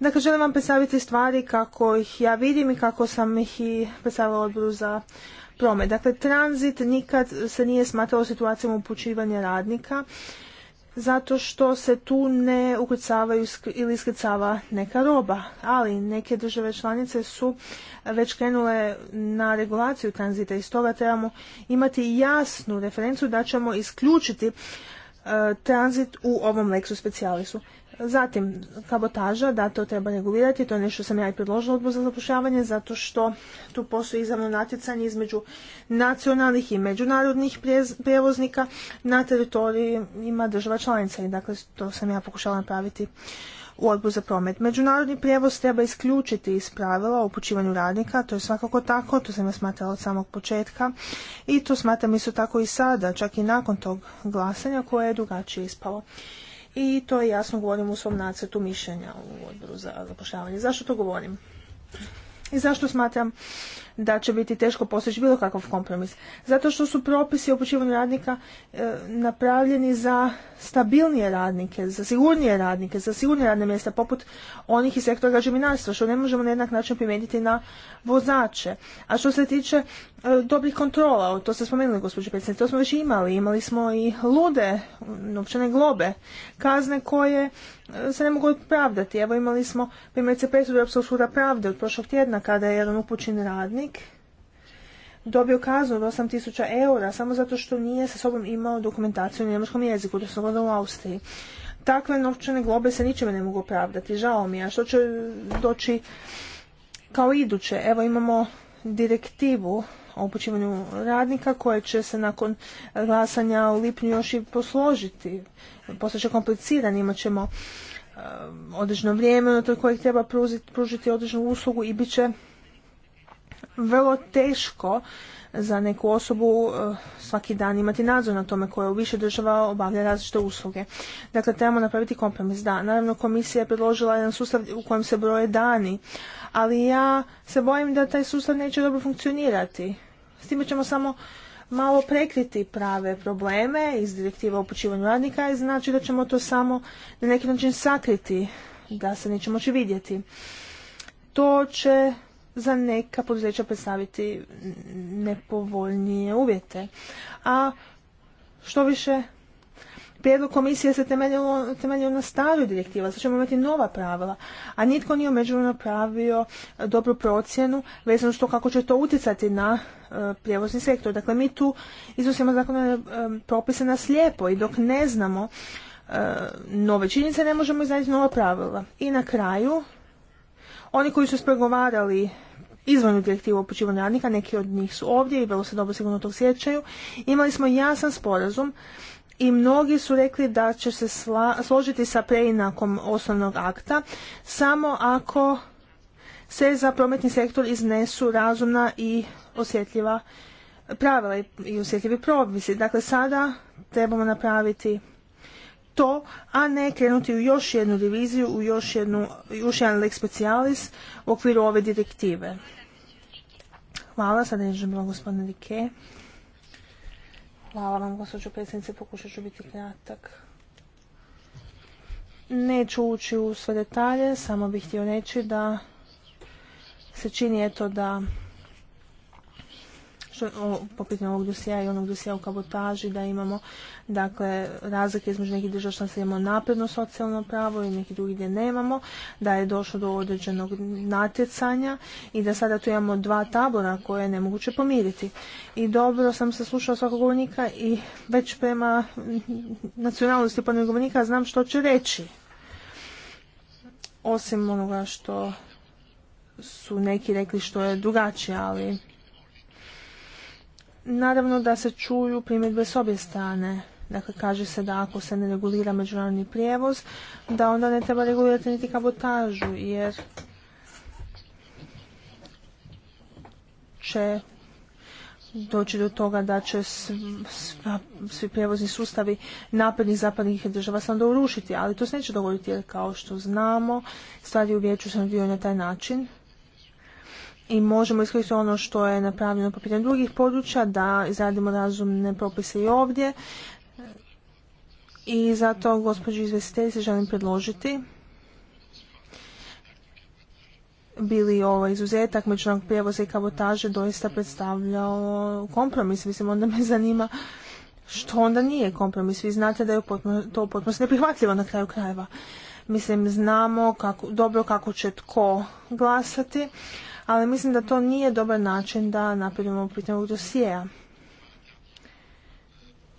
Dakle, želim vam predstaviti stvari kako ih ja vidim i kako sam ih i predstavila u odboru za promet. Dakle, tranzit nikad se nije smatrao situacijom upućivanja radnika zato što se tu ne ukrcavaju ili iskrcava neka roba, ali neke države članice su već krenule na regulaciju tranzita i stoga trebamo imati jasnu referencu da ćemo isključiti E, tranzit u ovom Lexus specijalisu. Zatim, kabotaža, da to treba regulirati, to je nešto sam ja i predložila odbor za zapošljavanje, zato što tu postoji izravno natjecanje između nacionalnih i međunarodnih prijevoznika na teritoriji ima država članica i dakle to sam ja pokušala napraviti u odboru za promet. Međunarodni prijevoz treba isključiti iz pravila o upućivanju radnika, to je svakako tako, to sam ja smatrala od samog početka i to smatram isto tako i sada, čak i nakon tog glasanja koje je drugačije ispalo. I to je jasno govorim u svom nacrtu mišljenja u odboru za zapošljavanje. Zašto to govorim? I zašto smatram da će biti teško postići bilo kakav kompromis. Zato što su propisi o upućivanju radnika e, napravljeni za stabilnije radnike, za sigurnije radnike, za sigurnije radne mjesta, poput onih iz sektora građevinarstva, što ne možemo na jednak način primijeniti na vozače. A što se tiče e, dobrih kontrola, to ste spomenuli, gospođo predsjednice, to smo već imali. Imali smo i lude, novčane globe, kazne koje e, se ne mogu opravdati. Evo imali smo primjerice presudu Europskog suda pravde od prošlog tjedna kada je jedan upućen radnik dobio kaznu od 8000 eura samo zato što nije sa sobom imao dokumentaciju na njemačkom jeziku, to se u Austriji. Takve novčane globe se ničime ne mogu opravdati, žao mi je. A što će doći kao iduće? Evo imamo direktivu o upućivanju radnika koje će se nakon glasanja u lipnju još i posložiti. će kompliciran, imat ćemo um, određeno vrijeme unutar kojeg treba pružiti određenu uslugu i bit će vrlo teško za neku osobu eh, svaki dan imati nadzor na tome koja u više država obavlja različite usluge. Dakle, trebamo napraviti kompromis. Da, naravno komisija je predložila jedan sustav u kojem se broje dani, ali ja se bojim da taj sustav neće dobro funkcionirati. S time ćemo samo malo prekriti prave probleme iz direktiva o upućivanju radnika i znači da ćemo to samo na neki način sakriti, da se neće moći vidjeti. To će za neka poduzeća predstaviti nepovoljnije uvjete. A što više, prijedlog komisije se temeljio na staroj direktiva, sad ćemo imati nova pravila, a nitko nije među napravio dobru procjenu vezano što kako će to utjecati na e, prijevozni sektor. Dakle, mi tu iznosimo zakon e, propise na slijepo i dok ne znamo e, nove činjenice ne možemo izdaviti nova pravila. I na kraju, oni koji su spregovarali izvan direktivu o radnika, neki od njih su ovdje i vrlo se dobro sigurno to sjećaju, imali smo jasan sporazum i mnogi su rekli da će se složiti sa preinakom osnovnog akta samo ako se za prometni sektor iznesu razumna i osjetljiva pravila i osjetljivi propisi. Dakle, sada trebamo napraviti to, a ne krenuti u još jednu diviziju, u još, jednu, još jedan lex specialis u okviru ove direktive. Hvala, sada je želim, gospodine Rike. Hvala vam, gospođo predsjednice, pokušat ću biti kratak. Neću ući u sve detalje, samo bih htio reći da se čini eto da o, po pitanju ovog dosija i onog dosija u kabotaži, da imamo dakle, razlike između nekih država što imamo napredno socijalno pravo i nekih drugih gdje nemamo, da je došlo do određenog natjecanja i da sada tu imamo dva tabora koje je nemoguće pomiriti. I dobro sam se slušala svakog govornika i već prema nacionalnosti podnog govornika znam što će reći. Osim onoga što su neki rekli što je drugačije, ali Naravno da se čuju primjedbe s obje strane. Dakle, kaže se da ako se ne regulira međunarodni prijevoz, da onda ne treba regulirati niti kabotažu, jer će doći do toga da će svi prijevozni sustavi naprednih zapadnih država sam urušiti, ali to se neće dogoditi jer kao što znamo stvari u vijeću sam bio na taj način i možemo iskoristiti ono što je napravljeno po pitanju drugih područja, da izradimo razumne propise i ovdje. I zato, gospođo se želim predložiti bili ovaj izuzetak međunarodnog prijevoza i kabotaže doista predstavljao kompromis. Mislim, onda me zanima što onda nije kompromis. Vi znate da je to potpuno neprihvatljivo na kraju krajeva. Mislim, znamo kako, dobro kako će tko glasati ali mislim da to nije dobar način da napravimo pitanje ovog dosijeja.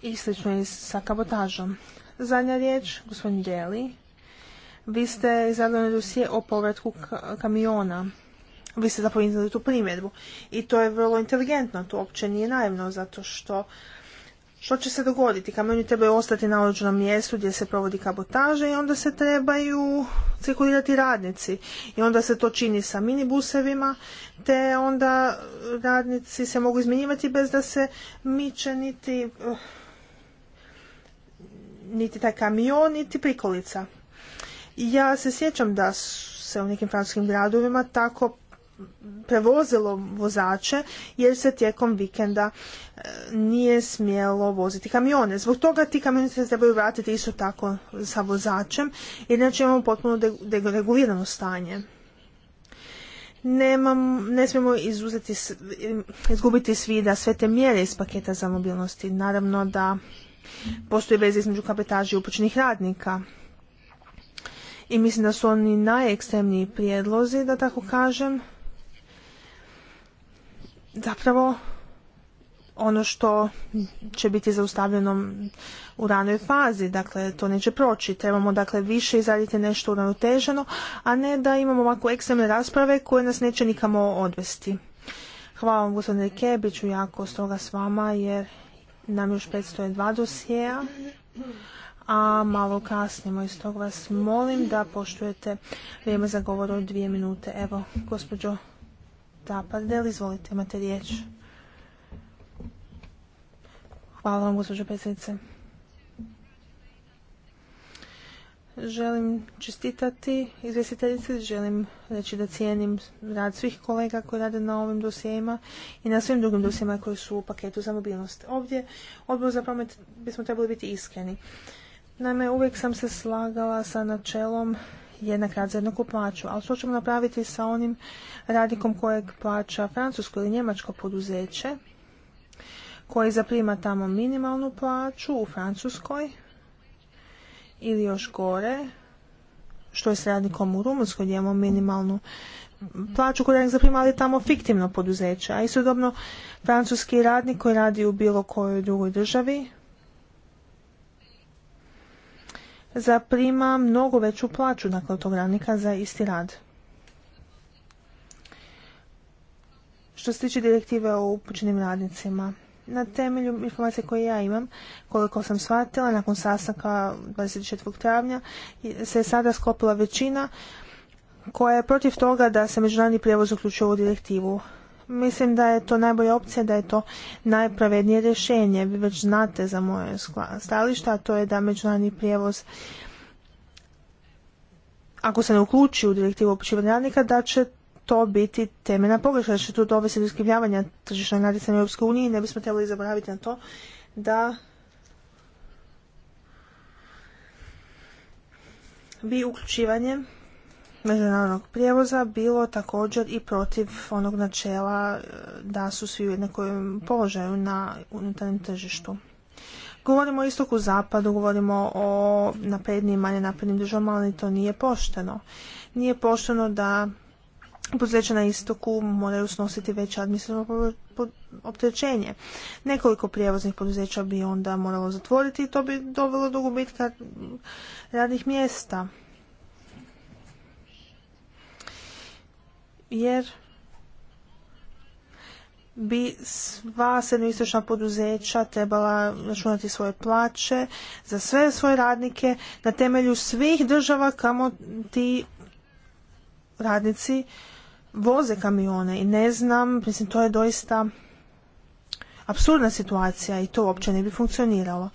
I slično je sa kabotažom. Zadnja riječ, gospodin Deli. Vi ste izradili dosije o povratku kamiona. Vi ste zapravo tu primjedbu. I to je vrlo inteligentno, to uopće nije naivno, zato što što će se dogoditi? Kamioni trebaju ostati na određenom mjestu gdje se provodi kabotaža i onda se trebaju cirkulirati radnici. I onda se to čini sa minibusevima, te onda radnici se mogu izmjenjivati bez da se miče niti, uh, niti taj kamion, niti prikolica. Ja se sjećam da se u nekim francuskim gradovima tako prevozilo vozače jer se tijekom vikenda e, nije smjelo voziti kamione. Zbog toga ti kamioni se trebaju vratiti isto tako sa vozačem, inače imamo potpuno deregulirano stanje. Nemam, ne smijemo izuzeti, izgubiti svi da sve te mjere iz paketa za mobilnosti. Naravno da postoji veza između kapetaži i upućenih radnika. I mislim da su oni najekstremniji prijedlozi, da tako kažem zapravo ono što će biti zaustavljeno u ranoj fazi, dakle to neće proći. Trebamo dakle više izraditi nešto uravnoteženo, a ne da imamo ovako ekstremne rasprave koje nas neće nikamo odvesti. Hvala vam gospodine Rike, ću jako stoga s vama jer nam još predstoje dva dosjeja, a malo kasnimo i stoga vas molim da poštujete vrijeme za govor od dvije minute. Evo, gospođo pa li izvolite, imate riječ. Hvala vam, gospođo predsjednice. Želim čestitati izvjestiteljici, želim reći da cijenim rad svih kolega koji rade na ovim dosijema i na svim drugim dosijema koji su u paketu za mobilnost. Ovdje, odbor za promet, bismo trebali biti iskreni. Naime, uvijek sam se slagala sa načelom jednak rad za jednaku plaću. Ali što ćemo napraviti sa onim radnikom kojeg plaća francusko ili njemačko poduzeće koji zaprima tamo minimalnu plaću u Francuskoj ili još gore što je s radnikom u Rumunskoj gdje imamo minimalnu plaću koju radnik zaprima, ali tamo fiktivno poduzeće. A istodobno francuski radnik koji radi u bilo kojoj drugoj državi zaprima mnogo veću plaću dakle, od tog radnika za isti rad. Što se tiče direktive o upućenim radnicima, na temelju informacije koje ja imam, koliko sam shvatila, nakon sastanka 24. travnja se je sada sklopila većina koja je protiv toga da se međunarodni prijevoz uključuje u direktivu. Mislim da je to najbolja opcija, da je to najpravednije rješenje. Vi već znate za moje stališta, a to je da međunarodni prijevoz ako se ne uključi u direktivu opućivanja radnika, da će to biti temeljna pogreška, da će to dovesti do iskrivljavanja tržišnog nadjecanja u EU i ne bismo trebali zaboraviti na to da bi uključivanje međunarodnog prijevoza bilo također i protiv onog načela e, da su svi u jednakom položaju na unutarnjem tržištu. Govorimo o istoku zapadu, govorimo o naprednijim manje naprednim državama, ali to nije pošteno. Nije pošteno da poduzeća na istoku moraju snositi veće administrativno opterećenje. Nekoliko prijevoznih poduzeća bi onda moralo zatvoriti i to bi dovelo do gubitka radnih mjesta. jer bi sva srednjoistočna poduzeća trebala računati svoje plaće za sve svoje radnike na temelju svih država kamo ti radnici voze kamione i ne znam, mislim to je doista apsurdna situacija i to uopće ne bi funkcioniralo.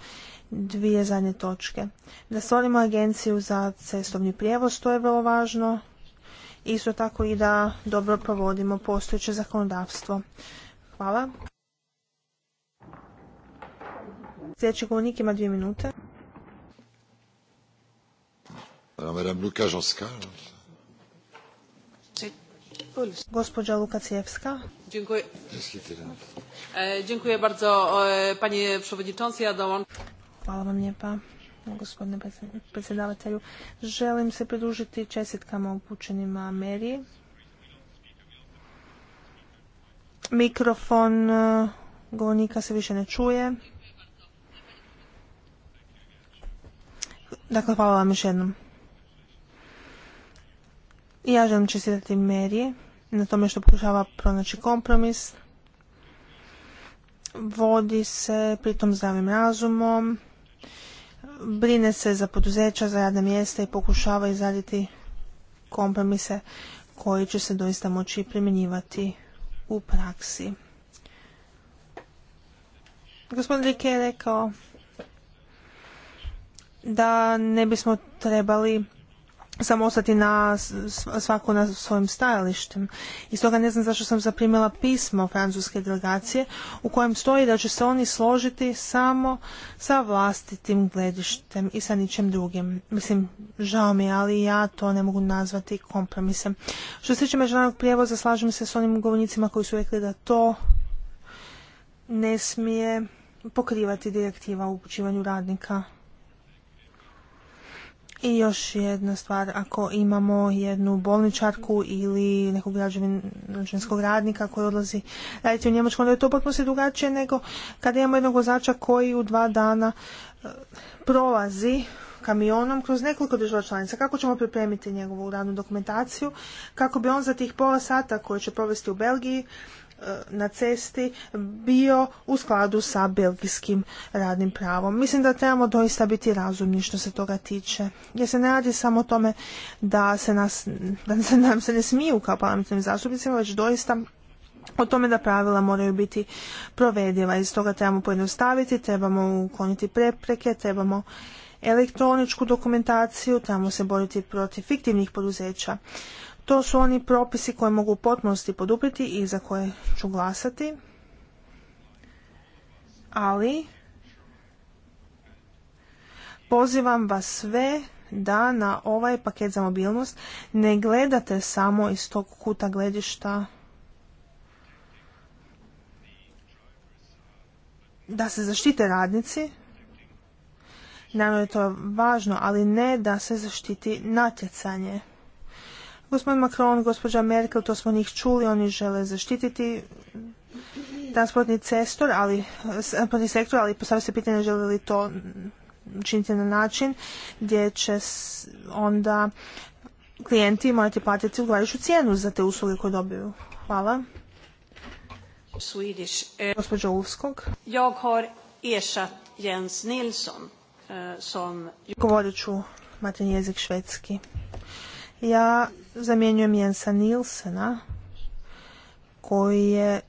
Dvije zadnje točke. Da stvorimo agenciju za cestovni prijevoz, to je vrlo važno isto tako i da dobro provodimo postojeće zakonodavstvo. Hvala. Sljedeći govornik ima dvije minute. Madame Luka Gospođa Dziękuję. E, dziękuję bardzo, e, panie przewodniczący. Hvala vam lijepa gospodine predsjedavatelju. Želim se pridružiti čestitkama upućenima Meri. Mikrofon eh, govornika se više ne čuje. Dakle, hvala vam još jednom. Ja želim čestitati Meri na tome što pokušava pronaći kompromis. Vodi se pritom zdravim razumom brine se za poduzeća, za radna mjesta i pokušava izraditi kompromise koji će se doista moći primjenjivati u praksi. Gospodin Rike je rekao da ne bismo trebali samo ostati na svako na svojim stajalištem. I stoga ne znam zašto sam zaprimila pismo francuske delegacije u kojem stoji da će se oni složiti samo sa vlastitim gledištem i sa ničem drugim. Mislim, žao mi je, ali ja to ne mogu nazvati kompromisem. Što se tiče međunarodnog prijevoza, slažem se s onim govornicima koji su rekli da to ne smije pokrivati direktiva u upućivanju radnika i još jedna stvar, ako imamo jednu bolničarku ili nekog građevinskog radnika koji odlazi raditi u Njemačku, onda je to potpuno drugačije nego kada imamo jednog vozača koji u dva dana eh, prolazi kamionom kroz nekoliko država članica. Kako ćemo pripremiti njegovu radnu dokumentaciju? Kako bi on za tih pola sata koje će provesti u Belgiji na cesti bio u skladu sa belgijskim radnim pravom. Mislim da trebamo doista biti razumni što se toga tiče. Jer se ne radi samo o tome da se, nas, da se nam se ne smiju kao parlamentarnim zastupnicima, već doista o tome da pravila moraju biti provediva. Iz toga trebamo pojednostaviti, trebamo ukloniti prepreke, trebamo elektroničku dokumentaciju, trebamo se boriti protiv fiktivnih poduzeća. To su oni propisi koje mogu u potpunosti poduprijeti i za koje ću glasati. Ali pozivam vas sve da na ovaj paket za mobilnost ne gledate samo iz tog kuta gledišta da se zaštite radnici. Naravno je to važno, ali ne da se zaštiti natjecanje. Gospodin Macron, gospođa Merkel, to smo njih čuli, oni žele zaštititi transportni sektor, ali, sektor, ali postavlja se pitanje žele li to učiniti na način gdje će onda klijenti morati platiti odgovarajuću cijenu za te usluge koje dobiju. Hvala. Swedish. Eh, Gospođo Jag har ersatt Jens Nilsson Govorit eh, ću materni jezik švedski. Ja zamjenjujem Jensa Nilsena koji je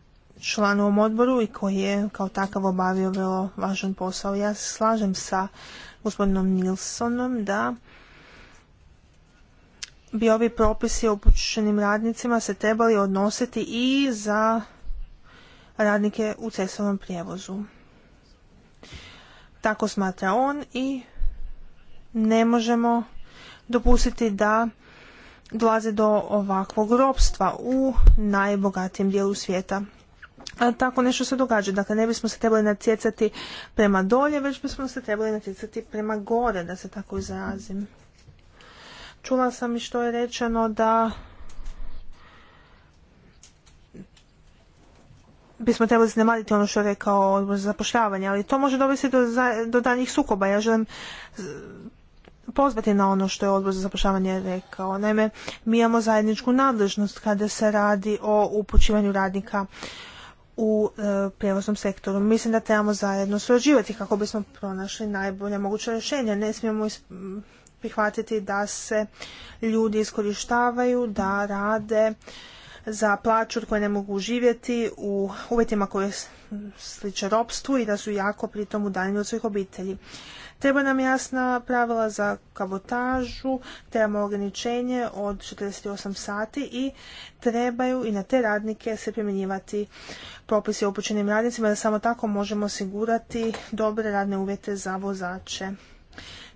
član u ovom odboru i koji je kao takav obavio vrlo važan posao. Ja se slažem sa gospodinom Nilsonom da bi ovi propisi o radnicima se trebali odnositi i za radnike u cestovnom prijevozu. Tako smatra on i ne možemo dopustiti da dolazi do ovakvog ropstva u najbogatijem dijelu svijeta. A tako nešto se događa. Dakle, ne bismo se trebali natjecati prema dolje, već bismo se trebali natjecati prema gore, da se tako izrazim. Čula sam i što je rečeno da bismo trebali zanemariti ono što je rekao odbor za zapošljavanje, ali to može dovesti do, do danjih sukoba. Ja želim pozvati na ono što je odbor za zapošljavanje rekao. Naime, mi imamo zajedničku nadležnost kada se radi o upućivanju radnika u e, prijevoznom sektoru. Mislim da trebamo zajedno surađivati kako bismo pronašli najbolje moguće rješenje. Ne smijemo prihvatiti da se ljudi iskorištavaju, da rade za plaću od koje ne mogu živjeti u uvjetima koje sliče ropstvu i da su jako pritom udaljeni od svojih obitelji. Treba nam jasna pravila za kabotažu, trebamo ograničenje od 48 sati i trebaju i na te radnike se primjenjivati propisi upućenim radnicima da samo tako možemo osigurati dobre radne uvjete za vozače.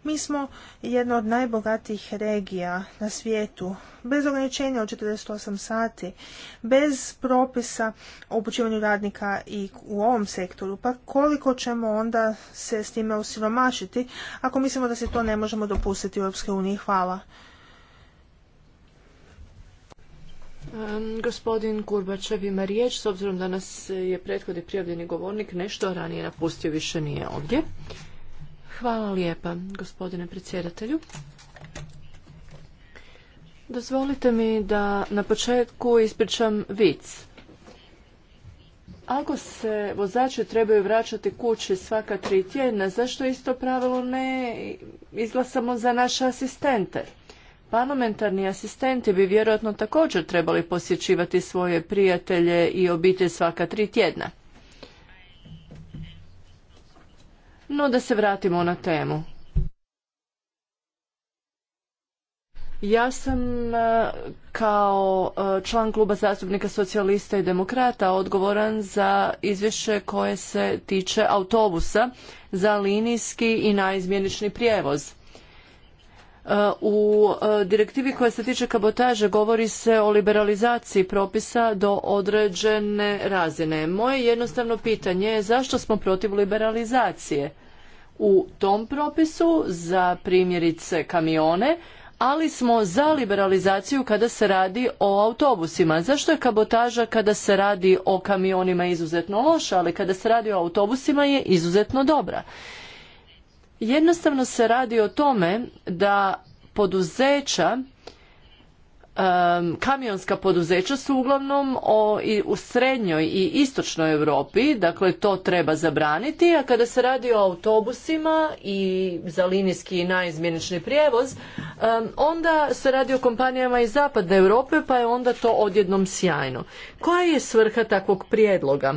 Mi smo jedna od najbogatijih regija na svijetu, bez ograničenja od 48 sati, bez propisa o upućivanju radnika i u ovom sektoru. Pa koliko ćemo onda se s time osiromašiti ako mislimo da se to ne možemo dopustiti u EU? Hvala. gospodin Kurbačev ima riječ, s obzirom da nas je prethodni prijavljeni govornik nešto ranije napustio, više nije ovdje. Hvala lijepa, gospodine predsjedatelju. Dozvolite mi da na početku ispričam vic. Ako se vozači trebaju vraćati kući svaka tri tjedna, zašto isto pravilo ne izglasamo za naše asistente? Parlamentarni asistenti bi vjerojatno također trebali posjećivati svoje prijatelje i obitelj svaka tri tjedna. No da se vratimo na temu. Ja sam e, kao e, član kluba zastupnika socijalista i demokrata odgovoran za izvješće koje se tiče autobusa za linijski i naizmjenični prijevoz. E, u direktivi koja se tiče kabotaže govori se o liberalizaciji propisa do određene razine. Moje jednostavno pitanje je zašto smo protiv liberalizacije? u tom propisu za primjerice kamione, ali smo za liberalizaciju kada se radi o autobusima. Zašto je kabotaža kada se radi o kamionima izuzetno loša, ali kada se radi o autobusima je izuzetno dobra? Jednostavno se radi o tome da poduzeća kamionska poduzeća su uglavnom o, i u srednjoj i istočnoj Europi, dakle to treba zabraniti, a kada se radi o autobusima i za linijski i naizmjenični prijevoz, onda se radi o kompanijama iz zapadne Europe, pa je onda to odjednom sjajno. Koja je svrha takvog prijedloga?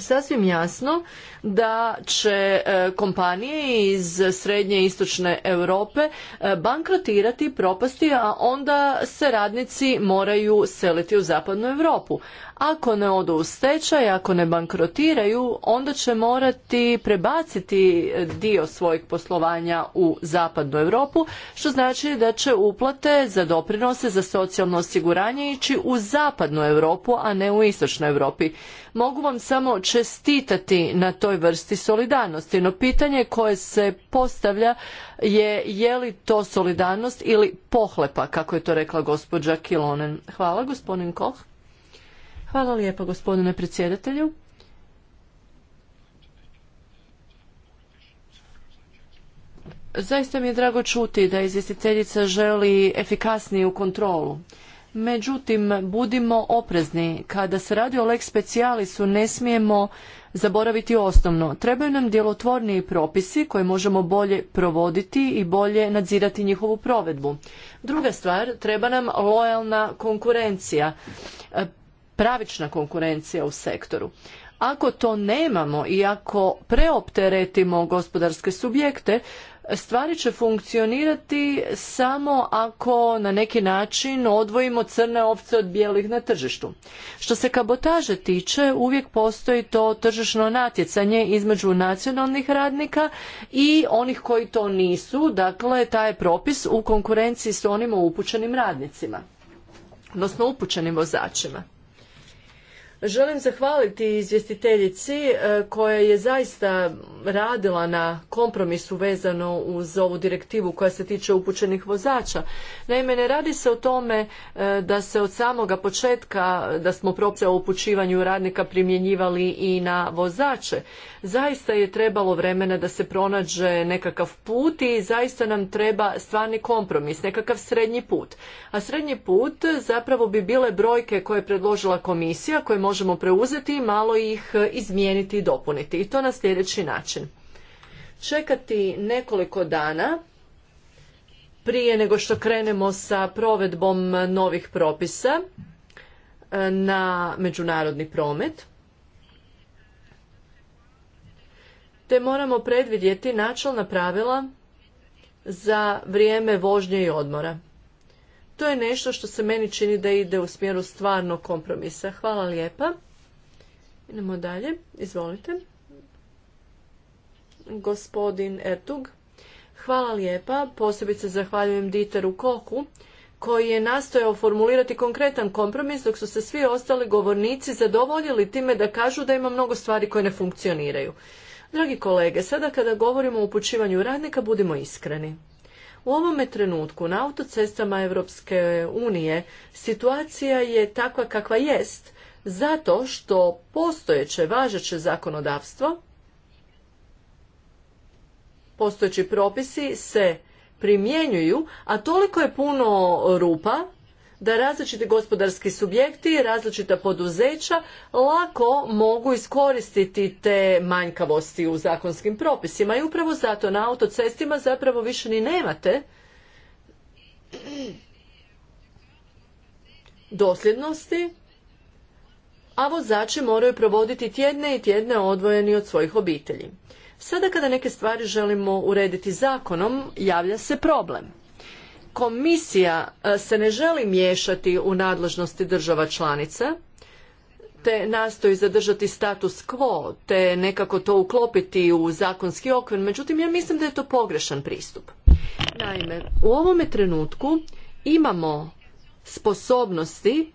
sasvim jasno da će e, kompanije iz srednje i istočne Europe e, bankrotirati, propasti, a onda se radnici moraju seliti u zapadnu Europu. Ako ne odu u stečaj, ako ne bankrotiraju, onda će morati prebaciti dio svojeg poslovanja u zapadnu Europu, što znači da će uplate za doprinose za socijalno osiguranje ići u zapadnu Europu, a ne u istočnoj Europi. Mogu vam samo čestitati na toj vrsti solidarnosti, no pitanje koje se postavlja je je li to solidarnost ili pohlepa, kako je to rekla gospođa Kilonen. Hvala, gospodin Koch. Hvala lijepo gospodine predsjedatelju. Zaista mi je drago čuti da izvjestiteljica želi efikasniju kontrolu. Međutim, budimo oprezni. Kada se radi o lex specialisu ne smijemo zaboraviti osnovno. Trebaju nam djelotvorniji propisi koje možemo bolje provoditi i bolje nadzirati njihovu provedbu. Druga stvar, treba nam lojalna konkurencija pravična konkurencija u sektoru. Ako to nemamo i ako preopteretimo gospodarske subjekte, stvari će funkcionirati samo ako na neki način odvojimo crne ovce od bijelih na tržištu. Što se kabotaže tiče, uvijek postoji to tržišno natjecanje između nacionalnih radnika i onih koji to nisu, dakle taj je propis u konkurenciji s onim upućenim radnicima, odnosno upućenim vozačima. Želim zahvaliti izvjestiteljici e, koja je zaista radila na kompromisu vezano uz ovu direktivu koja se tiče upućenih vozača. Naime, ne radi se o tome e, da se od samoga početka da smo propise o upućivanju radnika primjenjivali i na vozače. Zaista je trebalo vremena da se pronađe nekakav put i zaista nam treba stvarni kompromis, nekakav srednji put. A srednji put zapravo bi bile brojke koje je predložila komisija koje možda možemo preuzeti i malo ih e, izmijeniti i dopuniti. I to na sljedeći način. Čekati nekoliko dana prije nego što krenemo sa provedbom novih propisa e, na međunarodni promet. Te moramo predvidjeti načelna pravila za vrijeme vožnje i odmora. To je nešto što se meni čini da ide u smjeru stvarnog kompromisa. Hvala lijepa. Idemo dalje. Izvolite. Gospodin Ertug. Hvala lijepa. Posebice zahvaljujem Diteru Koku koji je nastojao formulirati konkretan kompromis dok su se svi ostali govornici zadovoljili time da kažu da ima mnogo stvari koje ne funkcioniraju. Dragi kolege, sada kada govorimo o upućivanju radnika, budimo iskreni. U ovome trenutku na autocestama Europske unije situacija je takva kakva jest zato što postojeće važeće zakonodavstvo postojeći propisi se primjenjuju, a toliko je puno rupa da različiti gospodarski subjekti, različita poduzeća lako mogu iskoristiti te manjkavosti u zakonskim propisima i upravo zato na autocestima zapravo više ni nemate dosljednosti, a vozači moraju provoditi tjedne i tjedne odvojeni od svojih obitelji. Sada kada neke stvari želimo urediti zakonom, javlja se problem komisija e, se ne želi miješati u nadležnosti država članica, te nastoji zadržati status quo, te nekako to uklopiti u zakonski okvir, međutim ja mislim da je to pogrešan pristup. Naime, u ovome trenutku imamo sposobnosti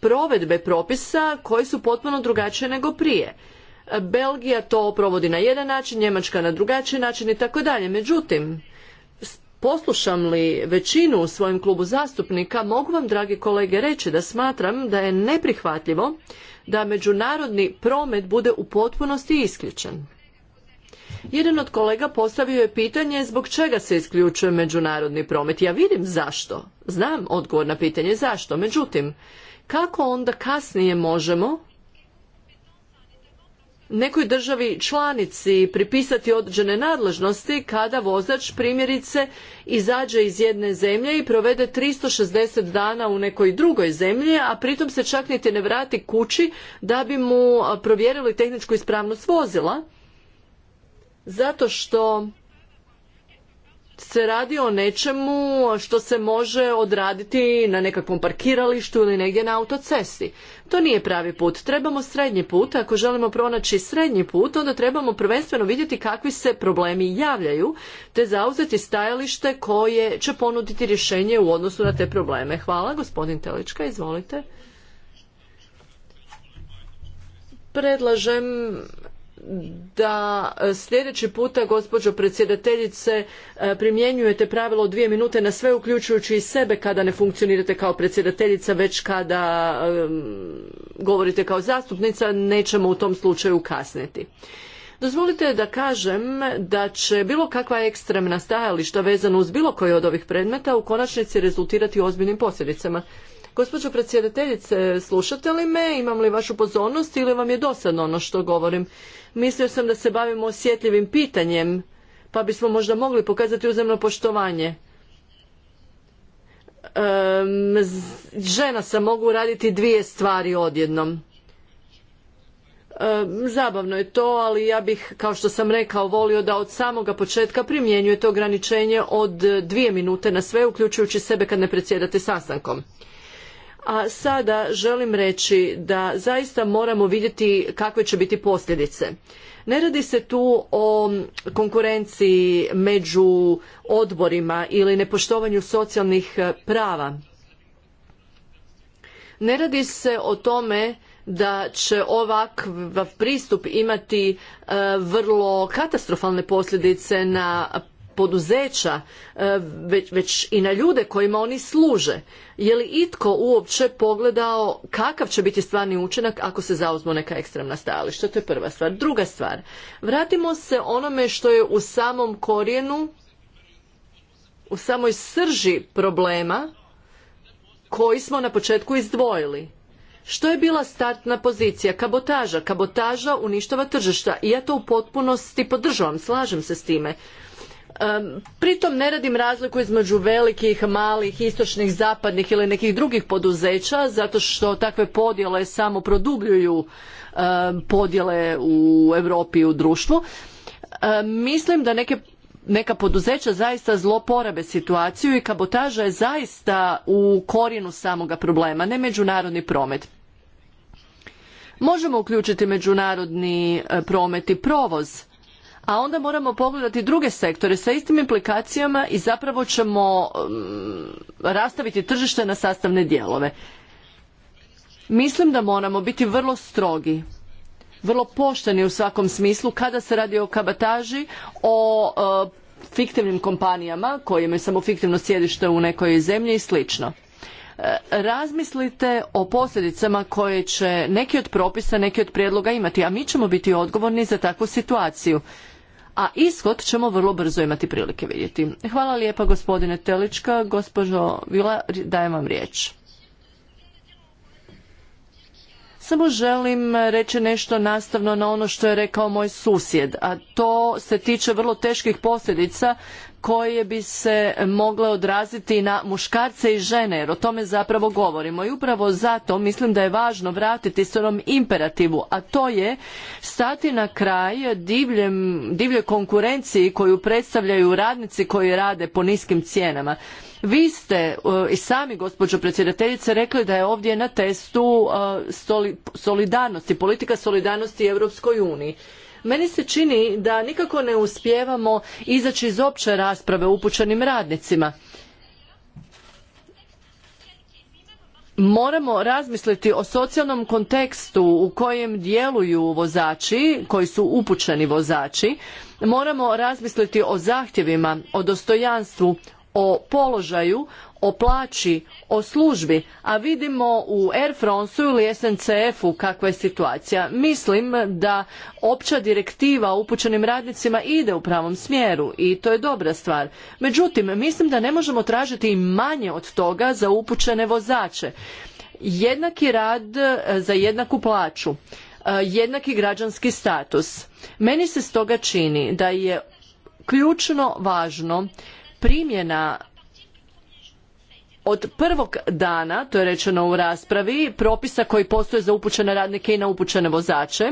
provedbe propisa koji su potpuno drugačije nego prije. Belgija to provodi na jedan način, Njemačka na drugačiji način i tako dalje. Međutim, Poslušam li većinu u svojem klubu zastupnika, mogu vam, dragi kolege, reći da smatram da je neprihvatljivo da međunarodni promet bude u potpunosti isključen. Jedan od kolega postavio je pitanje zbog čega se isključuje međunarodni promet. Ja vidim zašto. Znam odgovor na pitanje zašto. Međutim, kako onda kasnije možemo nekoj državi članici pripisati određene nadležnosti kada vozač primjerice izađe iz jedne zemlje i provede 360 dana u nekoj drugoj zemlji, a pritom se čak niti ne vrati kući da bi mu provjerili tehničku ispravnost vozila zato što se radi o nečemu što se može odraditi na nekakvom parkiralištu ili negdje na autocesti. To nije pravi put. Trebamo srednji put. Ako želimo pronaći srednji put, onda trebamo prvenstveno vidjeti kakvi se problemi javljaju, te zauzeti stajalište koje će ponuditi rješenje u odnosu na te probleme. Hvala, gospodin Telička, izvolite. Predlažem da e, sljedeći puta gospođo predsjedateljice e, primjenjujete pravilo dvije minute na sve uključujući i sebe kada ne funkcionirate kao predsjedateljica već kada e, govorite kao zastupnica nećemo u tom slučaju kasniti. Dozvolite da kažem da će bilo kakva ekstremna stajališta vezano uz bilo koji od ovih predmeta u konačnici rezultirati ozbiljnim posljedicama. Gospođo predsjedateljice, slušate li me? Imam li vašu pozornost ili vam je dosadno ono što govorim? Mislio sam da se bavimo osjetljivim pitanjem, pa bismo možda mogli pokazati uzemno poštovanje. Um, žena sam mogu raditi dvije stvari odjednom. zabavno je to, ali ja bih, kao što sam rekao, volio da od samoga početka primjenjujete ograničenje od dvije minute na sve, uključujući sebe kad ne predsjedate sastankom a sada želim reći da zaista moramo vidjeti kakve će biti posljedice. Ne radi se tu o konkurenciji među odborima ili nepoštovanju socijalnih e, prava. Ne radi se o tome da će ovakav pristup imati e, vrlo katastrofalne posljedice na poduzeća, e, već, i na ljude kojima oni služe. Je li itko uopće pogledao kakav će biti stvarni učinak ako se zauzmu neka ekstremna stajališta? To je prva stvar. Druga stvar, vratimo se onome što je u samom korijenu, u samoj srži problema koji smo na početku izdvojili. Što je bila startna pozicija? Kabotaža. Kabotaža uništava tržišta i ja to u potpunosti podržavam, slažem se s time. Pritom ne radim razliku između velikih, malih, istočnih, zapadnih ili nekih drugih poduzeća, zato što takve podjele samo produbljuju podjele u Europi i u društvu. Mislim da neka poduzeća zaista zloporabe situaciju i kabotaža je zaista u korijenu samoga problema, ne međunarodni promet. Možemo uključiti međunarodni e, promet i provoz, a onda moramo pogledati druge sektore sa istim implikacijama i zapravo ćemo mm, rastaviti tržište na sastavne dijelove. Mislim da moramo biti vrlo strogi vrlo pošteni u svakom smislu kada se radi o kabataži, o e, fiktivnim kompanijama koje imaju samo fiktivno sjedište u nekoj zemlji i slično. E, razmislite o posljedicama koje će neki od propisa, neki od prijedloga imati, a mi ćemo biti odgovorni za takvu situaciju a ishod ćemo vrlo brzo imati prilike vidjeti. Hvala lijepa gospodine Telička, gospođo Vila, dajem vam riječ. Samo želim reći nešto nastavno na ono što je rekao moj susjed, a to se tiče vrlo teških posljedica koje bi se mogle odraziti na muškarce i žene jer o tome zapravo govorimo i upravo zato mislim da je važno vratiti se onom imperativu a to je stati na kraj divljoj konkurenciji koju predstavljaju radnici koji rade po niskim cijenama vi ste e, i sami gospođo predsjedateljice rekli da je ovdje na testu e, solidarnosti politika solidarnosti europskoj uniji meni se čini da nikako ne uspijevamo izaći iz opće rasprave upućenim radnicima. moramo razmisliti o socijalnom kontekstu u kojem djeluju vozači koji su upućeni vozači moramo razmisliti o zahtjevima o dostojanstvu o položaju o plaći, o službi, a vidimo u Air France ili SNCF-u kakva je situacija. Mislim da opća direktiva o upućenim radnicima ide u pravom smjeru i to je dobra stvar. Međutim, mislim da ne možemo tražiti i manje od toga za upućene vozače. Jednaki rad e, za jednaku plaću, e, jednaki građanski status. Meni se stoga čini da je ključno važno primjena od prvog dana, to je rečeno u raspravi, propisa koji postoje za upućene radnike i na upućene vozače,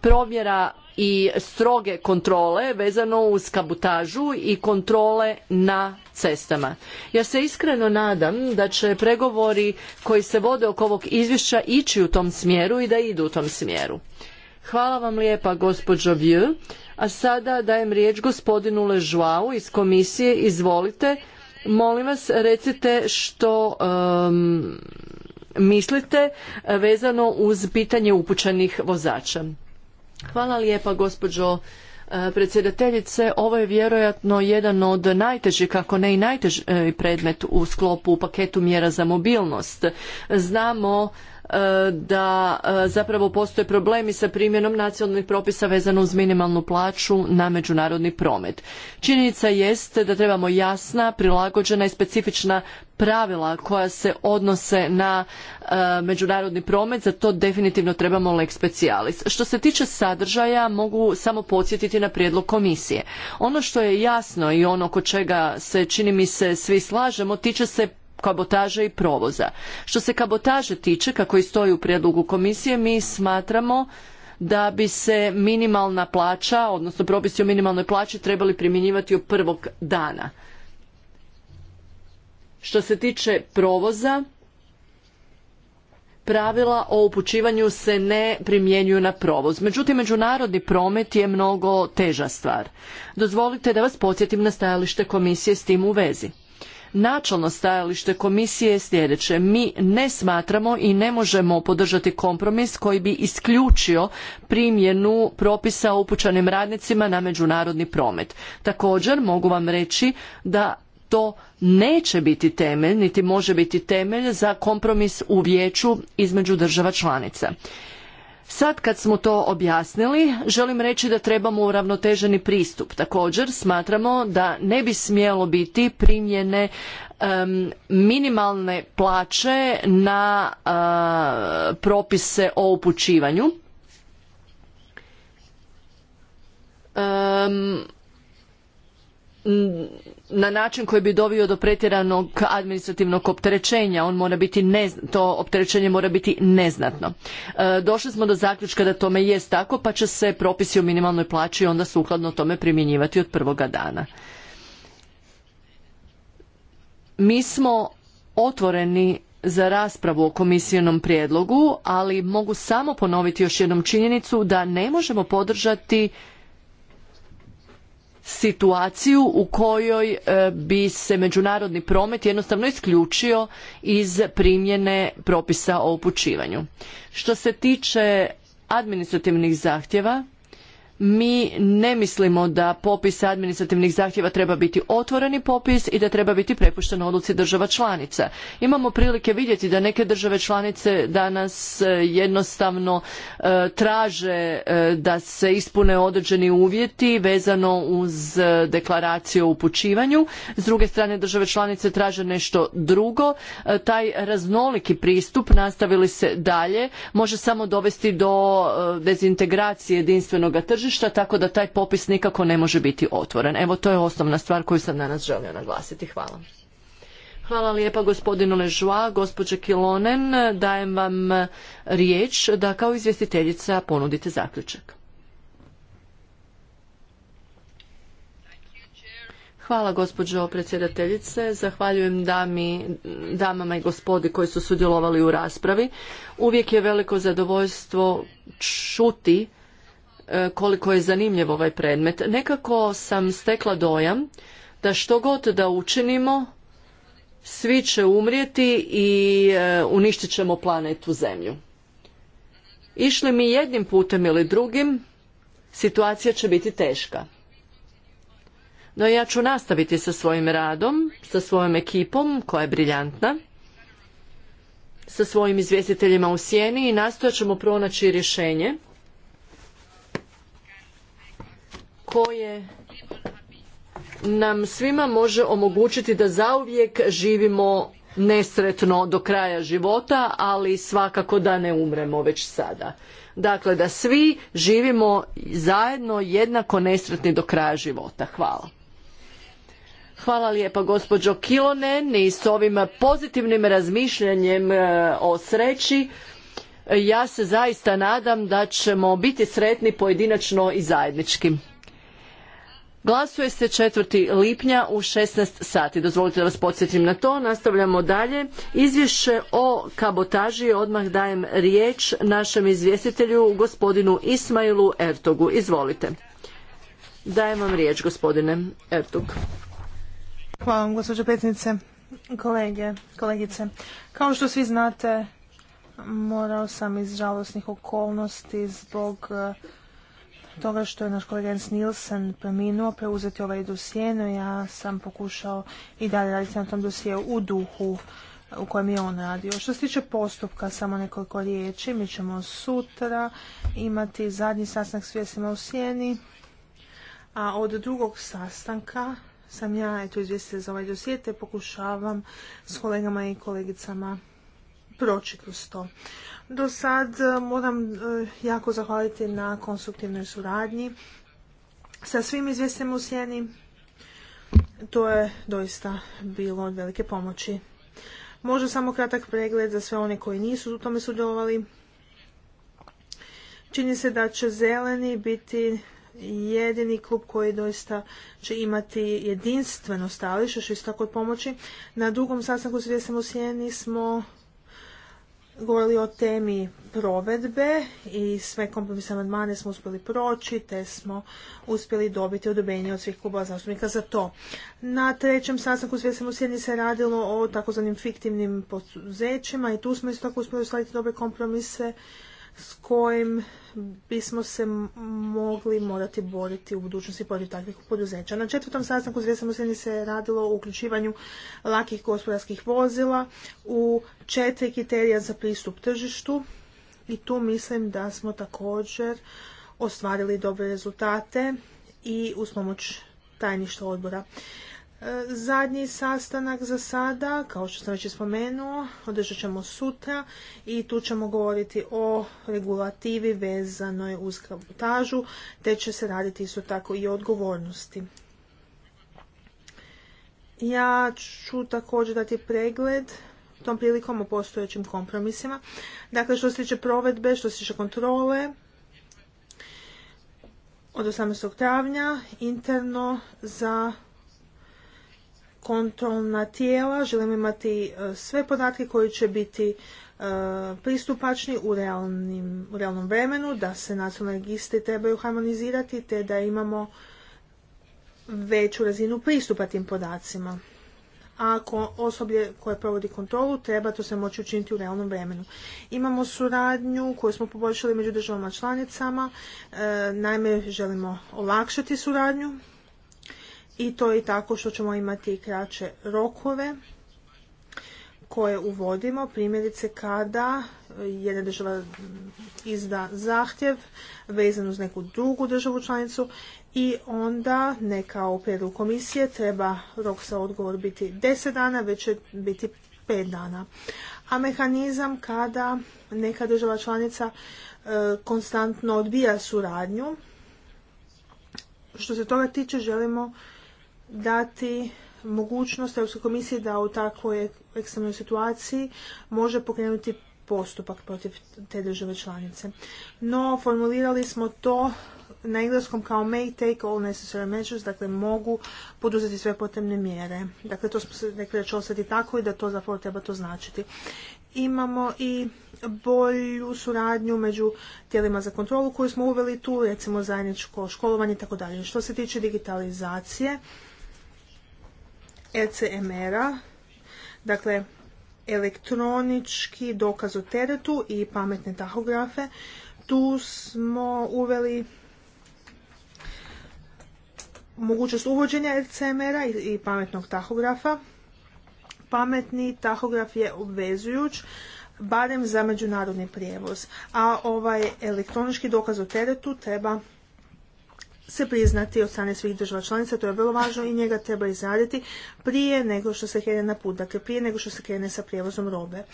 provjera i stroge kontrole vezano uz kabutažu i kontrole na cestama. Ja se iskreno nadam da će pregovori koji se vode oko ovog izvješća ići u tom smjeru i da idu u tom smjeru. Hvala vam lijepa gospođo Vieux. A sada dajem riječ gospodinu Ležvau iz komisije. Izvolite. Molim vas, recite što um, mislite vezano uz pitanje upućenih vozača. Hvala lijepa gospođo uh, predsjedateljice. Ovo je vjerojatno jedan od najtežih, kako ne i najteži predmet u sklopu u paketu mjera za mobilnost. Znamo E, da e, zapravo postoje problemi sa primjenom nacionalnih propisa vezano uz minimalnu plaću na međunarodni promet. Činjenica jest da trebamo jasna, prilagođena i specifična pravila koja se odnose na e, međunarodni promet, za to definitivno trebamo lex specialis. Što se tiče sadržaja, mogu samo podsjetiti na prijedlog komisije. Ono što je jasno i ono oko čega se, čini mi se, svi slažemo, tiče se kabotaže i provoza. Što se kabotaže tiče, kako i stoji u prijedlogu komisije, mi smatramo da bi se minimalna plaća, odnosno propisi o minimalnoj plaći trebali primjenjivati od prvog dana. Što se tiče provoza, pravila o upućivanju se ne primjenjuju na provoz. Međutim, međunarodni promet je mnogo teža stvar. Dozvolite da vas podsjetim na stajalište komisije s tim u vezi. Načelno stajalište komisije je sljedeće. Mi ne smatramo i ne možemo podržati kompromis koji bi isključio primjenu propisa o radnicima na međunarodni promet. Također mogu vam reći da to neće biti temelj, niti može biti temelj za kompromis u vijeću između država članica. Sad kad smo to objasnili, želim reći da trebamo uravnoteženi pristup. Također smatramo da ne bi smjelo biti primjene minimalne plaće na propise o upućivanju na način koji bi dovio do pretjeranog administrativnog opterećenja. On mora biti to opterećenje mora biti neznatno. E, došli smo do zaključka da tome jest tako pa će se propisi o minimalnoj plaći onda sukladno tome primjenjivati od prvoga dana. Mi smo otvoreni za raspravu o komisijenom prijedlogu, ali mogu samo ponoviti još jednom činjenicu da ne možemo podržati situaciju u kojoj e, bi se međunarodni promet jednostavno isključio iz primjene propisa o upućivanju. Što se tiče administrativnih zahtjeva, mi ne mislimo da popis administrativnih zahtjeva treba biti otvoreni popis i da treba biti prepušten odluci država članica. Imamo prilike vidjeti da neke države članice danas e, jednostavno e, traže e, da se ispune određeni uvjeti vezano uz deklaraciju o upućivanju. S druge strane države članice traže nešto drugo. taj raznoliki pristup nastavili se dalje može samo dovesti do dezintegracije jedinstvenog tržišta tržišta, tako da taj popis nikako ne može biti otvoren. Evo, to je osnovna stvar koju sam danas želio naglasiti. Hvala. Hvala lijepa gospodinu Ležua, gospođe Kilonen. Dajem vam e, riječ da kao izvjestiteljica ponudite zaključak. Hvala gospođo predsjedateljice. Zahvaljujem dami, damama i gospodi koji su sudjelovali u raspravi. Uvijek je veliko zadovoljstvo čuti E, koliko je zanimljiv ovaj predmet. Nekako sam stekla dojam da što god da učinimo, svi će umrijeti i e, uništit ćemo planetu Zemlju. Išli mi jednim putem ili drugim, situacija će biti teška. No ja ću nastaviti sa svojim radom, sa svojom ekipom koja je briljantna, sa svojim izvjestiteljima u sjeni i nastojat ćemo pronaći rješenje koje nam svima može omogućiti da zauvijek živimo nesretno do kraja života, ali svakako da ne umremo već sada. Dakle, da svi živimo zajedno jednako nesretni do kraja života. Hvala. Hvala lijepa gospođo Kilonen i s ovim pozitivnim razmišljanjem e, o sreći e, ja se zaista nadam da ćemo biti sretni pojedinačno i zajednički. Glasuje se 4. lipnja u 16 sati. Dozvolite da vas podsjetim na to. Nastavljamo dalje. Izvješće o kabotaži odmah dajem riječ našem izvjestitelju gospodinu Ismailu Ertogu. Izvolite. Dajem vam riječ gospodine Ertug. Hvala vam gospođo predsjednice, kolege, kolegice. Kao što svi znate, morao sam iz žalosnih okolnosti zbog toga što je naš kolega Jens Nilsen preminuo preuzeti ovaj dosije, no ja sam pokušao i dalje raditi na tom dosije u duhu u kojem je on radio. Što se tiče postupka, samo nekoliko riječi. Mi ćemo sutra imati zadnji sastanak s vijestima u Sjeni, a od drugog sastanka sam ja, eto, izvjestitelj za ovaj dosije, te pokušavam s kolegama i kolegicama proći kroz to. Do sad e, moram e, jako zahvaliti na konstruktivnoj suradnji sa svim izvjestem u sjeni. To je doista bilo od velike pomoći. Možda samo kratak pregled za sve one koji nisu u tome sudjelovali. Čini se da će zeleni biti jedini klub koji doista će imati jedinstveno stajalište što isto tako pomoći. Na drugom sastanku s Vjesem u smo govorili o temi provedbe i sve kompromisne amandmane smo uspjeli proći te smo uspjeli dobiti odobenje od svih klubova zastupnika za to. Na trećem sastanku svjesno smo sjedni se radilo o takozvanim fiktivnim poduzećima i tu smo isto tako uspjeli uskladiti dobre kompromise s kojim bismo se mogli morati boriti u budućnosti protiv takvih poduzeća. Na četvrtom sastanku Zvijesta se radilo o uključivanju lakih gospodarskih vozila u četiri kriterija za pristup tržištu i tu mislim da smo također ostvarili dobre rezultate i uz pomoć tajništva odbora. E, zadnji sastanak za sada, kao što sam već spomenuo, održat ćemo sutra i tu ćemo govoriti o regulativi vezanoj uz kabotažu, te će se raditi isto tako i o odgovornosti. Ja ću također dati pregled tom prilikom o postojećim kompromisima. Dakle, što se tiče provedbe, što se tiče kontrole, od 18. travnja interno za kontrolna tijela, želimo imati e, sve podatke koji će biti e, pristupačni u, realnom vremenu, da se nacionalni registri trebaju harmonizirati te da imamo veću razinu pristupa tim podacima. A ako osoblje koje provodi kontrolu treba to se moći učiniti u realnom vremenu. Imamo suradnju koju smo poboljšali među državama članicama, e, naime želimo olakšati suradnju i to i tako što ćemo imati kraće rokove koje uvodimo, primjerice kada jedna država izda zahtjev vezan uz neku drugu državu članicu i onda neka kao u komisije treba rok za odgovor biti 10 dana, već će biti 5 dana. A mehanizam kada neka država članica e, konstantno odbija suradnju, što se toga tiče želimo dati mogućnost Europskoj komisiji da u takvoj ekstremnoj situaciji može pokrenuti postupak protiv te države članice. No, formulirali smo to na engleskom kao may take all necessary measures, dakle mogu poduzeti sve potrebne mjere. Dakle, to smo rekli da će ostati tako i da to zapravo treba to značiti. Imamo i bolju suradnju među tijelima za kontrolu koju smo uveli tu, recimo zajedničko školovanje i tako dalje. Što se tiče digitalizacije, ECMR-a, dakle elektronički dokaz o teretu i pametne tahografe. Tu smo uveli mogućnost uvođenja ECMR-a i pametnog tahografa. Pametni tahograf je obvezujuć barem za međunarodni prijevoz, a ovaj elektronički dokaz o teretu treba se priznati od strane svih država članica, to je vrlo važno i njega treba izraditi prije nego što se krene na put, dakle prije nego što se krene sa prijevozom robe.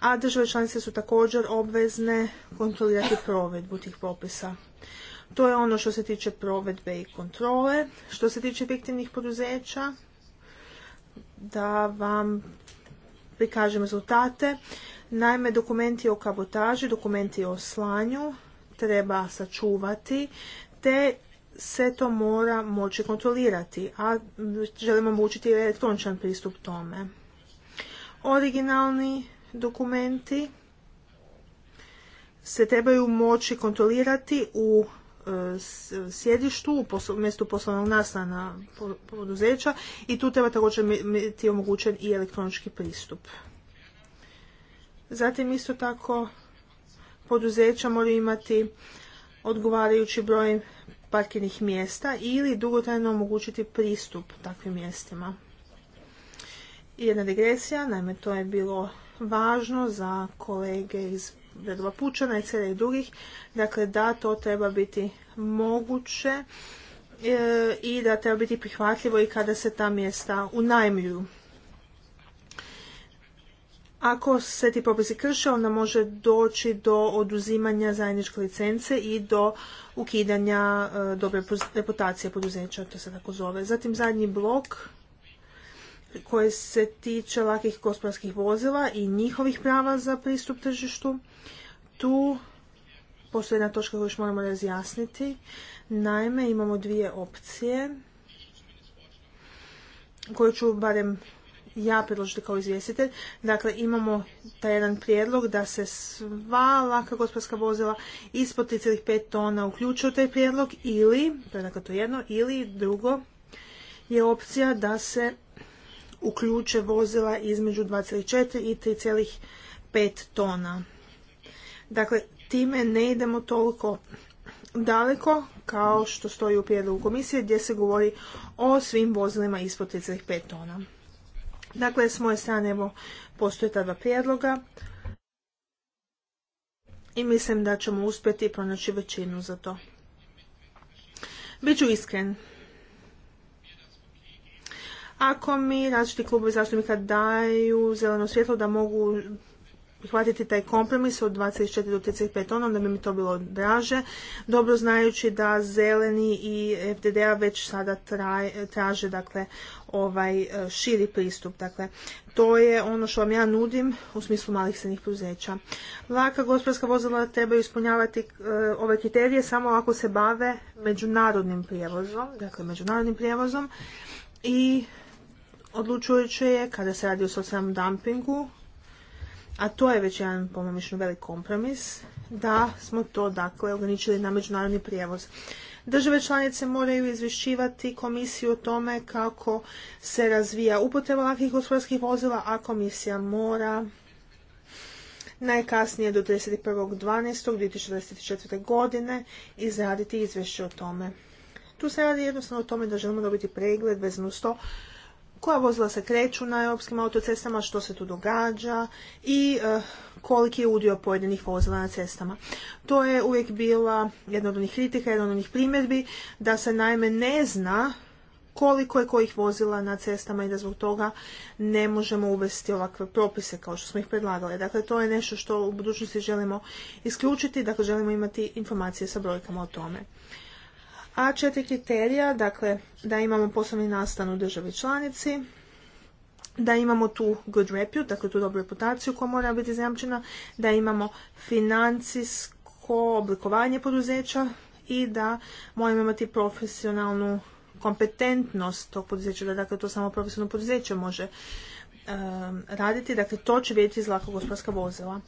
A države članice su također obvezne kontrolirati provedbu tih propisa. To je ono što se tiče provedbe i kontrole. Što se tiče fiktivnih poduzeća, da vam prikažem rezultate. Naime, dokumenti o kabotaži, dokumenti o slanju treba sačuvati te se to mora moći kontrolirati, a želimo omogućiti elektroničan pristup tome. Originalni dokumenti se trebaju moći kontrolirati u e, sjedištu, u mjestu poslovnog nastana poduzeća i tu treba također biti omogućen i elektronički pristup. Zatim isto tako poduzeća moraju imati odgovarajući broj parkirnih mjesta ili dugotrajno omogućiti pristup takvim mjestima. Jedna digresija, naime to je bilo važno za kolege iz redova Pučana, i i drugih, dakle da to treba biti moguće e, i da treba biti prihvatljivo i kada se ta mjesta unajmljuju. Ako se ti propisi krše, onda može doći do oduzimanja zajedničke licence i do ukidanja e, dobre reputacije poduzeća, to se tako zove. Zatim zadnji blok koji se tiče lakih gospodarskih vozila i njihovih prava za pristup tržištu. Tu postoji jedna točka koju još moramo razjasniti. Naime, imamo dvije opcije koje ću barem ja predložiti kao izvjestitelj. Dakle, imamo taj jedan prijedlog da se sva laka gospodarska vozila ispod 3,5 tona uključuju u taj prijedlog ili, to je dakle to jedno, ili drugo je opcija da se uključe vozila između 2,4 i 3,5 tona. Dakle, time ne idemo toliko daleko kao što stoji u prijedlogu komisije gdje se govori o svim vozilima ispod 3,5 tona. Dakle, s moje strane evo, postoje ta dva prijedloga i mislim da ćemo uspjeti pronaći većinu za to. Biću iskren. Ako mi različiti klubovi zastupnika daju zeleno svjetlo da mogu prihvatiti taj kompromis od 24 do 35 tona, onda bi mi to bilo draže. Dobro znajući da zeleni i FDDA već sada traže dakle, ovaj e, širi pristup. Dakle, to je ono što vam ja nudim u smislu malih srednjih poduzeća. Laka gospodarska vozila treba ispunjavati e, ove kriterije samo ako se bave međunarodnim prijevozom, dakle međunarodnim prijevozom i odlučujuće je kada se radi o socijalnom dumpingu, a to je već jedan po mišljenju velik kompromis, da smo to dakle ograničili na međunarodni prijevoz. Države članice moraju izvješćivati komisiju o tome kako se razvija upotreba lakih gospodarskih vozila, a komisija mora najkasnije do 31.12.2024. godine izraditi izvješće o tome. Tu se radi jednostavno o tome da želimo dobiti pregled bez uz to koja vozila se kreću na europskim autocestama, što se tu događa i eh, koliki je udio pojedinih vozila na cestama. To je uvijek bila jedna od onih kritika, jedna od onih primjedbi da se naime ne zna koliko je kojih vozila na cestama i da zbog toga ne možemo uvesti ovakve propise kao što smo ih predlagali. Dakle, to je nešto što u budućnosti želimo isključiti, dakle želimo imati informacije sa brojkama o tome. A četiri kriterija, dakle, da imamo poslovni nastan u državi članici, da imamo tu good repute, dakle tu dobru reputaciju koja mora biti zajamčena, da imamo financijsko oblikovanje poduzeća i da moramo imati profesionalnu kompetentnost tog poduzeća, da dakle to samo profesionalno poduzeće može um, raditi, dakle to će vidjeti iz lako gospodarska vozila.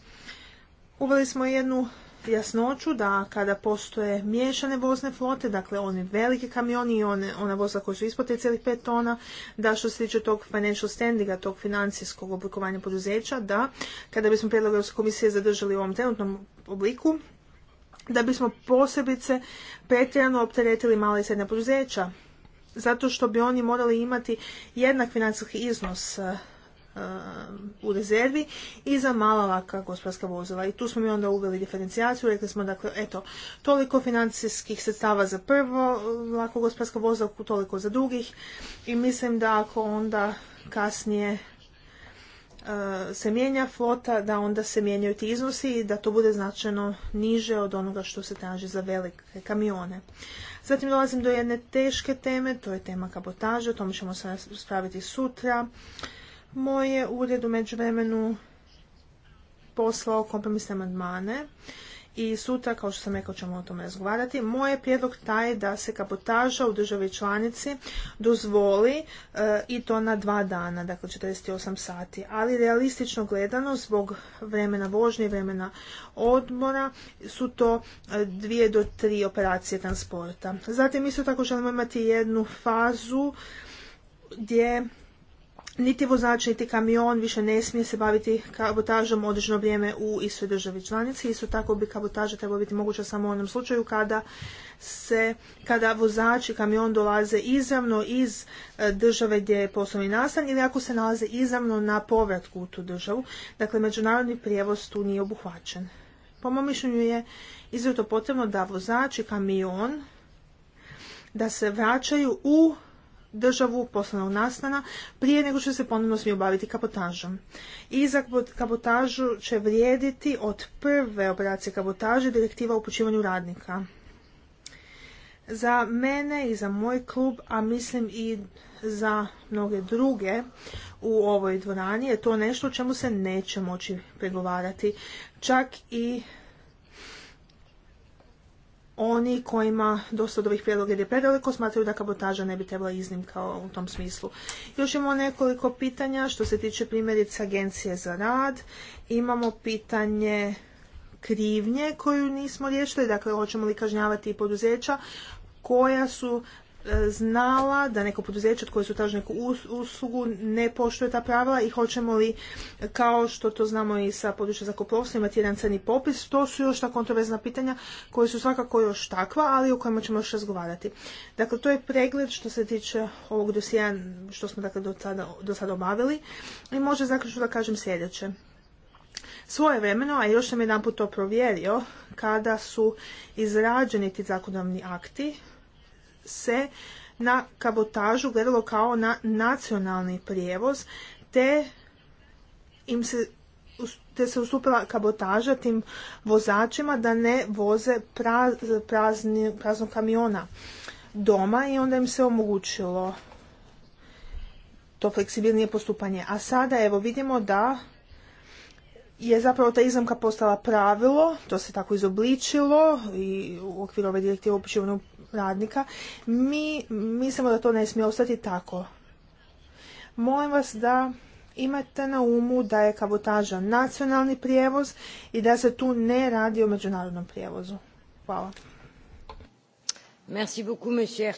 Uveli smo jednu jasnoću da kada postoje miješane vozne flote, dakle oni veliki kamioni i one, ona voza koja su ispod 3,5 tona, da što se tiče tog financial standinga, tog financijskog oblikovanja poduzeća, da kada bismo prijedlog Europske komisije zadržali u ovom trenutnom obliku, da bismo posebice pretjerano opteretili mala i srednja poduzeća, zato što bi oni morali imati jednak financijski iznos Um, u rezervi i za mala laka gospodarska vozila. I tu smo mi onda uveli diferencijaciju, rekli smo dakle, eto, toliko financijskih sredstava za prvo lako gospodarska vozila, toliko za drugih i mislim da ako onda kasnije uh, se mijenja flota, da onda se mijenjaju ti iznosi i da to bude značajno niže od onoga što se traži za velike kamione. Zatim dolazim do jedne teške teme, to je tema kabotaže, o tome ćemo se sutra. Moj je ured u međuvremenu poslao kompromisne amandmane i sutra, kao što sam rekao, ćemo o tome razgovarati. Moj je prijedlog taj da se kapotaža u državi članici dozvoli e, i to na dva dana, dakle 48 sati. Ali realistično gledano, zbog vremena vožnje i vremena odmora, su to e, dvije do tri operacije transporta. Zatim isto tako želimo imati jednu fazu gdje niti vozač, niti kamion više ne smije se baviti kabotažom određeno vrijeme u istoj državi članici. Isto tako bi kabotaža trebala biti moguća samo u onom slučaju kada se, kada vozač i kamion dolaze izravno iz e, države gdje je poslovni nastan ili ako se nalaze izravno na povratku u tu državu. Dakle, međunarodni prijevoz tu nije obuhvaćen. Po mom mišljenju je izvrto potrebno da vozač i kamion da se vraćaju u državu poslovnog nastana prije nego što se ponovno smiju obaviti kabotažom. I za kabotažu će vrijediti od prve operacije kabotaže direktiva o upućivanju radnika. Za mene i za moj klub, a mislim i za mnoge druge u ovoj dvorani je to nešto o čemu se neće moći pregovarati. Čak i oni kojima dosta od ovih prijedloga ide predaleko smatraju da kabotaža ne bi trebala iznimka u tom smislu. Još imamo nekoliko pitanja što se tiče primjerice agencije za rad. Imamo pitanje krivnje koju nismo riješili, dakle hoćemo li kažnjavati i poduzeća koja su znala da neko poduzeće od koje su tražili neku uslugu ne poštuje ta pravila i hoćemo li, kao što to znamo i sa područja zakoplovstva, imati jedan crni popis. To su još ta kontroverzna pitanja koje su svakako još takva, ali o kojima ćemo još razgovarati. Dakle, to je pregled što se tiče ovog dosija što smo dakle do sada, do sada obavili i može zaključno da kažem sljedeće. Svoje vremeno, a još sam jedan put to provjerio, kada su izrađeni ti zakonodavni akti, se na kabotažu gledalo kao na nacionalni prijevoz, te im se te se ustupila kabotaža tim vozačima da ne voze praznog kamiona doma i onda im se omogućilo to fleksibilnije postupanje. A sada evo vidimo da je zapravo ta izamka postala pravilo, to se tako izobličilo i u okviru ove direktive upućivano radnika. Mi mislimo da to ne smije ostati tako. Molim vas da imate na umu da je kabotaža nacionalni prijevoz i da se tu ne radi o međunarodnom prijevozu. Hvala. Merci beaucoup, monsieur.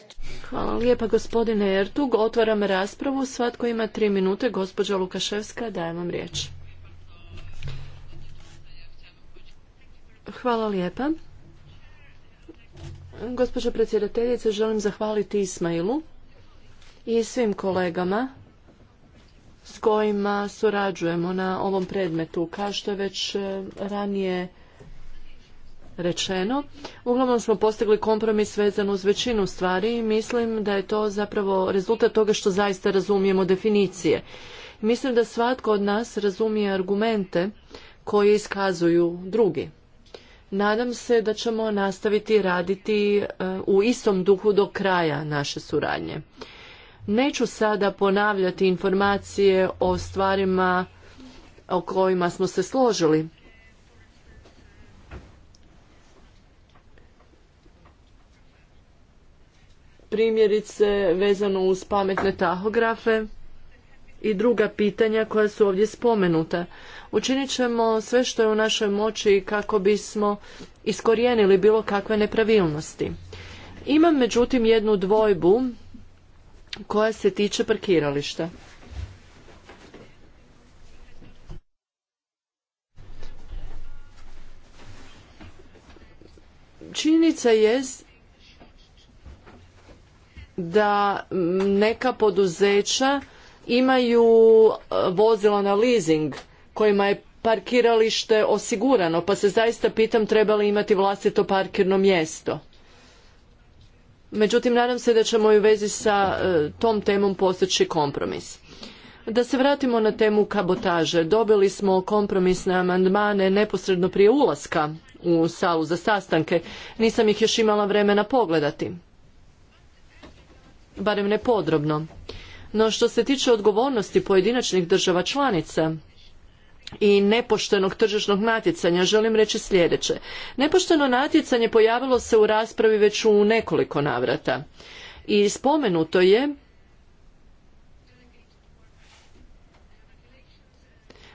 Hvala lijepa gospodine Ertug. Otvaram raspravu. Svatko ima tri minute. Gospođa Lukaševska, dajem vam riječ. Hvala lijepa. Gospođo predsjedateljice, želim zahvaliti Ismailu i svim kolegama s kojima surađujemo na ovom predmetu. Kao što je već e, ranije rečeno, uglavnom smo postigli kompromis vezan uz većinu stvari i mislim da je to zapravo rezultat toga što zaista razumijemo definicije. Mislim da svatko od nas razumije argumente koje iskazuju drugi. Nadam se da ćemo nastaviti raditi e, u istom duhu do kraja naše suradnje. Neću sada ponavljati informacije o stvarima o kojima smo se složili. Primjerice vezano uz pametne tahografe i druga pitanja koja su ovdje spomenuta. Učinit ćemo sve što je u našoj moći kako bismo iskorijenili bilo kakve nepravilnosti. Imam međutim jednu dvojbu koja se tiče parkirališta. Činjenica jest da neka poduzeća imaju eh, vozila na leasing kojima je parkiralište osigurano, pa se zaista pitam treba li imati vlastito parkirno mjesto. Međutim, nadam se da ćemo i u vezi sa e, tom temom postići kompromis. Da se vratimo na temu kabotaže. Dobili smo kompromisne amandmane neposredno prije ulaska u salu za sastanke. Nisam ih još imala vremena pogledati. Barem ne podrobno. No što se tiče odgovornosti pojedinačnih država članica, i nepoštenog tržišnog natjecanja želim reći sljedeće. Nepošteno natjecanje pojavilo se u raspravi već u nekoliko navrata i spomenuto je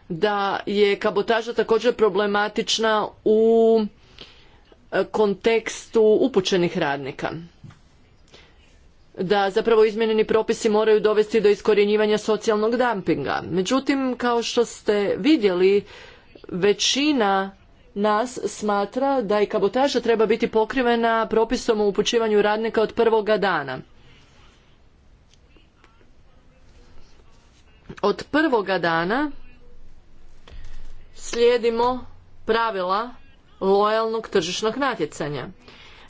da je kabotaža također problematična u kontekstu upućenih radnika da zapravo izmijenjeni propisi moraju dovesti do iskorjenjivanja socijalnog dumpinga. Međutim, kao što ste vidjeli, većina nas smatra da i kabotaža treba biti pokrivena propisom o upućivanju radnika od prvoga dana. Od prvoga dana slijedimo pravila lojalnog tržišnog natjecanja.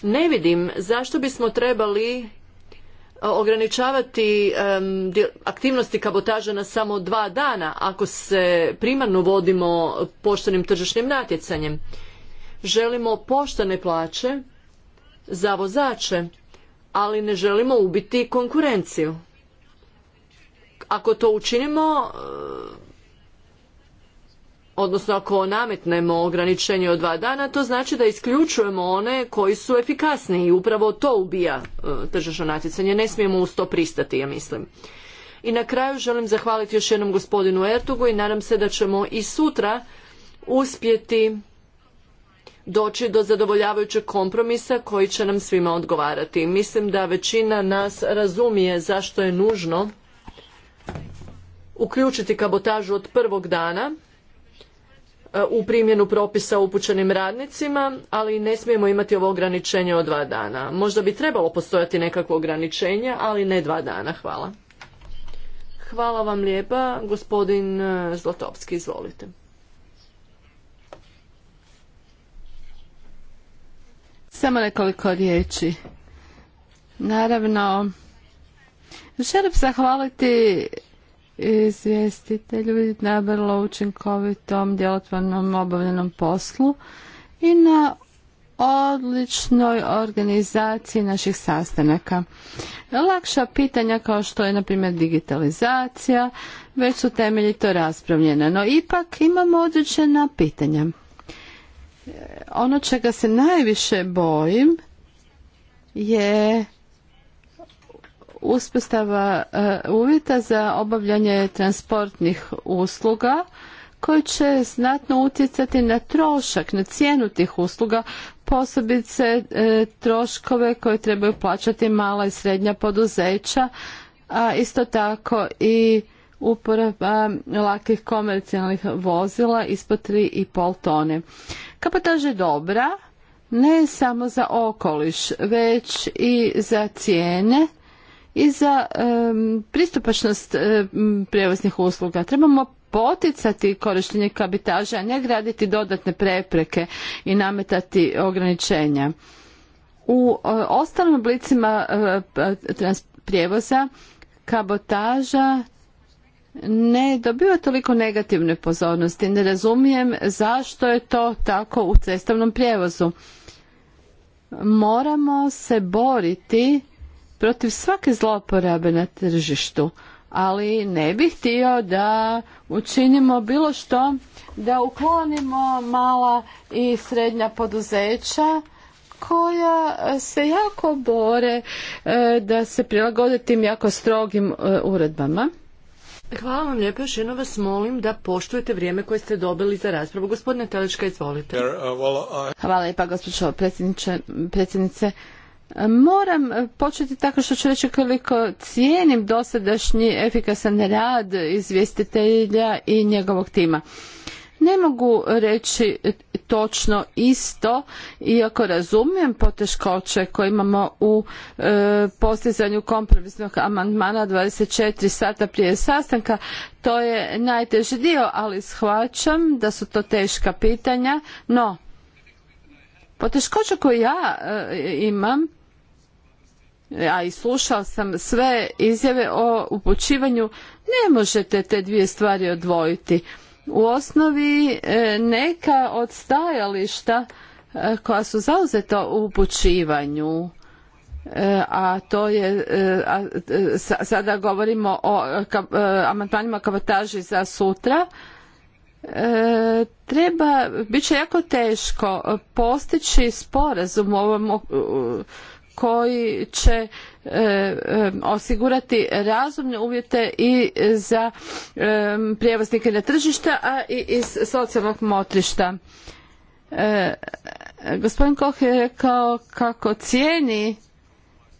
Ne vidim zašto bismo trebali ograničavati aktivnosti kabotaža na samo dva dana ako se primarno vodimo poštenim tržišnim natjecanjem. Želimo poštene plaće za vozače, ali ne želimo ubiti konkurenciju. Ako to učinimo, odnosno ako nametnemo ograničenje od dva dana, to znači da isključujemo one koji su efikasniji i upravo to ubija e, tržišno natjecanje. Ne smijemo uz to pristati, ja mislim. I na kraju želim zahvaliti još jednom gospodinu Ertugu i nadam se da ćemo i sutra uspjeti doći do zadovoljavajućeg kompromisa koji će nam svima odgovarati. Mislim da većina nas razumije zašto je nužno uključiti kabotažu od prvog dana E, u primjenu propisa upućenim radnicima, ali ne smijemo imati ovo ograničenje od dva dana. Možda bi trebalo postojati nekakvo ograničenje, ali ne dva dana. Hvala. Hvala vam lijepa. Gospodin e, Zlatovski, izvolite. Samo nekoliko riječi. Naravno, želim zahvaliti izvjestitelju na vrlo učinkovitom djelotvornom obavljenom poslu i na odličnoj organizaciji naših sastanaka. Lakša pitanja kao što je na primjer digitalizacija već su temeljito raspravljena, no ipak imamo određena pitanja. Ono čega se najviše bojim je uspostava e, uvjeta za obavljanje transportnih usluga koji će znatno utjecati na trošak, na cijenu tih usluga, posebice e, troškove koje trebaju plaćati mala i srednja poduzeća, a isto tako i uporaba lakih komercijalnih vozila ispod 3,5 tone. Kapotaž je dobra, ne samo za okoliš, već i za cijene i za pristupačnost prijevoznih usluga. Trebamo poticati korištenje kabitaža, a ne graditi dodatne prepreke i nametati ograničenja. U e, ostalim oblicima e, prijevoza kabotaža ne dobiva toliko negativne pozornosti. Ne razumijem zašto je to tako u cestovnom prijevozu. Moramo se boriti protiv svake zloporabe na tržištu, ali ne bih htio da učinimo bilo što da uklonimo mala i srednja poduzeća koja se jako bore e, da se prilagode tim jako strogim e, uredbama. Hvala vam lijepo, još jedno vas molim da poštujete vrijeme koje ste dobili za raspravu. Gospodine Telička, izvolite. E, Hvala lijepa, gospođo predsjednice. Moram e, početi tako što ću reći koliko cijenim dosadašnji efikasan rad izvjestitelja i njegovog tima. Ne mogu reći točno isto, iako razumijem poteškoće koje imamo u e, postizanju kompromisnog amandmana 24 sata prije sastanka, to je najteži dio, ali shvaćam da su to teška pitanja, no poteškoće koje ja e, imam a i slušao sam sve izjave o upućivanju, ne možete te dvije stvari odvojiti. U osnovi e, neka od stajališta e, koja su zauzeta u upućivanju, e, a to je, sada govorimo o amandmanima kabataži za sutra, treba, bit će jako teško postići sporazum u ovom koji će e, e, osigurati razumne uvjete i za e, prijevoznike na tržišta, a i iz socijalnog motrišta. Gospodin Koh je rekao kako cijeni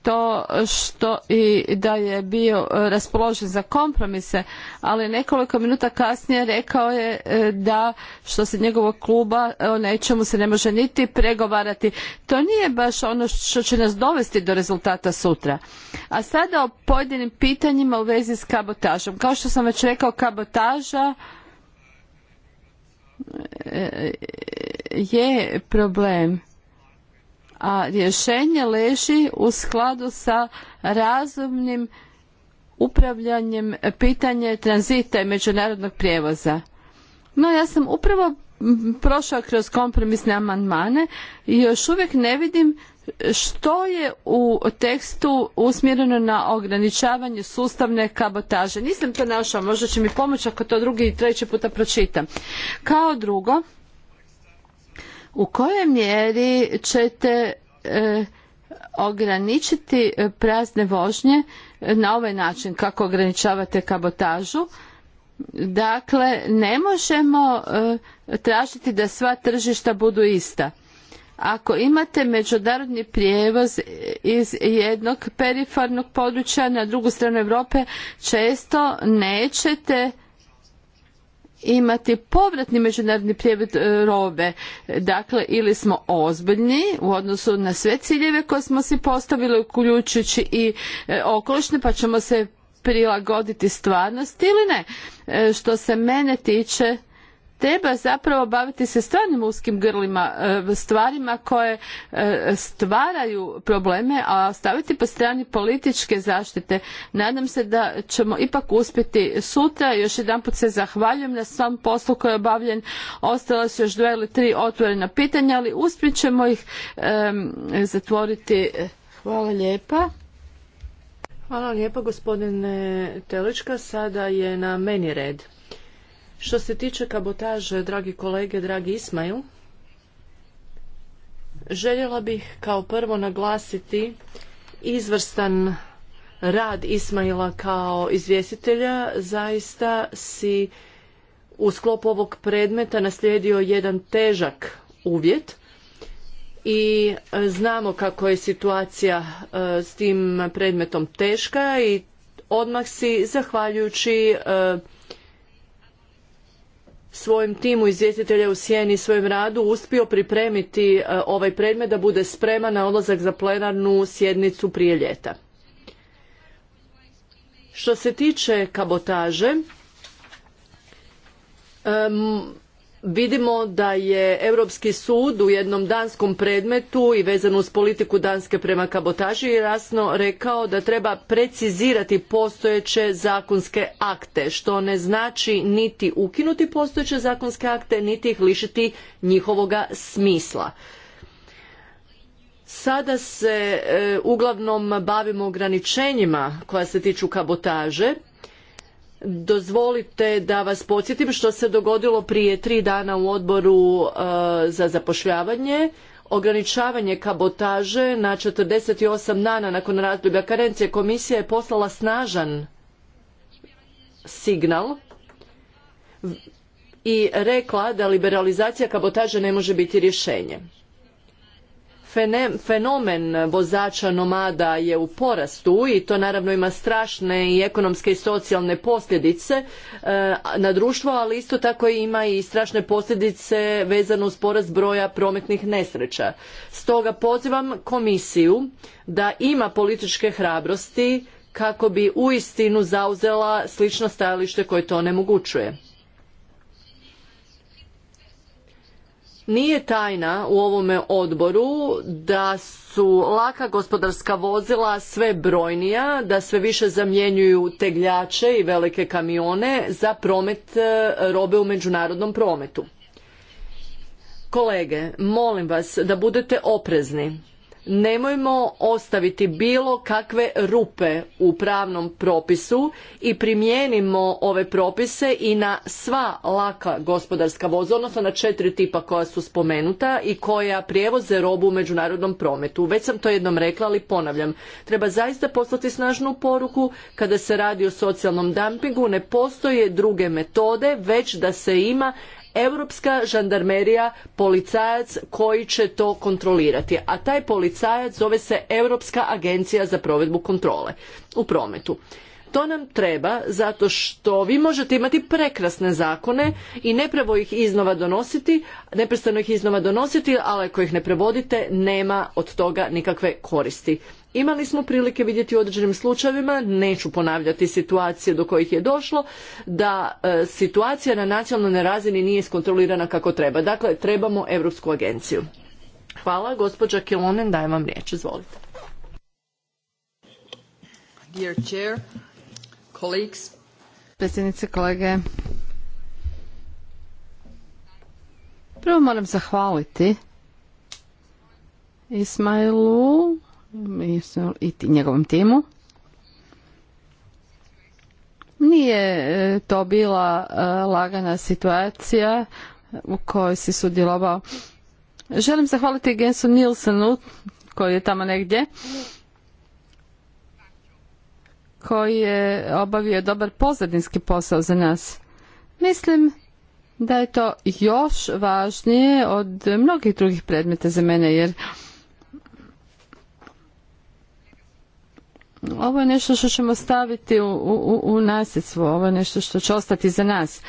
to što i da je bio e, raspoložen za kompromise, ali nekoliko minuta kasnije rekao je e, da što se njegovog kluba e, o nečemu se ne može niti pregovarati. To nije baš ono što će nas dovesti do rezultata sutra. A sada o pojedinim pitanjima u vezi s kabotažom. Kao što sam već rekao, kabotaža je problem a rješenje leži u skladu sa razumnim upravljanjem pitanje tranzita i međunarodnog prijevoza. No ja sam upravo prošla kroz kompromisne amandmane i još uvijek ne vidim što je u tekstu usmjereno na ograničavanje sustavne kabotaže. Nisam to našao, možda će mi pomoći ako to drugi i treći puta pročitam. Kao drugo, u kojoj mjeri ćete e, ograničiti prazne vožnje na ovaj način kako ograničavate kabotažu dakle ne možemo e, tražiti da sva tržišta budu ista ako imate međunarodni prijevoz iz jednog perifarnog područja na drugu stranu Europe često nećete imati povratni međunarodni prijevod e, robe. Dakle, ili smo ozbiljni u odnosu na sve ciljeve koje smo si postavili, uključujući i e, okolišne, pa ćemo se prilagoditi stvarnosti ili ne. E, što se mene tiče, treba zapravo baviti se stvarnim uskim grlima, e, stvarima koje e, stvaraju probleme, a staviti po strani političke zaštite. Nadam se da ćemo ipak uspjeti sutra. Još jedanput se zahvaljujem na svom poslu koji je obavljen. Ostala su još dva ili tri otvorena pitanja, ali uspjet ćemo ih zatvoriti. Hvala lijepa. Hvala lijepa gospodine Telička. Sada je na meni red. Što se tiče kabotaže, dragi kolege, dragi Ismaju, željela bih kao prvo naglasiti izvrstan rad Ismaila kao izvjestitelja. Zaista si u sklopu ovog predmeta naslijedio jedan težak uvjet i znamo kako je situacija e, s tim predmetom teška i odmah si zahvaljujući e, svojem timu izvjestitelja u sjeni i svojem radu uspio pripremiti e, ovaj predmet da bude spreman na odlazak za plenarnu sjednicu prije ljeta. Što se tiče kabotaže, Vidimo da je Europski sud u jednom danskom predmetu i vezano uz politiku Danske prema kabotaži jasno rekao da treba precizirati postojeće zakonske akte, što ne znači niti ukinuti postojeće zakonske akte, niti ih lišiti njihovoga smisla. Sada se e, uglavnom bavimo ograničenjima koja se tiču kabotaže Dozvolite da vas podsjetim što se dogodilo prije tri dana u odboru e, za zapošljavanje ograničavanje kabotaže na 48 dana nakon razdoblja karencije komisija je poslala snažan signal i rekla da liberalizacija kabotaže ne može biti rješenje fenomen vozača nomada je u porastu i to naravno ima strašne i ekonomske i socijalne posljedice e, na društvo, ali isto tako ima i strašne posljedice vezano uz porast broja prometnih nesreća. Stoga pozivam komisiju da ima političke hrabrosti kako bi uistinu zauzela slično stajalište koje to onemogućuje. Nije tajna u ovome odboru da su laka gospodarska vozila sve brojnija, da sve više zamjenjuju tegljače i velike kamione za promet e, robe u međunarodnom prometu. Kolege, molim vas da budete oprezni nemojmo ostaviti bilo kakve rupe u pravnom propisu i primijenimo ove propise i na sva laka gospodarska voza, odnosno na četiri tipa koja su spomenuta i koja prijevoze robu u međunarodnom prometu. Već sam to jednom rekla, ali ponavljam. Treba zaista poslati snažnu poruku kada se radi o socijalnom dumpingu. Ne postoje druge metode, već da se ima europska žandarmerija policajac koji će to kontrolirati, a taj policajac zove se Europska agencija za provedbu kontrole u prometu. To nam treba zato što vi možete imati prekrasne zakone i nepravo ih iznova donositi, neprestano ih iznova donositi, ali ako ih ne prevodite nema od toga nikakve koristi. Imali smo prilike vidjeti u određenim slučajevima, neću ponavljati situacije do kojih je došlo, da e, situacija na nacionalnoj razini nije iskontrolirana kako treba. Dakle, trebamo Europsku agenciju. Hvala, gospođa Kilonen, dajem vam riječ, izvolite. Dear chair, Predsjednice, kolege. Prvo moram zahvaliti Ismailu i njegovom timu. Nije e, to bila e, lagana situacija u kojoj si sudjelovao. Želim zahvaliti Gensu Nilsenu koji je tamo negdje koji je obavio dobar pozadinski posao za nas. Mislim da je to još važnije od mnogih drugih predmeta za mene jer ovo je nešto što ćemo staviti u, u, ovo je nešto što će ostati za nas.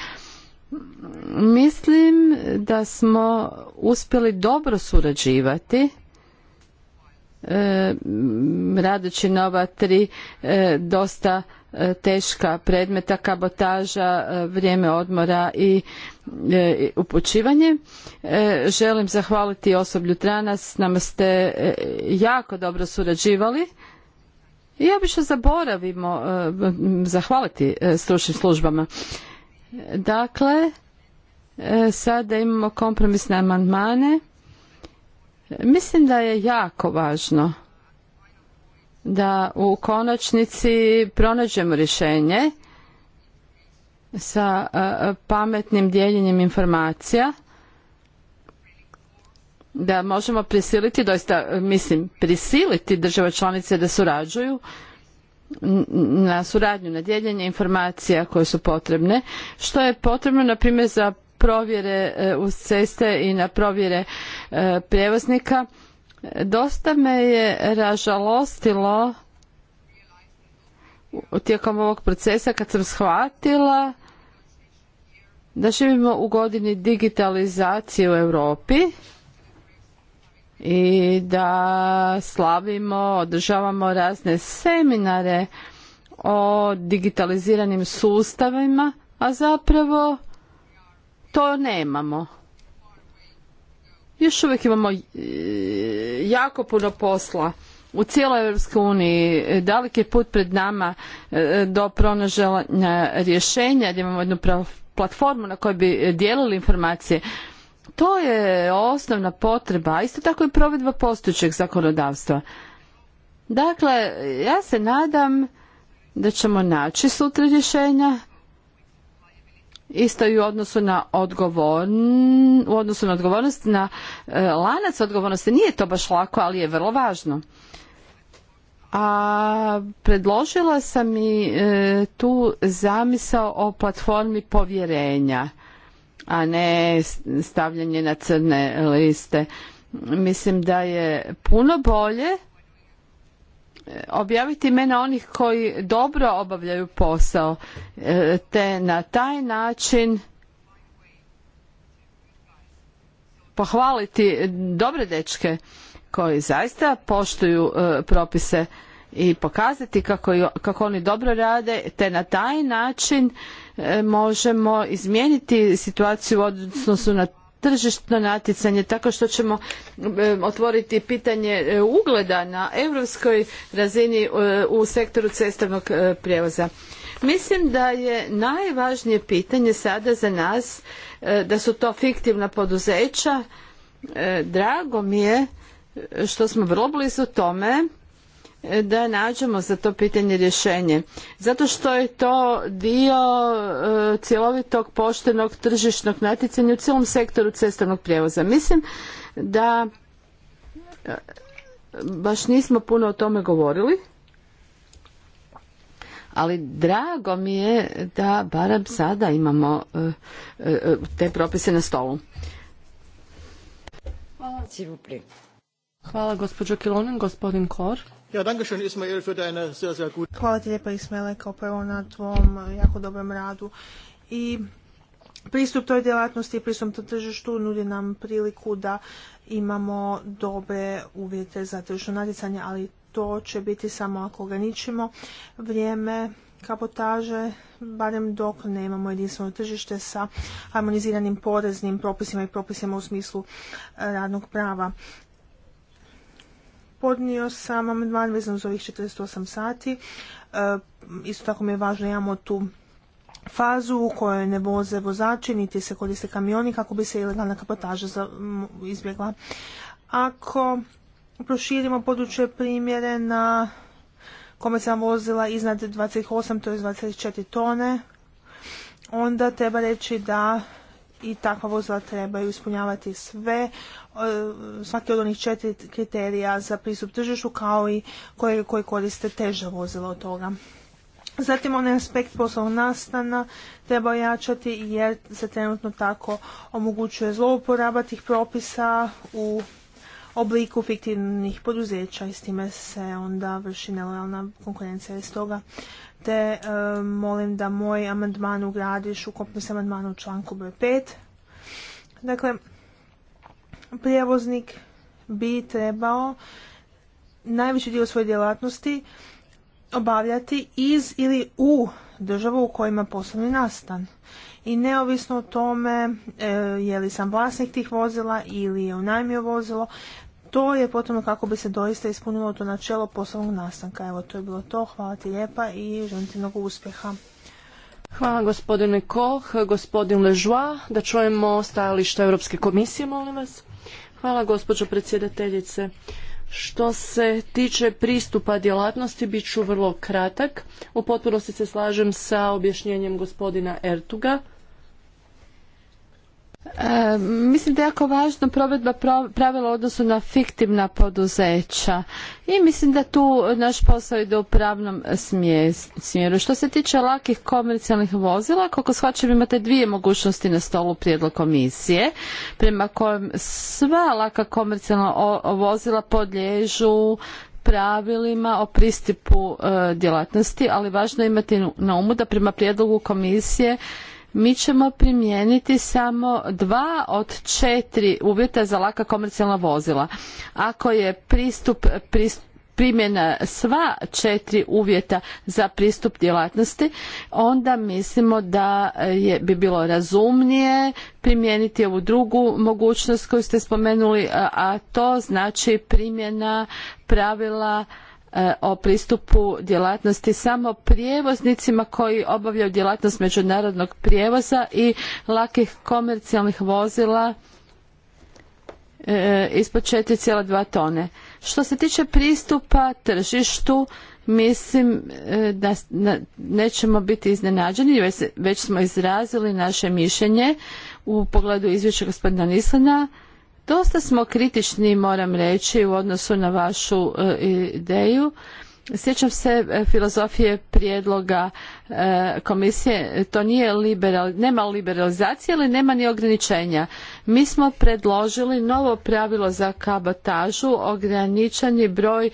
Mislim da smo uspjeli dobro surađivati E, radeći na ova tri e, dosta e, teška predmeta kabotaža vrijeme odmora i upućivanje želim zahvaliti osoblju Tranas, nam nama ste jako dobro surađivali i ja obično zaboravimo zahvaliti stručnim službama dakle sada imamo kompromisne amandmane Mislim da je jako važno da u konačnici pronađemo rješenje sa e, pametnim dijeljenjem informacija da možemo prisiliti doista mislim prisiliti države članice da surađuju na suradnju na dijeljenje informacija koje su potrebne što je potrebno na primjer za provjere e, uz ceste i na provjere e, prijevoznika. Dosta me je ražalostilo tijekom ovog procesa kad sam shvatila da živimo u godini digitalizacije u Europi i da slavimo, održavamo razne seminare o digitaliziranim sustavima, a zapravo to nemamo. Još uvijek imamo e, jako puno posla u cijeloj Europskoj uniji dalek je put pred nama e, do pronaženja rješenja da imamo jednu platformu na kojoj bi dijelili informacije. To je osnovna potreba, a isto tako i provedba postojećeg zakonodavstva. Dakle, ja se nadam da ćemo naći sutra rješenja isto i u odnosu na odgovornost, u odnosu na odgovornost na e, lanac odgovornosti nije to baš lako, ali je vrlo važno. A predložila sam i e, tu zamisao o platformi povjerenja, a ne stavljanje na crne liste. Mislim da je puno bolje objaviti imena onih koji dobro obavljaju posao e, te na taj način pohvaliti dobre dečke koji zaista poštuju e, propise i pokazati kako, kako oni dobro rade te na taj način e, možemo izmijeniti situaciju u odnosu na tržišno natjecanje tako što ćemo otvoriti pitanje e, ugleda na europskoj razini e, u sektoru cestovnog e, prijevoza. Mislim da je najvažnije pitanje sada za nas da su to fiktivna poduzeća. Drago mi je što smo vrlo blizu tome da nađemo za to pitanje rješenje. Zato što je to dio e, cjelovitog poštenog tržišnog natjecanja u cijelom sektoru cestovnog prijevoza. Mislim da e, baš nismo puno o tome govorili, ali drago mi je da barem sada imamo e, te propise na stolu. Hvala, Hvala gospođo Kilonen, gospodin Kor. Ja, Ismail, für deine Hvala ti lijepa, kao prvo na tvom e, jako dobrom radu. I pristup toj djelatnosti i pristup tom tržištu nudi nam priliku da imamo dobre uvjete za tržišno natjecanje, ali to će biti samo ako ograničimo vrijeme kapotaže, barem dok nemamo jedinstveno tržište sa harmoniziranim poreznim propisima i propisima u smislu e, radnog prava podnio sam amandman vezano za ovih 48 sati. E, isto tako mi je važno, imamo tu fazu u kojoj ne voze vozači, niti se koriste kamioni kako bi se ilegalna kapotaža izbjegla. Ako proširimo područje primjere na kome sam vozila iznad 28, to je 24 tone, onda treba reći da i takva vozila trebaju ispunjavati sve, e, svaki od onih četiri kriterija za pristup tržištu kao i koje, koje koriste teža vozila od toga. Zatim onaj aspekt poslovnog nastana treba ojačati jer se trenutno tako omogućuje zlouporaba tih propisa u obliku fiktivnih poduzeća i s time se onda vrši nelojalna konkurencija. Iz toga te e, molim da moj amandman ugradiš u kompromis amandman u članku broj 5. Dakle, prijevoznik bi trebao najveći dio svoje djelatnosti obavljati iz ili u državu u kojima poslovni nastan. I neovisno o tome e, je li sam vlasnik tih vozila ili je unajmio vozilo, to je potom kako bi se doista ispunilo to načelo poslovnog nastanka. Evo, to je bilo to. Hvala ti lijepa i želim ti mnogo uspjeha. Hvala gospodine Koh, gospodin Ležua, da čujemo stajalište Europske komisije, molim vas. Hvala gospođo predsjedateljice. Što se tiče pristupa djelatnosti, bit ću vrlo kratak. U potpunosti se slažem sa objašnjenjem gospodina Ertuga mislim da je jako važno provedba pravila u odnosu na fiktivna poduzeća i mislim da tu naš posao ide u pravnom smjeru. Što se tiče lakih komercijalnih vozila, koliko shvaćam imate dvije mogućnosti na stolu prijedlog komisije, prema kojem sva laka komercijalna vozila podliježu pravilima o pristupu e, djelatnosti, ali važno je imati na umu da prema prijedlogu komisije mi ćemo primijeniti samo dva od četiri uvjeta za laka komercijalna vozila. Ako je pristup, primjena sva četiri uvjeta za pristup djelatnosti, onda mislimo da je, bi bilo razumnije primijeniti ovu drugu mogućnost koju ste spomenuli, a to znači primjena pravila E, o pristupu djelatnosti samo prijevoznicima koji obavljaju djelatnost međunarodnog prijevoza i lakih komercijalnih vozila e, ispod 4,2 tone. Što se tiče pristupa tržištu, mislim e, da nećemo biti iznenađeni, već smo izrazili naše mišljenje u pogledu izvješća gospodina Nislana Dosta smo kritični, moram reći, u odnosu na vašu e, ideju. Sjećam se e, filozofije prijedloga e, komisije, to nije liberal, nema liberalizacije, ali nema ni ograničenja. Mi smo predložili novo pravilo za kabotažu, ograničeni broj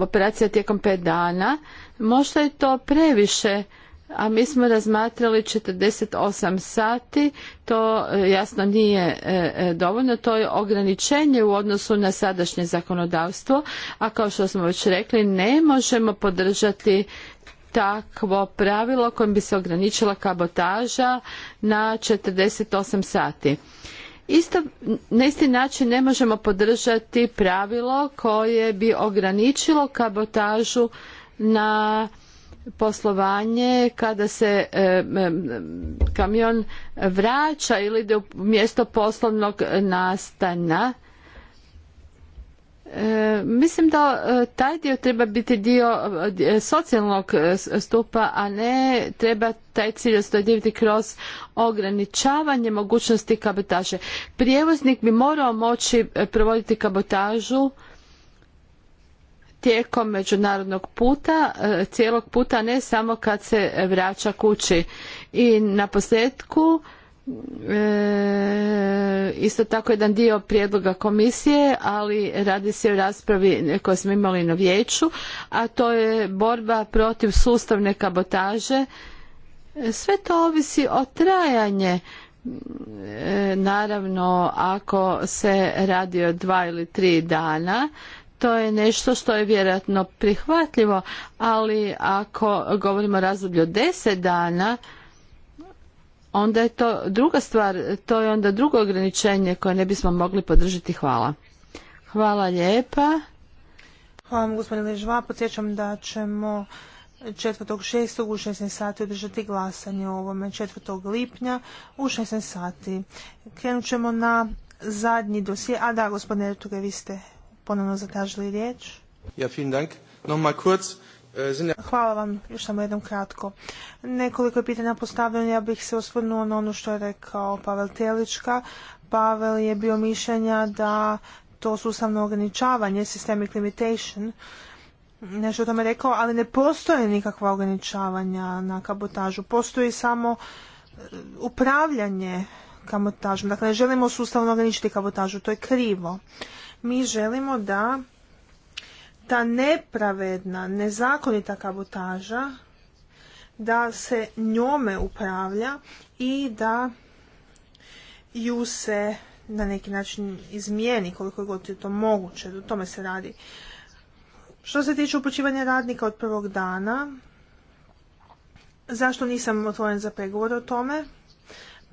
operacija tijekom pet dana. Možda je to previše a mi smo razmatrali 48 sati, to e, jasno nije e, e, dovoljno, to je ograničenje u odnosu na sadašnje zakonodavstvo, a kao što smo već rekli ne možemo podržati takvo pravilo kojim bi se ograničila kabotaža na 48 sati. Isto, na isti način ne možemo podržati pravilo koje bi ograničilo kabotažu na poslovanje kada se e, kamion vraća ili ide u mjesto poslovnog nastana. E, mislim da e, taj dio treba biti dio socijalnog stupa, a ne treba taj cilj ostvariti kroz ograničavanje mogućnosti kabotaže. Prijevoznik bi morao moći provoditi kabotažu tijekom međunarodnog puta, e, cijelog puta, ne samo kad se vraća kući. I na posljedku e, isto tako jedan dio prijedloga komisije, ali radi se o raspravi koju smo imali na vijeću, a to je borba protiv sustavne kabotaže. Sve to ovisi o trajanje. E, naravno, ako se radi o dva ili tri dana, to je nešto što je vjerojatno prihvatljivo, ali ako govorimo o razdoblju od deset dana, onda je to druga stvar, to je onda drugo ograničenje koje ne bismo mogli podržati. Hvala. Hvala lijepa. Hvala vam gospodine Ležva. Podsjećam da ćemo 4.6. u 16 sati održati glasanje o ovome 4. lipnja u 16 sati. Krenut ćemo na zadnji dosje, A da, gospodine Ertuge, vi ste ponovno zatražili riječ. Ja, vielen Dank. kurz. Äh, Hvala vam, još samo jednom kratko. Nekoliko je pitanja postavljeno, ja bih se osvrnuo na ono što je rekao Pavel Telička. Pavel je bio mišljenja da to sustavno ograničavanje, systemic limitation, nešto o tome rekao, ali ne postoje nikakva ograničavanja na kabotažu. Postoji samo e, upravljanje kabotažom. Dakle, ne želimo sustavno ograničiti kabotažu, to je krivo. Mi želimo da ta nepravedna, nezakonita kabotaža, da se njome upravlja i da ju se na neki način izmijeni koliko god je to moguće. U tome se radi. Što se tiče upućivanja radnika od prvog dana, zašto nisam otvoren za pregovor o tome?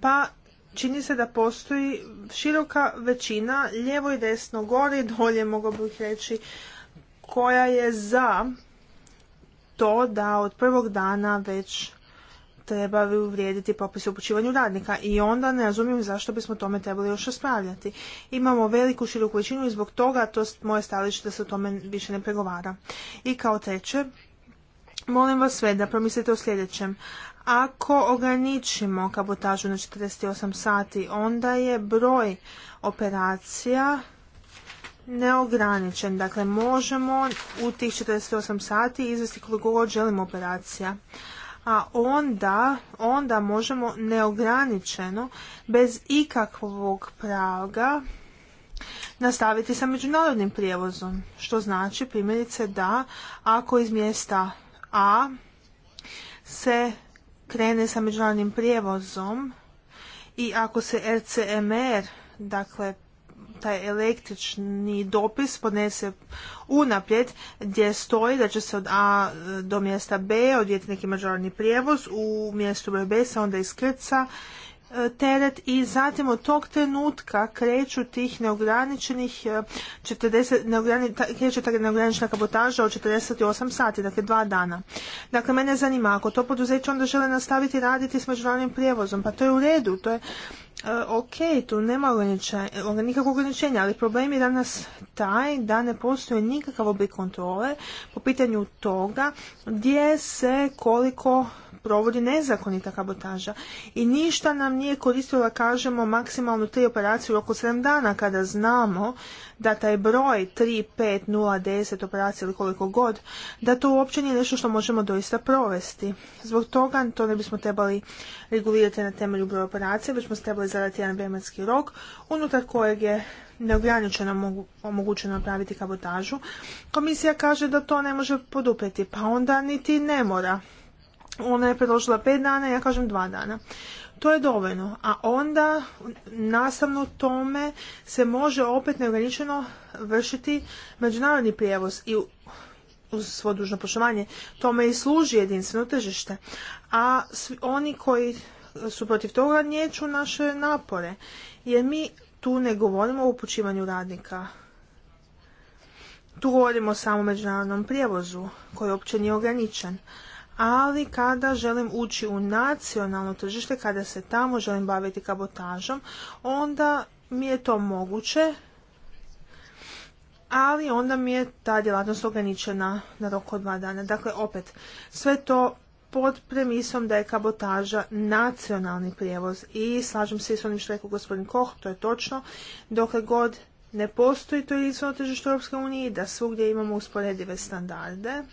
Pa čini se da postoji široka većina, lijevo i desno, gore i dolje, mogao bih reći, koja je za to da od prvog dana već treba uvrijediti popis upućivanju radnika i onda ne razumijem zašto bismo tome trebali još raspravljati. Imamo veliku široku većinu i zbog toga to moje stajalište da se o tome više ne pregovara. I kao treće, molim vas sve da promislite o sljedećem. Ako ograničimo kabotažu na 48 sati, onda je broj operacija neograničen. Dakle, možemo u tih 48 sati izvesti koliko god želimo operacija. A onda, onda možemo neograničeno, bez ikakvog praga, nastaviti sa međunarodnim prijevozom. Što znači primjerice da ako iz mjesta A se krene sa međunarodnim prijevozom i ako se RCMR, dakle taj električni dopis podnese unaprijed gdje stoji da će se od A do mjesta B odvijeti neki međunarodni prijevoz u mjestu B se onda iskrca teret i zatim od tog trenutka kreću tih neograničenih 40, e, neograni, kreću ta neograničena kabotaža od 48 sati, dakle dva dana. Dakle, mene zanima, ako to poduzeće onda žele nastaviti raditi s međunarodnim prijevozom, pa to je u redu, to je e, ok, tu nema ograničenja, nikakvog ograničenja, ali problem je danas taj da ne postoji nikakav oblik kontrole po pitanju toga gdje se koliko provodi nezakonita kabotaža. I ništa nam nije koristilo da kažemo maksimalno tri operacije u roku 7 dana kada znamo da taj broj 3, 5, 0, 10 operacija ili koliko god, da to uopće nije nešto što možemo doista provesti. Zbog toga to ne bismo trebali regulirati na temelju broja operacije već smo trebali zadati jedan vremenski rok unutar kojeg je neograničeno omogućeno napraviti kabotažu. Komisija kaže da to ne može poduprijeti, pa onda niti ne mora. Ona je predložila pet dana, ja kažem dva dana. To je dovoljno, a onda nastavno tome se može opet neograničeno vršiti međunarodni prijevoz i uz svo dužno poštovanje tome i služi jedinstveno tržište. A svi oni koji su protiv toga nječu naše napore, jer mi tu ne govorimo o upućivanju radnika. Tu govorimo samo o međunarodnom prijevozu koji uopće nije ograničen ali kada želim ući u nacionalno tržište, kada se tamo želim baviti kabotažom, onda mi je to moguće, ali onda mi je ta djelatnost ograničena na rok od dva dana. Dakle, opet, sve to pod premisom da je kabotaža nacionalni prijevoz i slažem se s onim što rekao gospodin Koh, to je točno, dokle god ne postoji to jedinstveno tržište Europske unije, da svugdje imamo usporedive standarde,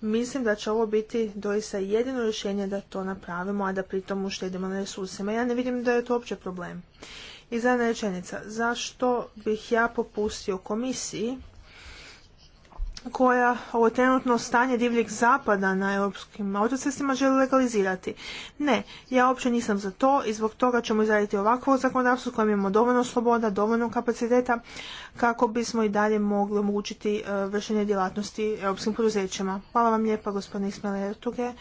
Mislim da će ovo biti doista jedino rješenje da to napravimo, a da pritom uštedimo na resursima. Ja ne vidim da je to uopće problem. I zadnja rečenica, zašto bih ja popustio komisiji koja ovo trenutno stanje divljeg zapada na europskim autocestima želi legalizirati. Ne, ja uopće nisam za to i zbog toga ćemo izraditi ovakvo zakonodavstvo kojem imamo dovoljno sloboda, dovoljno kapaciteta kako bismo i dalje mogli omogućiti e, vršenje djelatnosti europskim poduzećima. Hvala vam lijepa gospodine Ismaila Ertuge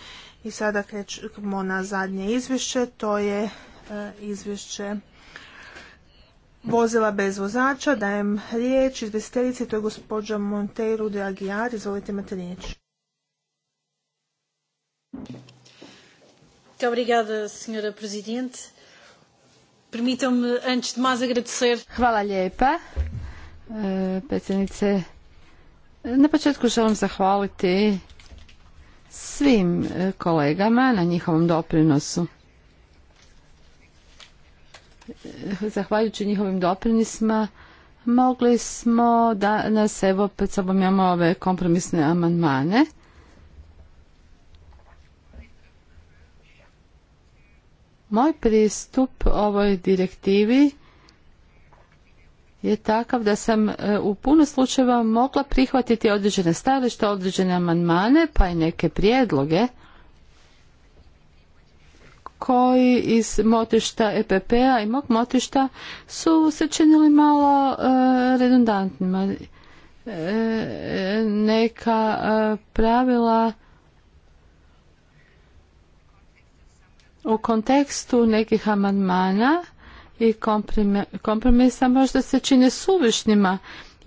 i sada krećemo na zadnje izvješće, to je e, izvješće vozila bez vozača. Dajem riječ Vesterice, to je gospođa Monteiro de Aguiar. Izvolite, imate riječ. Hvala lijepa, e, predsjednice. Na početku želim zahvaliti svim e, kolegama na njihovom doprinosu zahvaljujući njihovim doprinosima. mogli smo danas evo pred sobom imamo ove kompromisne amandmane moj pristup ovoj direktivi je takav da sam e, u puno slučajeva mogla prihvatiti određene stajališta određene amandmane pa i neke prijedloge koji iz motišta EPP-a i mog motišta su se činili malo e, redundantnima. E, neka e, pravila u kontekstu nekih amandmana i komprime, kompromisa možda se čine suvišnjima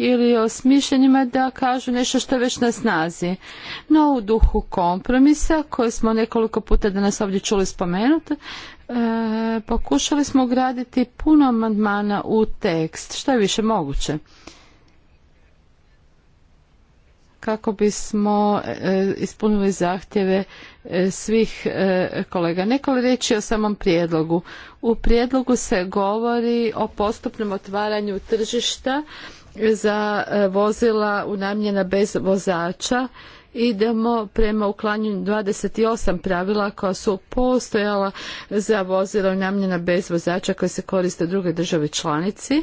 ili o smišljenjima da kažu nešto što je već na snazi. No u duhu kompromisa koji smo nekoliko puta danas ovdje čuli spomenuti, e, pokušali smo ugraditi puno amandmana u tekst, što je više moguće. Kako bismo e, ispunili zahtjeve e, svih kolega. Neko riječi o samom prijedlogu. U prijedlogu se govori o postupnom otvaranju tržišta za e, vozila unamljena bez vozača idemo prema uklanjanju 28 pravila koja su postojala za vozila unamljena bez vozača koje se koriste u drugoj državi članici.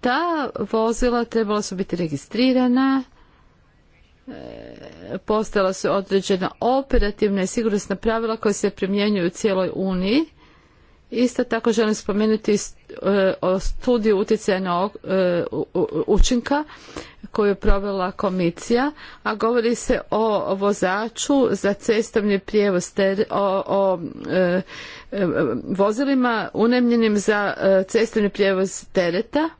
Ta vozila trebala su biti registrirana, e, postala su određena operativna i sigurnosna pravila koja se primjenjuju u cijeloj Uniji Isto tako želim spomenuti e, o studiju utjecaja na e, učinka koju je provela komisija, a govori se o vozaču za cestovni prijevoz, o, e, vozilima unemljenim za cestovni prijevoz tereta.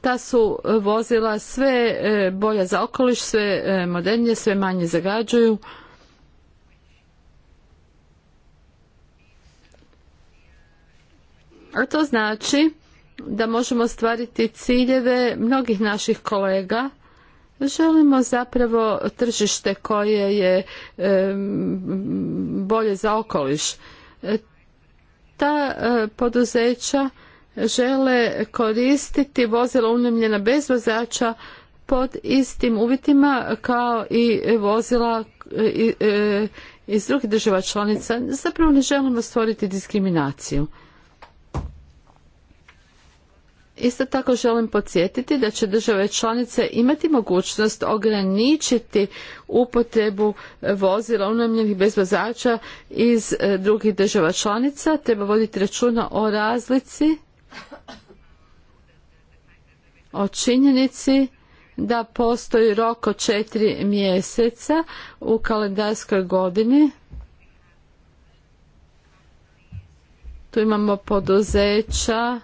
Ta su vozila sve bolja za okoliš, sve modernije, sve manje zagađuju A to znači da možemo stvariti ciljeve mnogih naših kolega želimo zapravo tržište koje je bolje za okoliš e, ta e, poduzeća žele koristiti vozila unemljena bez vozača pod istim uvjetima kao i vozila e, iz drugih država članica zapravo ne želimo stvoriti diskriminaciju Isto tako želim podsjetiti da će države članice imati mogućnost ograničiti upotrebu vozila unajmljenih bez vozača iz e, drugih država članica. Treba voditi računa o razlici, o činjenici da postoji rok od četiri mjeseca u kalendarskoj godini. Tu imamo poduzeća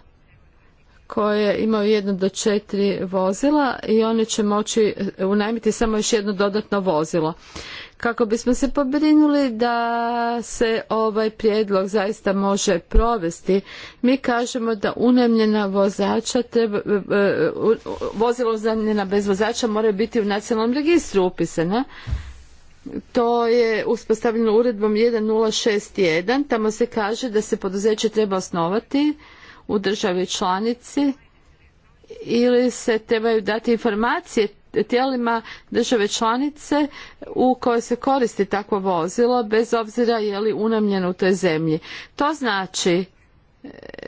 koje imaju jedno do četiri vozila i one će moći e, unajmiti samo još jedno dodatno vozilo. Kako bismo se pobrinuli da se ovaj prijedlog zaista može provesti, mi kažemo da unajmljena vozača treba, e, e, vozilo unajmljena bez vozača moraju biti u nacionalnom registru upisana. To je uspostavljeno uredbom 1061, tamo se kaže da se poduzeće treba osnovati u državi članici ili se trebaju dati informacije tijelima države članice u kojoj se koristi takvo vozilo bez obzira je li unamljeno u toj zemlji. To znači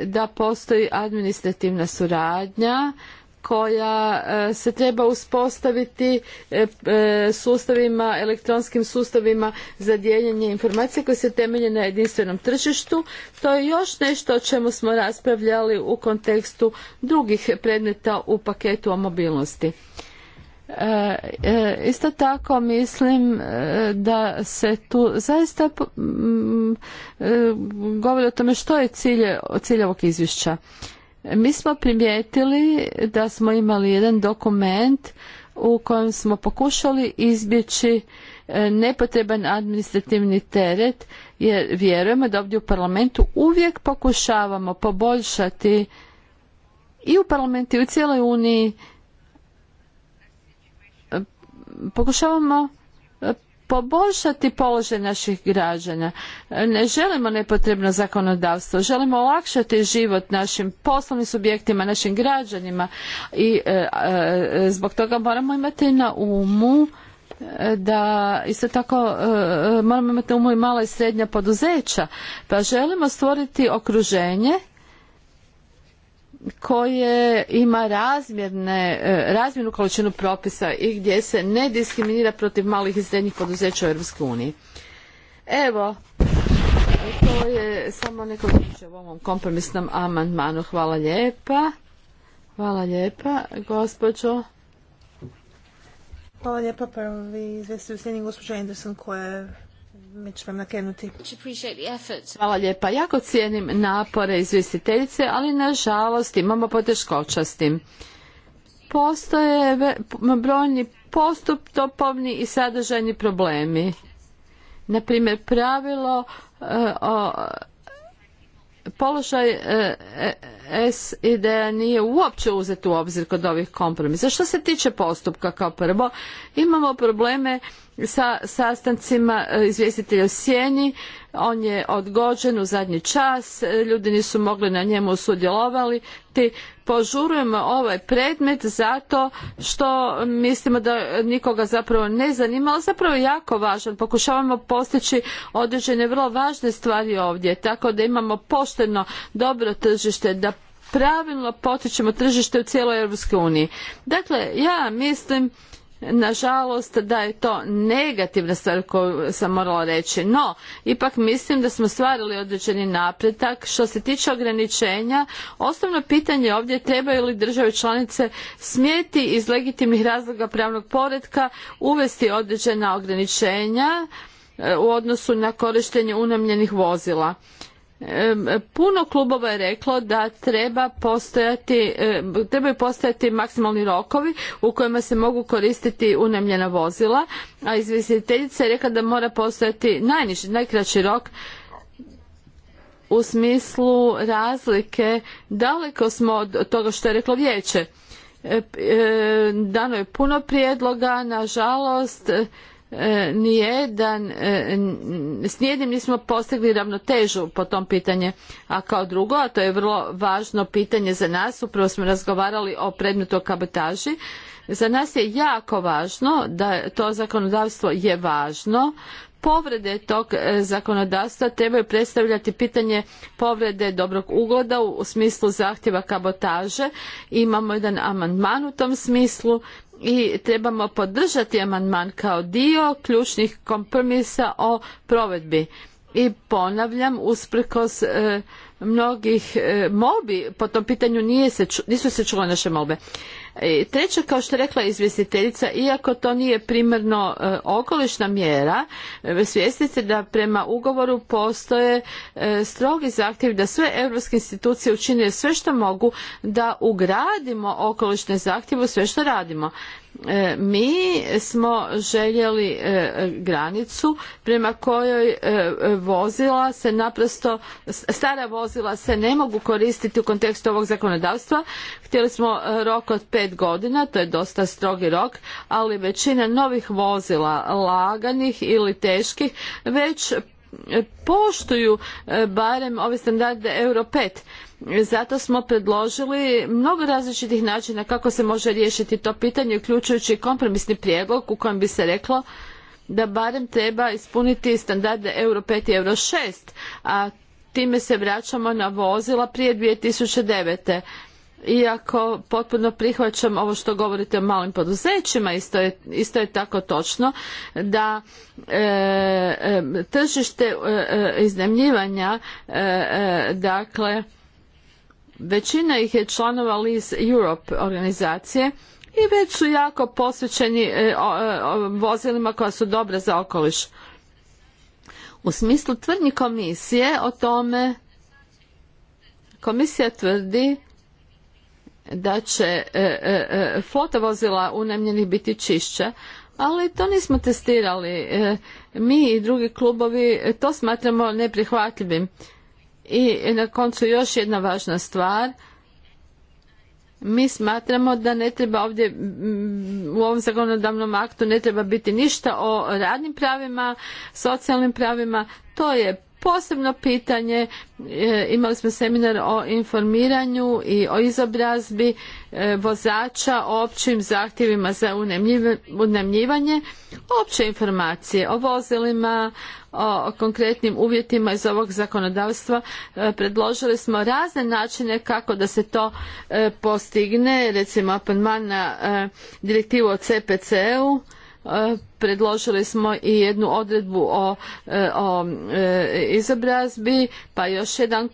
da postoji administrativna suradnja koja e, se treba uspostaviti e, e, sustavima, elektronskim sustavima za dijeljenje informacija koje se temelje na jedinstvenom tržištu. To je još nešto o čemu smo raspravljali u kontekstu drugih predmeta u paketu o mobilnosti. Isto tako mislim da se tu zaista govori o tome što je cilje cilj ovog izvješća. Mi smo primijetili da smo imali jedan dokument u kojem smo pokušali izbjeći e, nepotreban administrativni teret jer vjerujemo da ovdje u parlamentu uvijek pokušavamo poboljšati i u parlamentu i u cijeloj uniji e, pokušavamo poboljšati položaj naših građana. Ne želimo nepotrebno zakonodavstvo, želimo olakšati život našim poslovnim subjektima, našim građanima i e, e, zbog toga moramo imati na umu e, da isto tako moramo imati na umu i mala i srednja poduzeća pa želimo stvoriti okruženje koje ima razmjerne, e, razmjernu količinu propisa i gdje se ne diskriminira protiv malih i srednjih poduzeća u Europskoj uniji. Evo, to je samo neko riječi o ovom kompromisnom amandmanu. Hvala lijepa. Hvala lijepa, gospođo. Hvala lijepa prvi izvesti u gospođa Anderson koja je mi ćemo Hvala lijepa. Jako cijenim napore izvjestiteljice, ali nažalost imamo poteškoća s tim. Postoje brojni postupovni i sadržajni problemi. Naprimjer, pravilo e, o položaj e, e, S ideja nije uopće uzet u obzir kod ovih kompromisa. Što se tiče postupka kao prvo, imamo probleme sa sastancima e, izvjestitelja sjeni on je odgođen u zadnji čas e, ljudi nisu mogli na njemu sudjelovali. požurujemo ovaj predmet zato što mislimo da nikoga zapravo ne zanima ali zapravo je jako važan pokušavamo postići određene vrlo važne stvari ovdje tako da imamo pošteno dobro tržište da pravilno potičemo tržište u cijeloj europskoj uniji dakle ja mislim nažalost da je to negativna stvar koju sam morala reći. No, ipak mislim da smo stvarili određeni napredak. Što se tiče ograničenja, osnovno pitanje ovdje je trebaju li države članice smjeti iz legitimnih razloga pravnog poretka uvesti određena ograničenja e, u odnosu na korištenje unamljenih vozila puno klubova je reklo da treba postojati, trebaju postojati maksimalni rokovi u kojima se mogu koristiti unemljena vozila, a izvjestiteljica je rekla da mora postojati najniži, najkraći rok u smislu razlike daleko smo od toga što je reklo vijeće. Dano je puno prijedloga, nažalost, E, nijedan, e, s nijednim nismo postigli ravnotežu po tom pitanju. A kao drugo, a to je vrlo važno pitanje za nas, upravo smo razgovarali o predmetu o kabotaži, za nas je jako važno da to zakonodavstvo je važno, povrede tog e, zakonodavstva trebaju predstavljati pitanje povrede dobrog ugoda u smislu zahtjeva kabotaže. Imamo jedan amandman u tom smislu i trebamo podržati amandman kao dio ključnih kompromisa o provedbi. I ponavljam, usprkos e, mnogih MOBI, e, molbi po tom pitanju nije nisu se čule naše molbe. E, treće, kao što je rekla izvjestiteljica, iako to nije primarno e, okolišna mjera, e, svjesni ste da prema ugovoru postoje strogi zahtjevi da sve europske institucije učine sve što mogu da ugradimo okolišne zahtjeve u sve što radimo. E, mi smo željeli e, granicu prema kojoj e, vozila se naprosto stara vozila se ne mogu koristiti u kontekstu ovog zakonodavstva htjeli smo rok od pet godina to je dosta strogi rok ali većina novih vozila laganih ili teških već poštuju barem ove standarde euro 5 zato smo predložili mnogo različitih načina kako se može riješiti to pitanje, uključujući kompromisni prijedlog u kojem bi se reklo da barem treba ispuniti standarde Euro 5 i Euro 6, a time se vraćamo na vozila prije 2009. Iako potpuno prihvaćam ovo što govorite o malim poduzećima, isto je, tako točno da e, e, tržište e, iznajmljivanja dakle Većina ih je članova Lease Europe organizacije i već su jako posvećeni e, e, vozilima koja su dobra za okoliš. U smislu tvrdnji komisije o tome komisija tvrdi da će e, flota vozila unemljenih biti čišće, ali to nismo testirali. Mi i drugi klubovi to smatramo neprihvatljivim i na koncu još jedna važna stvar. Mi smatramo da ne treba ovdje u ovom zakonodavnom aktu ne treba biti ništa o radnim pravima, socijalnim pravima. To je posebno pitanje, e, imali smo seminar o informiranju i o izobrazbi e, vozača o općim zahtjevima za unemljivanje, opće informacije o vozilima, o konkretnim uvjetima iz ovog zakonodavstva e, predložili smo razne načine kako da se to postigne, recimo apanman na direktivu o CPC-u, predložili smo i jednu odredbu o, e, e, izobrazbi, pa još jedan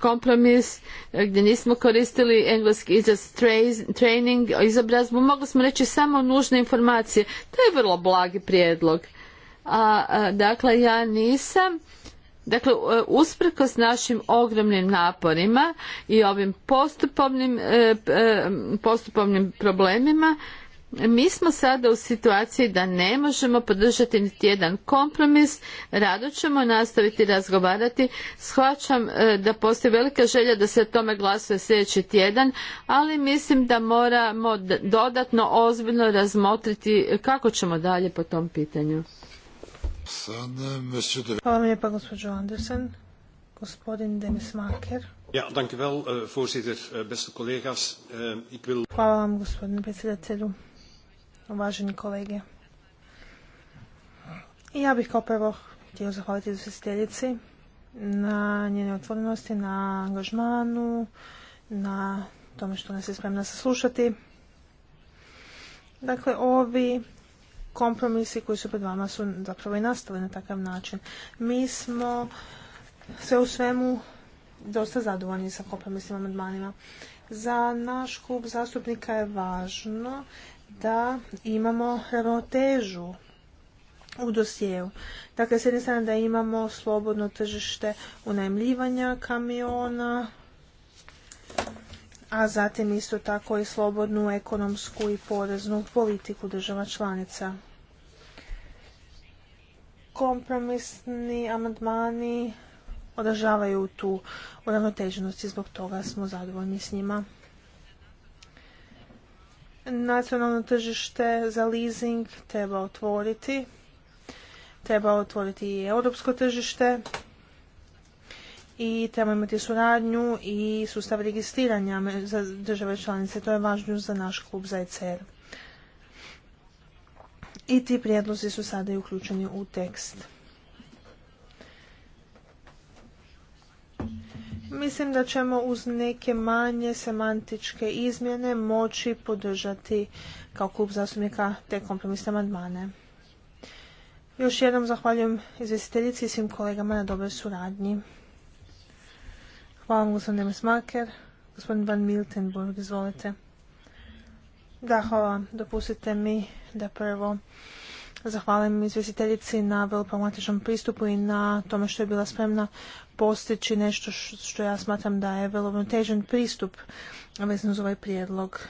kompromis e, gdje nismo koristili engleski izraz training, izobrazbu, mogli smo reći samo nužne informacije. To je vrlo blagi prijedlog. A, dakle, ja nisam Dakle, usprkos našim ogromnim naporima i ovim postupovnim problemima, mi smo sada u situaciji da ne možemo podržati niti jedan kompromis, rado ćemo nastaviti razgovarati. Shvaćam e, da postoji velika želja da se tome glasuje sljedeći tjedan, ali mislim da moramo dodatno ozbiljno razmotriti kako ćemo dalje po tom pitanju. Hvala lijepa gospođo Andersen. Gospodin Denis voorzitter, beste Hvala vam gospodine predsjedatelju uvaženi kolege. I ja bih kao prvo htio zahvaliti izvjestiteljici na njenoj otvorenosti, na angažmanu, na tome što nas je spremna saslušati. Dakle, ovi kompromisi koji su pred vama su zapravo i nastali na takav način. Mi smo sve u svemu dosta zadovoljni sa kompromisnim amandmanima. Za naš klub zastupnika je važno da imamo ravnotežu u dosjeu. Dakle, s jedne strane da imamo slobodno tržište unajmljivanja kamiona, a zatim isto tako i slobodnu ekonomsku i poreznu politiku država članica. Kompromisni amandmani održavaju tu uravnoteženost i zbog toga smo zadovoljni s njima nacionalno tržište za leasing treba otvoriti. Treba otvoriti i europsko tržište i treba imati suradnju i sustav registriranja za države članice. To je važno za naš klub za ECR. I ti prijedlozi su sada i uključeni u tekst. Mislim da ćemo uz neke manje semantičke izmjene moći podržati kao klub zastupnika te kompromisne amandmane. Još jednom zahvaljujem izvjestiteljici i svim kolegama na dobroj suradnji. Hvala vam gospodine Smaker. Gospodin Van Miltenburg, izvolite. Da, hvala. Dopustite mi da prvo Zahvaljujem izvjestiteljici na vrlo pristupu i na tome što je bila spremna postići nešto što ja smatram da je vrlo težen pristup vezan uz ovaj prijedlog.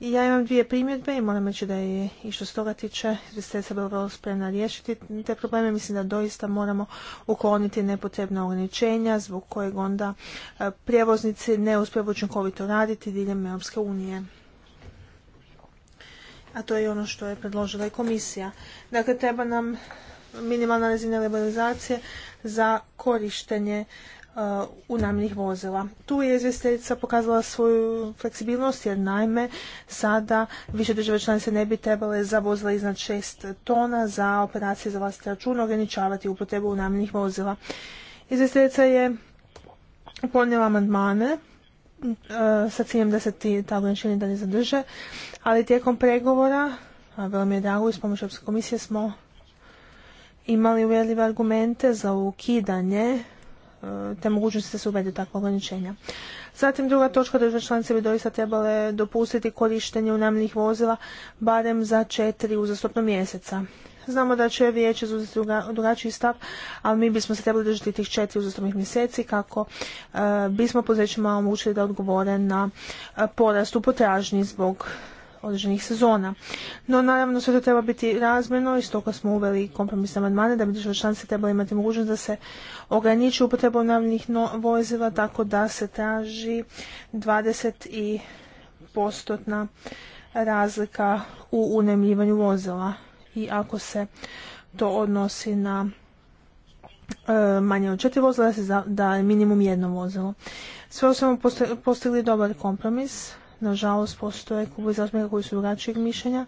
Ja imam dvije primjedbe i moram reći da je i što se toga tiče izvjestiteljica bila vrlo spremna riješiti te probleme. Mislim da doista moramo ukloniti nepotrebna ograničenja zbog kojeg onda e, prijevoznici ne uspiju učinkovito raditi diljem Europske unije a to je ono što je predložila i komisija. Dakle, treba nam minimalna razina liberalizacije za korištenje uh, unamljenih vozila. Tu je izvjestiteljica pokazala svoju fleksibilnost jer naime sada više države članice ne bi trebale za vozila iznad 6 tona za operacije za vlastite račun ograničavati upotrebu unamljenih vozila. Izvjestiteljica je podnijela amandmane E, sa ciljem da se ti, ta ograničenja ne zadrže, ali tijekom pregovora, a bilo mi je drago, iz pomoći Europske komisije smo imali uvjerljive argumente za ukidanje e, te mogućnosti da se uvede takva ograničenja. Zatim druga točka države članice bi doista trebale dopustiti korištenje unamljenih vozila barem za četiri uzastopno mjeseca. Znamo da će vijeće zauzeti drugačiji stav, ali mi bismo se trebali držati tih četiri uzastopnih mjeseci kako bismo e, bismo poduzećima omogućili da odgovore na e, porast u potražnji zbog određenih sezona. No naravno sve to treba biti razmjerno i stoga smo uveli kompromisne amandmane da bi države članice trebali imati mogućnost da se ograniči upotreba navnih vozila tako da se traži 20 postotna razlika u unemljivanju vozila i ako se to odnosi na e, manje od četiri vozila, da je minimum jedno vozilo. Sve u svemu postigli dobar kompromis. Nažalost, postoje klubovi zastupnika koji su drugačijeg mišljenja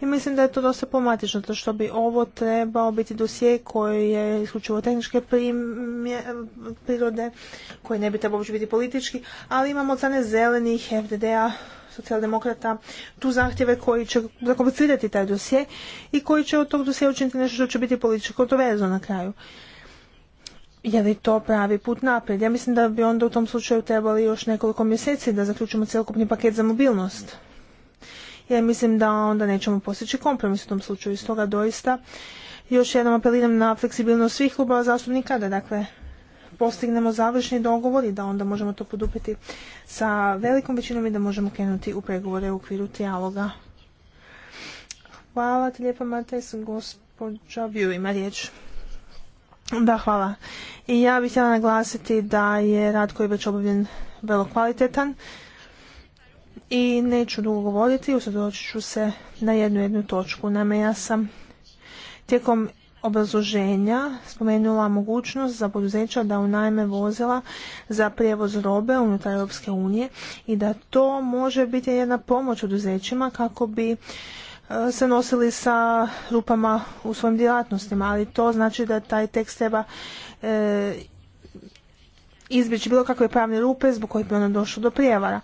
i mislim da je to dosta pomatično, to što bi ovo trebao biti dosije koji je isključivo tehničke prirode, koji ne bi trebao biti politički, ali imamo od strane zelenih FDD-a socijaldemokrata tu zahtjeve koji će zakomplicirati taj dosje i koji će od tog dosje učiniti nešto što će biti politički kontroverzno na kraju. Je li to pravi put naprijed? Ja mislim da bi onda u tom slučaju trebali još nekoliko mjeseci da zaključimo cjelokupni paket za mobilnost. Ja mislim da onda nećemo postići kompromis u tom slučaju i stoga doista još jednom apeliram na fleksibilnost svih klubova zastupnika da dakle postignemo završni dogovor i da onda možemo to podupiti sa velikom većinom i da možemo krenuti u pregovore u okviru trijaloga. Hvala ti lijepa gospođa Vju ima riječ. Da, hvala. I ja bih htjela naglasiti da je rad koji je već obavljen vrlo kvalitetan i neću dugo govoriti, usredočit ću se na jednu jednu točku. Naime, ja sam tijekom obrazloženja spomenula mogućnost za poduzeća da unajme vozila za prijevoz robe unutar Europske unije i da to može biti jedna pomoć poduzećima kako bi e, se nosili sa rupama u svojim djelatnostima, ali to znači da taj tekst treba e, izbjeći bilo kakve pravne rupe zbog kojih bi ono došlo do prijevara.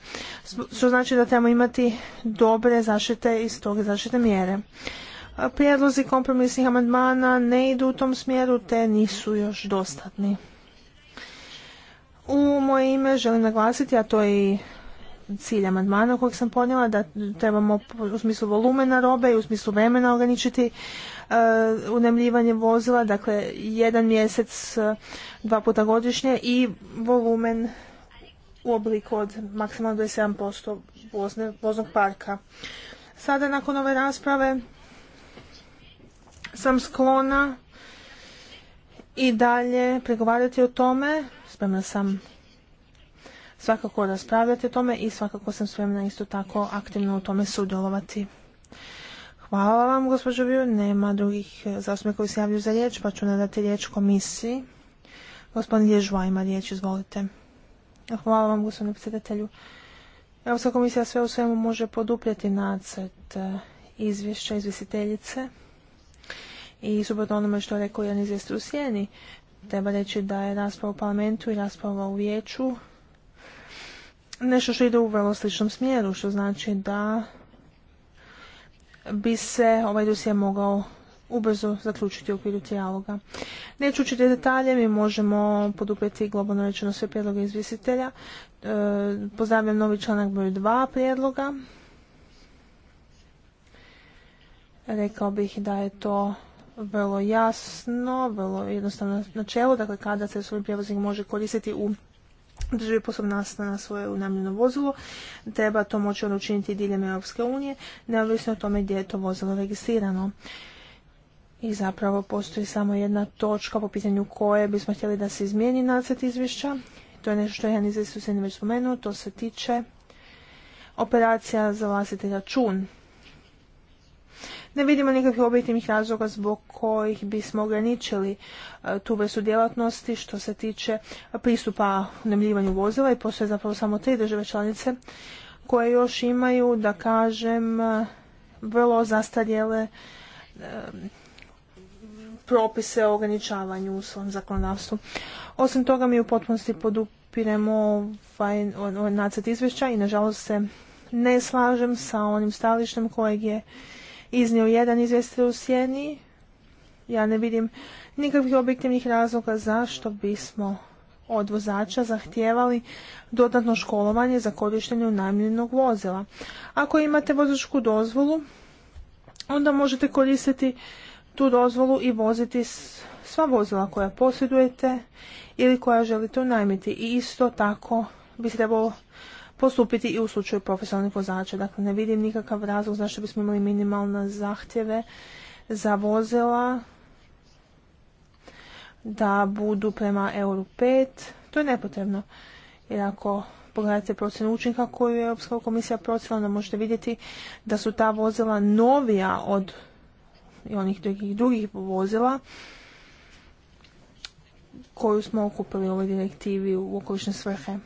Što znači da trebamo imati dobre zaštite i tog zaštite mjere prijedlozi kompromisnih amandmana ne idu u tom smjeru te nisu još dostatni. U moje ime želim naglasiti, a to je i cilj amandmana kojeg sam ponijela, da trebamo u smislu volumena robe i u smislu vremena ograničiti e, unemljivanje vozila, dakle jedan mjesec, e, dva puta godišnje i volumen u obliku od maksimalno 27% voznog parka. Sada nakon ove rasprave sam sklona i dalje pregovarati o tome. Spremna sam svakako raspravljati o tome i svakako sam spremna isto tako aktivno u tome sudjelovati. Hvala vam, gospođo Viju. Nema drugih zastupnika koji se javljaju za riječ, pa ću nadati riječ komisiji. Gospodin Lježva ima riječ, izvolite. Hvala vam, gospodine predsjedatelju. Europska komisija sve u svemu može poduprijeti nacrt eh, izvješća izvjestiteljice i suprotno onome što je rekao jedan u Sjeni, treba reći da je rasprava u parlamentu i rasprava u vijeću nešto što ide u vrlo sličnom smjeru, što znači da bi se ovaj dosje mogao ubrzo zaključiti u okviru dijaloga. Neću učiti detalje, mi možemo poduprijeti globalno rečeno sve prijedloge izvisitelja. E, pozdravljam novi članak broj dva prijedloga. Rekao bih da je to vrlo jasno, vrlo jednostavno načelo, dakle kada se svoj prijevoznik može koristiti u državi poslov na svoje unamljeno vozilo, treba to moći ono učiniti diljem Europske unije, neovisno o tome gdje je to vozilo registrirano. I zapravo postoji samo jedna točka po pitanju koje bismo htjeli da se izmijeni nacrt izvješća. To je nešto što je izvješću se već spomenuo, to se tiče operacija za vlastiti račun ne vidimo nikakvih objektivnih razloga zbog kojih bismo ograničili e, tu vrstu djelatnosti što se tiče pristupa nemljivanju vozila i postoje zapravo samo tri države članice koje još imaju, da kažem, e, vrlo zastarjele e, propise o ograničavanju u svom zakonodavstvu. Osim toga mi u potpunosti podupiremo ovaj, ovaj nacrt izvješća i nažalost se ne slažem sa onim stalištem kojeg je iznio jedan izvjestitelj u sjeni. Ja ne vidim nikakvih objektivnih razloga zašto bismo od vozača zahtijevali dodatno školovanje za korištenje unajmljenog vozila. Ako imate vozačku dozvolu, onda možete koristiti tu dozvolu i voziti sva vozila koja posjedujete ili koja želite unajmiti. I isto tako bi trebalo postupiti i u slučaju profesionalnih vozača. Dakle, ne vidim nikakav razlog zašto bismo imali minimalne zahtjeve za vozila da budu prema Euro 5. To je nepotrebno. Jer ako pogledate procjenu učinka koju je Europska komisija procjela, onda možete vidjeti da su ta vozila novija od onih drugih, drugih vozila koju smo okupili u ovoj direktivi u okolišne svrhe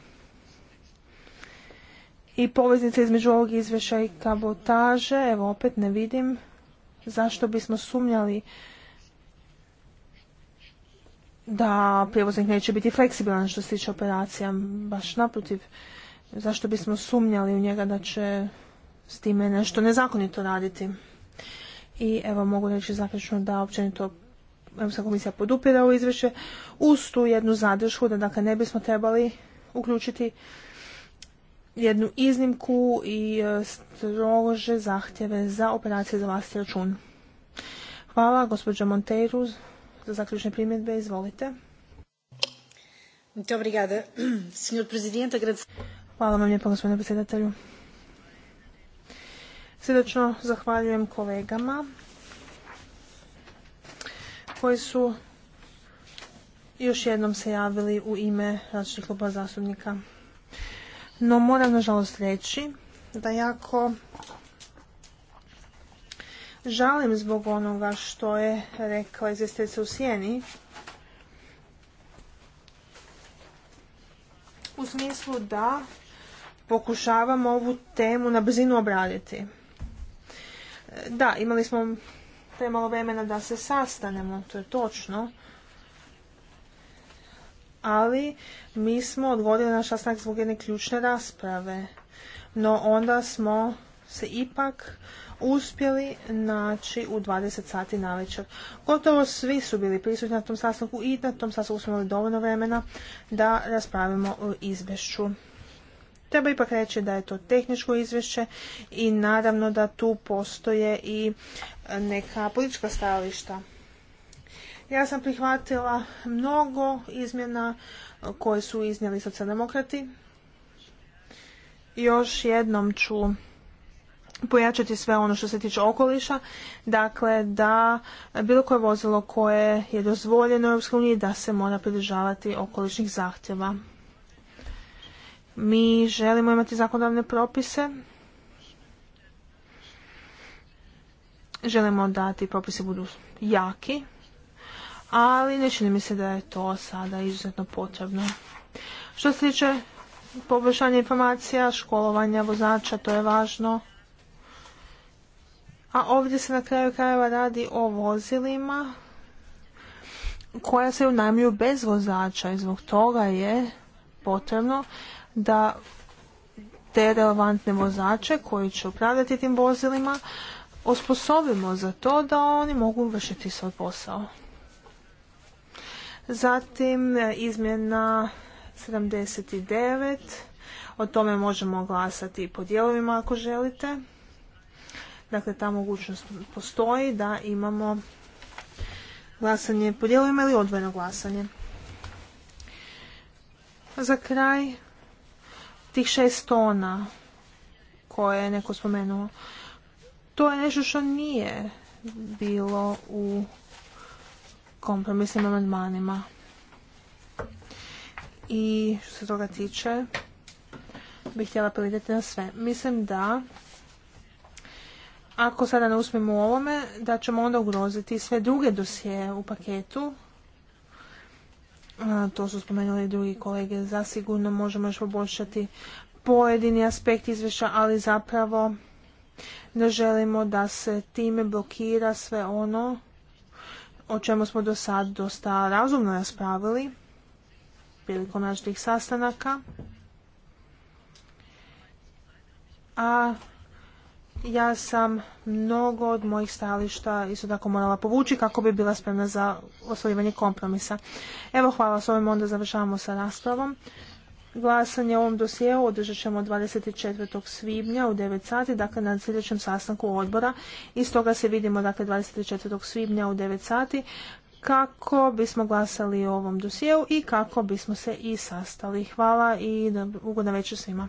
i poveznica između ovog izvješća i kabotaže, evo opet ne vidim zašto bismo sumnjali da prijevoznik neće biti fleksibilan što se tiče operacija, baš naprotiv. Zašto bismo sumnjali u njega da će s time nešto nezakonito raditi? I evo mogu reći zaključno da općenito Europska komisija podupira ovo izvješće uz tu jednu zadršku da dakle ne bismo trebali uključiti jednu iznimku i e, strože zahtjeve za operacije za vlastiti račun. Hvala, gospođo Monteiru, za zaključne primjedbe. Izvolite. Hvala vam lijepo, gospodine predsjedatelju. Sredočno zahvaljujem kolegama koji su još jednom se javili u ime različitih kluba zastupnika. No moram nažalost reći da jako žalim zbog onoga što je rekla izvjestiteljica u sjeni u smislu da pokušavamo ovu temu na brzinu obraditi. E, da, imali smo premalo vremena da se sastanemo, to je točno, ali mi smo odgodili naš sastanak zbog jedne ključne rasprave. No onda smo se ipak uspjeli naći u 20 sati na večer. Gotovo svi su bili prisutni na tom sastanku i na tom sastanku smo imali dovoljno vremena da raspravimo o izvješću. Treba ipak reći da je to tehničko izvješće i naravno da tu postoje i neka politička stajališta. Ja sam prihvatila mnogo izmjena koje su iznijeli socijaldemokrati. Još jednom ću pojačati sve ono što se tiče okoliša, dakle da bilo koje vozilo koje je dozvoljeno u EU da se mora pridržavati okolišnih zahtjeva. Mi želimo imati zakonodavne propise, želimo da ti propisi budu jaki, ali ne čini mi se da je to sada izuzetno potrebno. Što se tiče poboljšanja informacija, školovanja vozača, to je važno. A ovdje se na kraju krajeva radi o vozilima koja se unajmljuju bez vozača i zbog toga je potrebno da te relevantne vozače koji će upravljati tim vozilima osposobimo za to da oni mogu vršiti svoj posao. Zatim e, izmjena 79, o tome možemo glasati i po dijelovima ako želite. Dakle, ta mogućnost postoji da imamo glasanje po dijelovima ili odvojeno glasanje. Za kraj, tih šest tona koje je neko spomenuo, to je nešto što nije bilo u kompromisnim amandmanima. I što se toga tiče, bih htjela apelirati na sve. Mislim da ako sada ne uspijemo u ovome, da ćemo onda ugroziti sve druge dosije u paketu. to su spomenuli drugi kolege. Zasigurno možemo još poboljšati pojedini aspekt izvješća, ali zapravo ne želimo da se time blokira sve ono o čemu smo do sad dosta razumno raspravili prilikom naših sastanaka. A ja sam mnogo od mojih stajališta isto tako morala povući kako bi bila spremna za osvojivanje kompromisa. Evo hvala, s ovim onda završavamo sa raspravom. Glasanje o ovom dosjeu održat ćemo 24. svibnja u 9 sati, dakle na sljedećem sastanku odbora. I stoga se vidimo dakle 24. svibnja u 9 sati kako bismo glasali o ovom dosjeu i kako bismo se i sastali. Hvala i ugodna večer svima.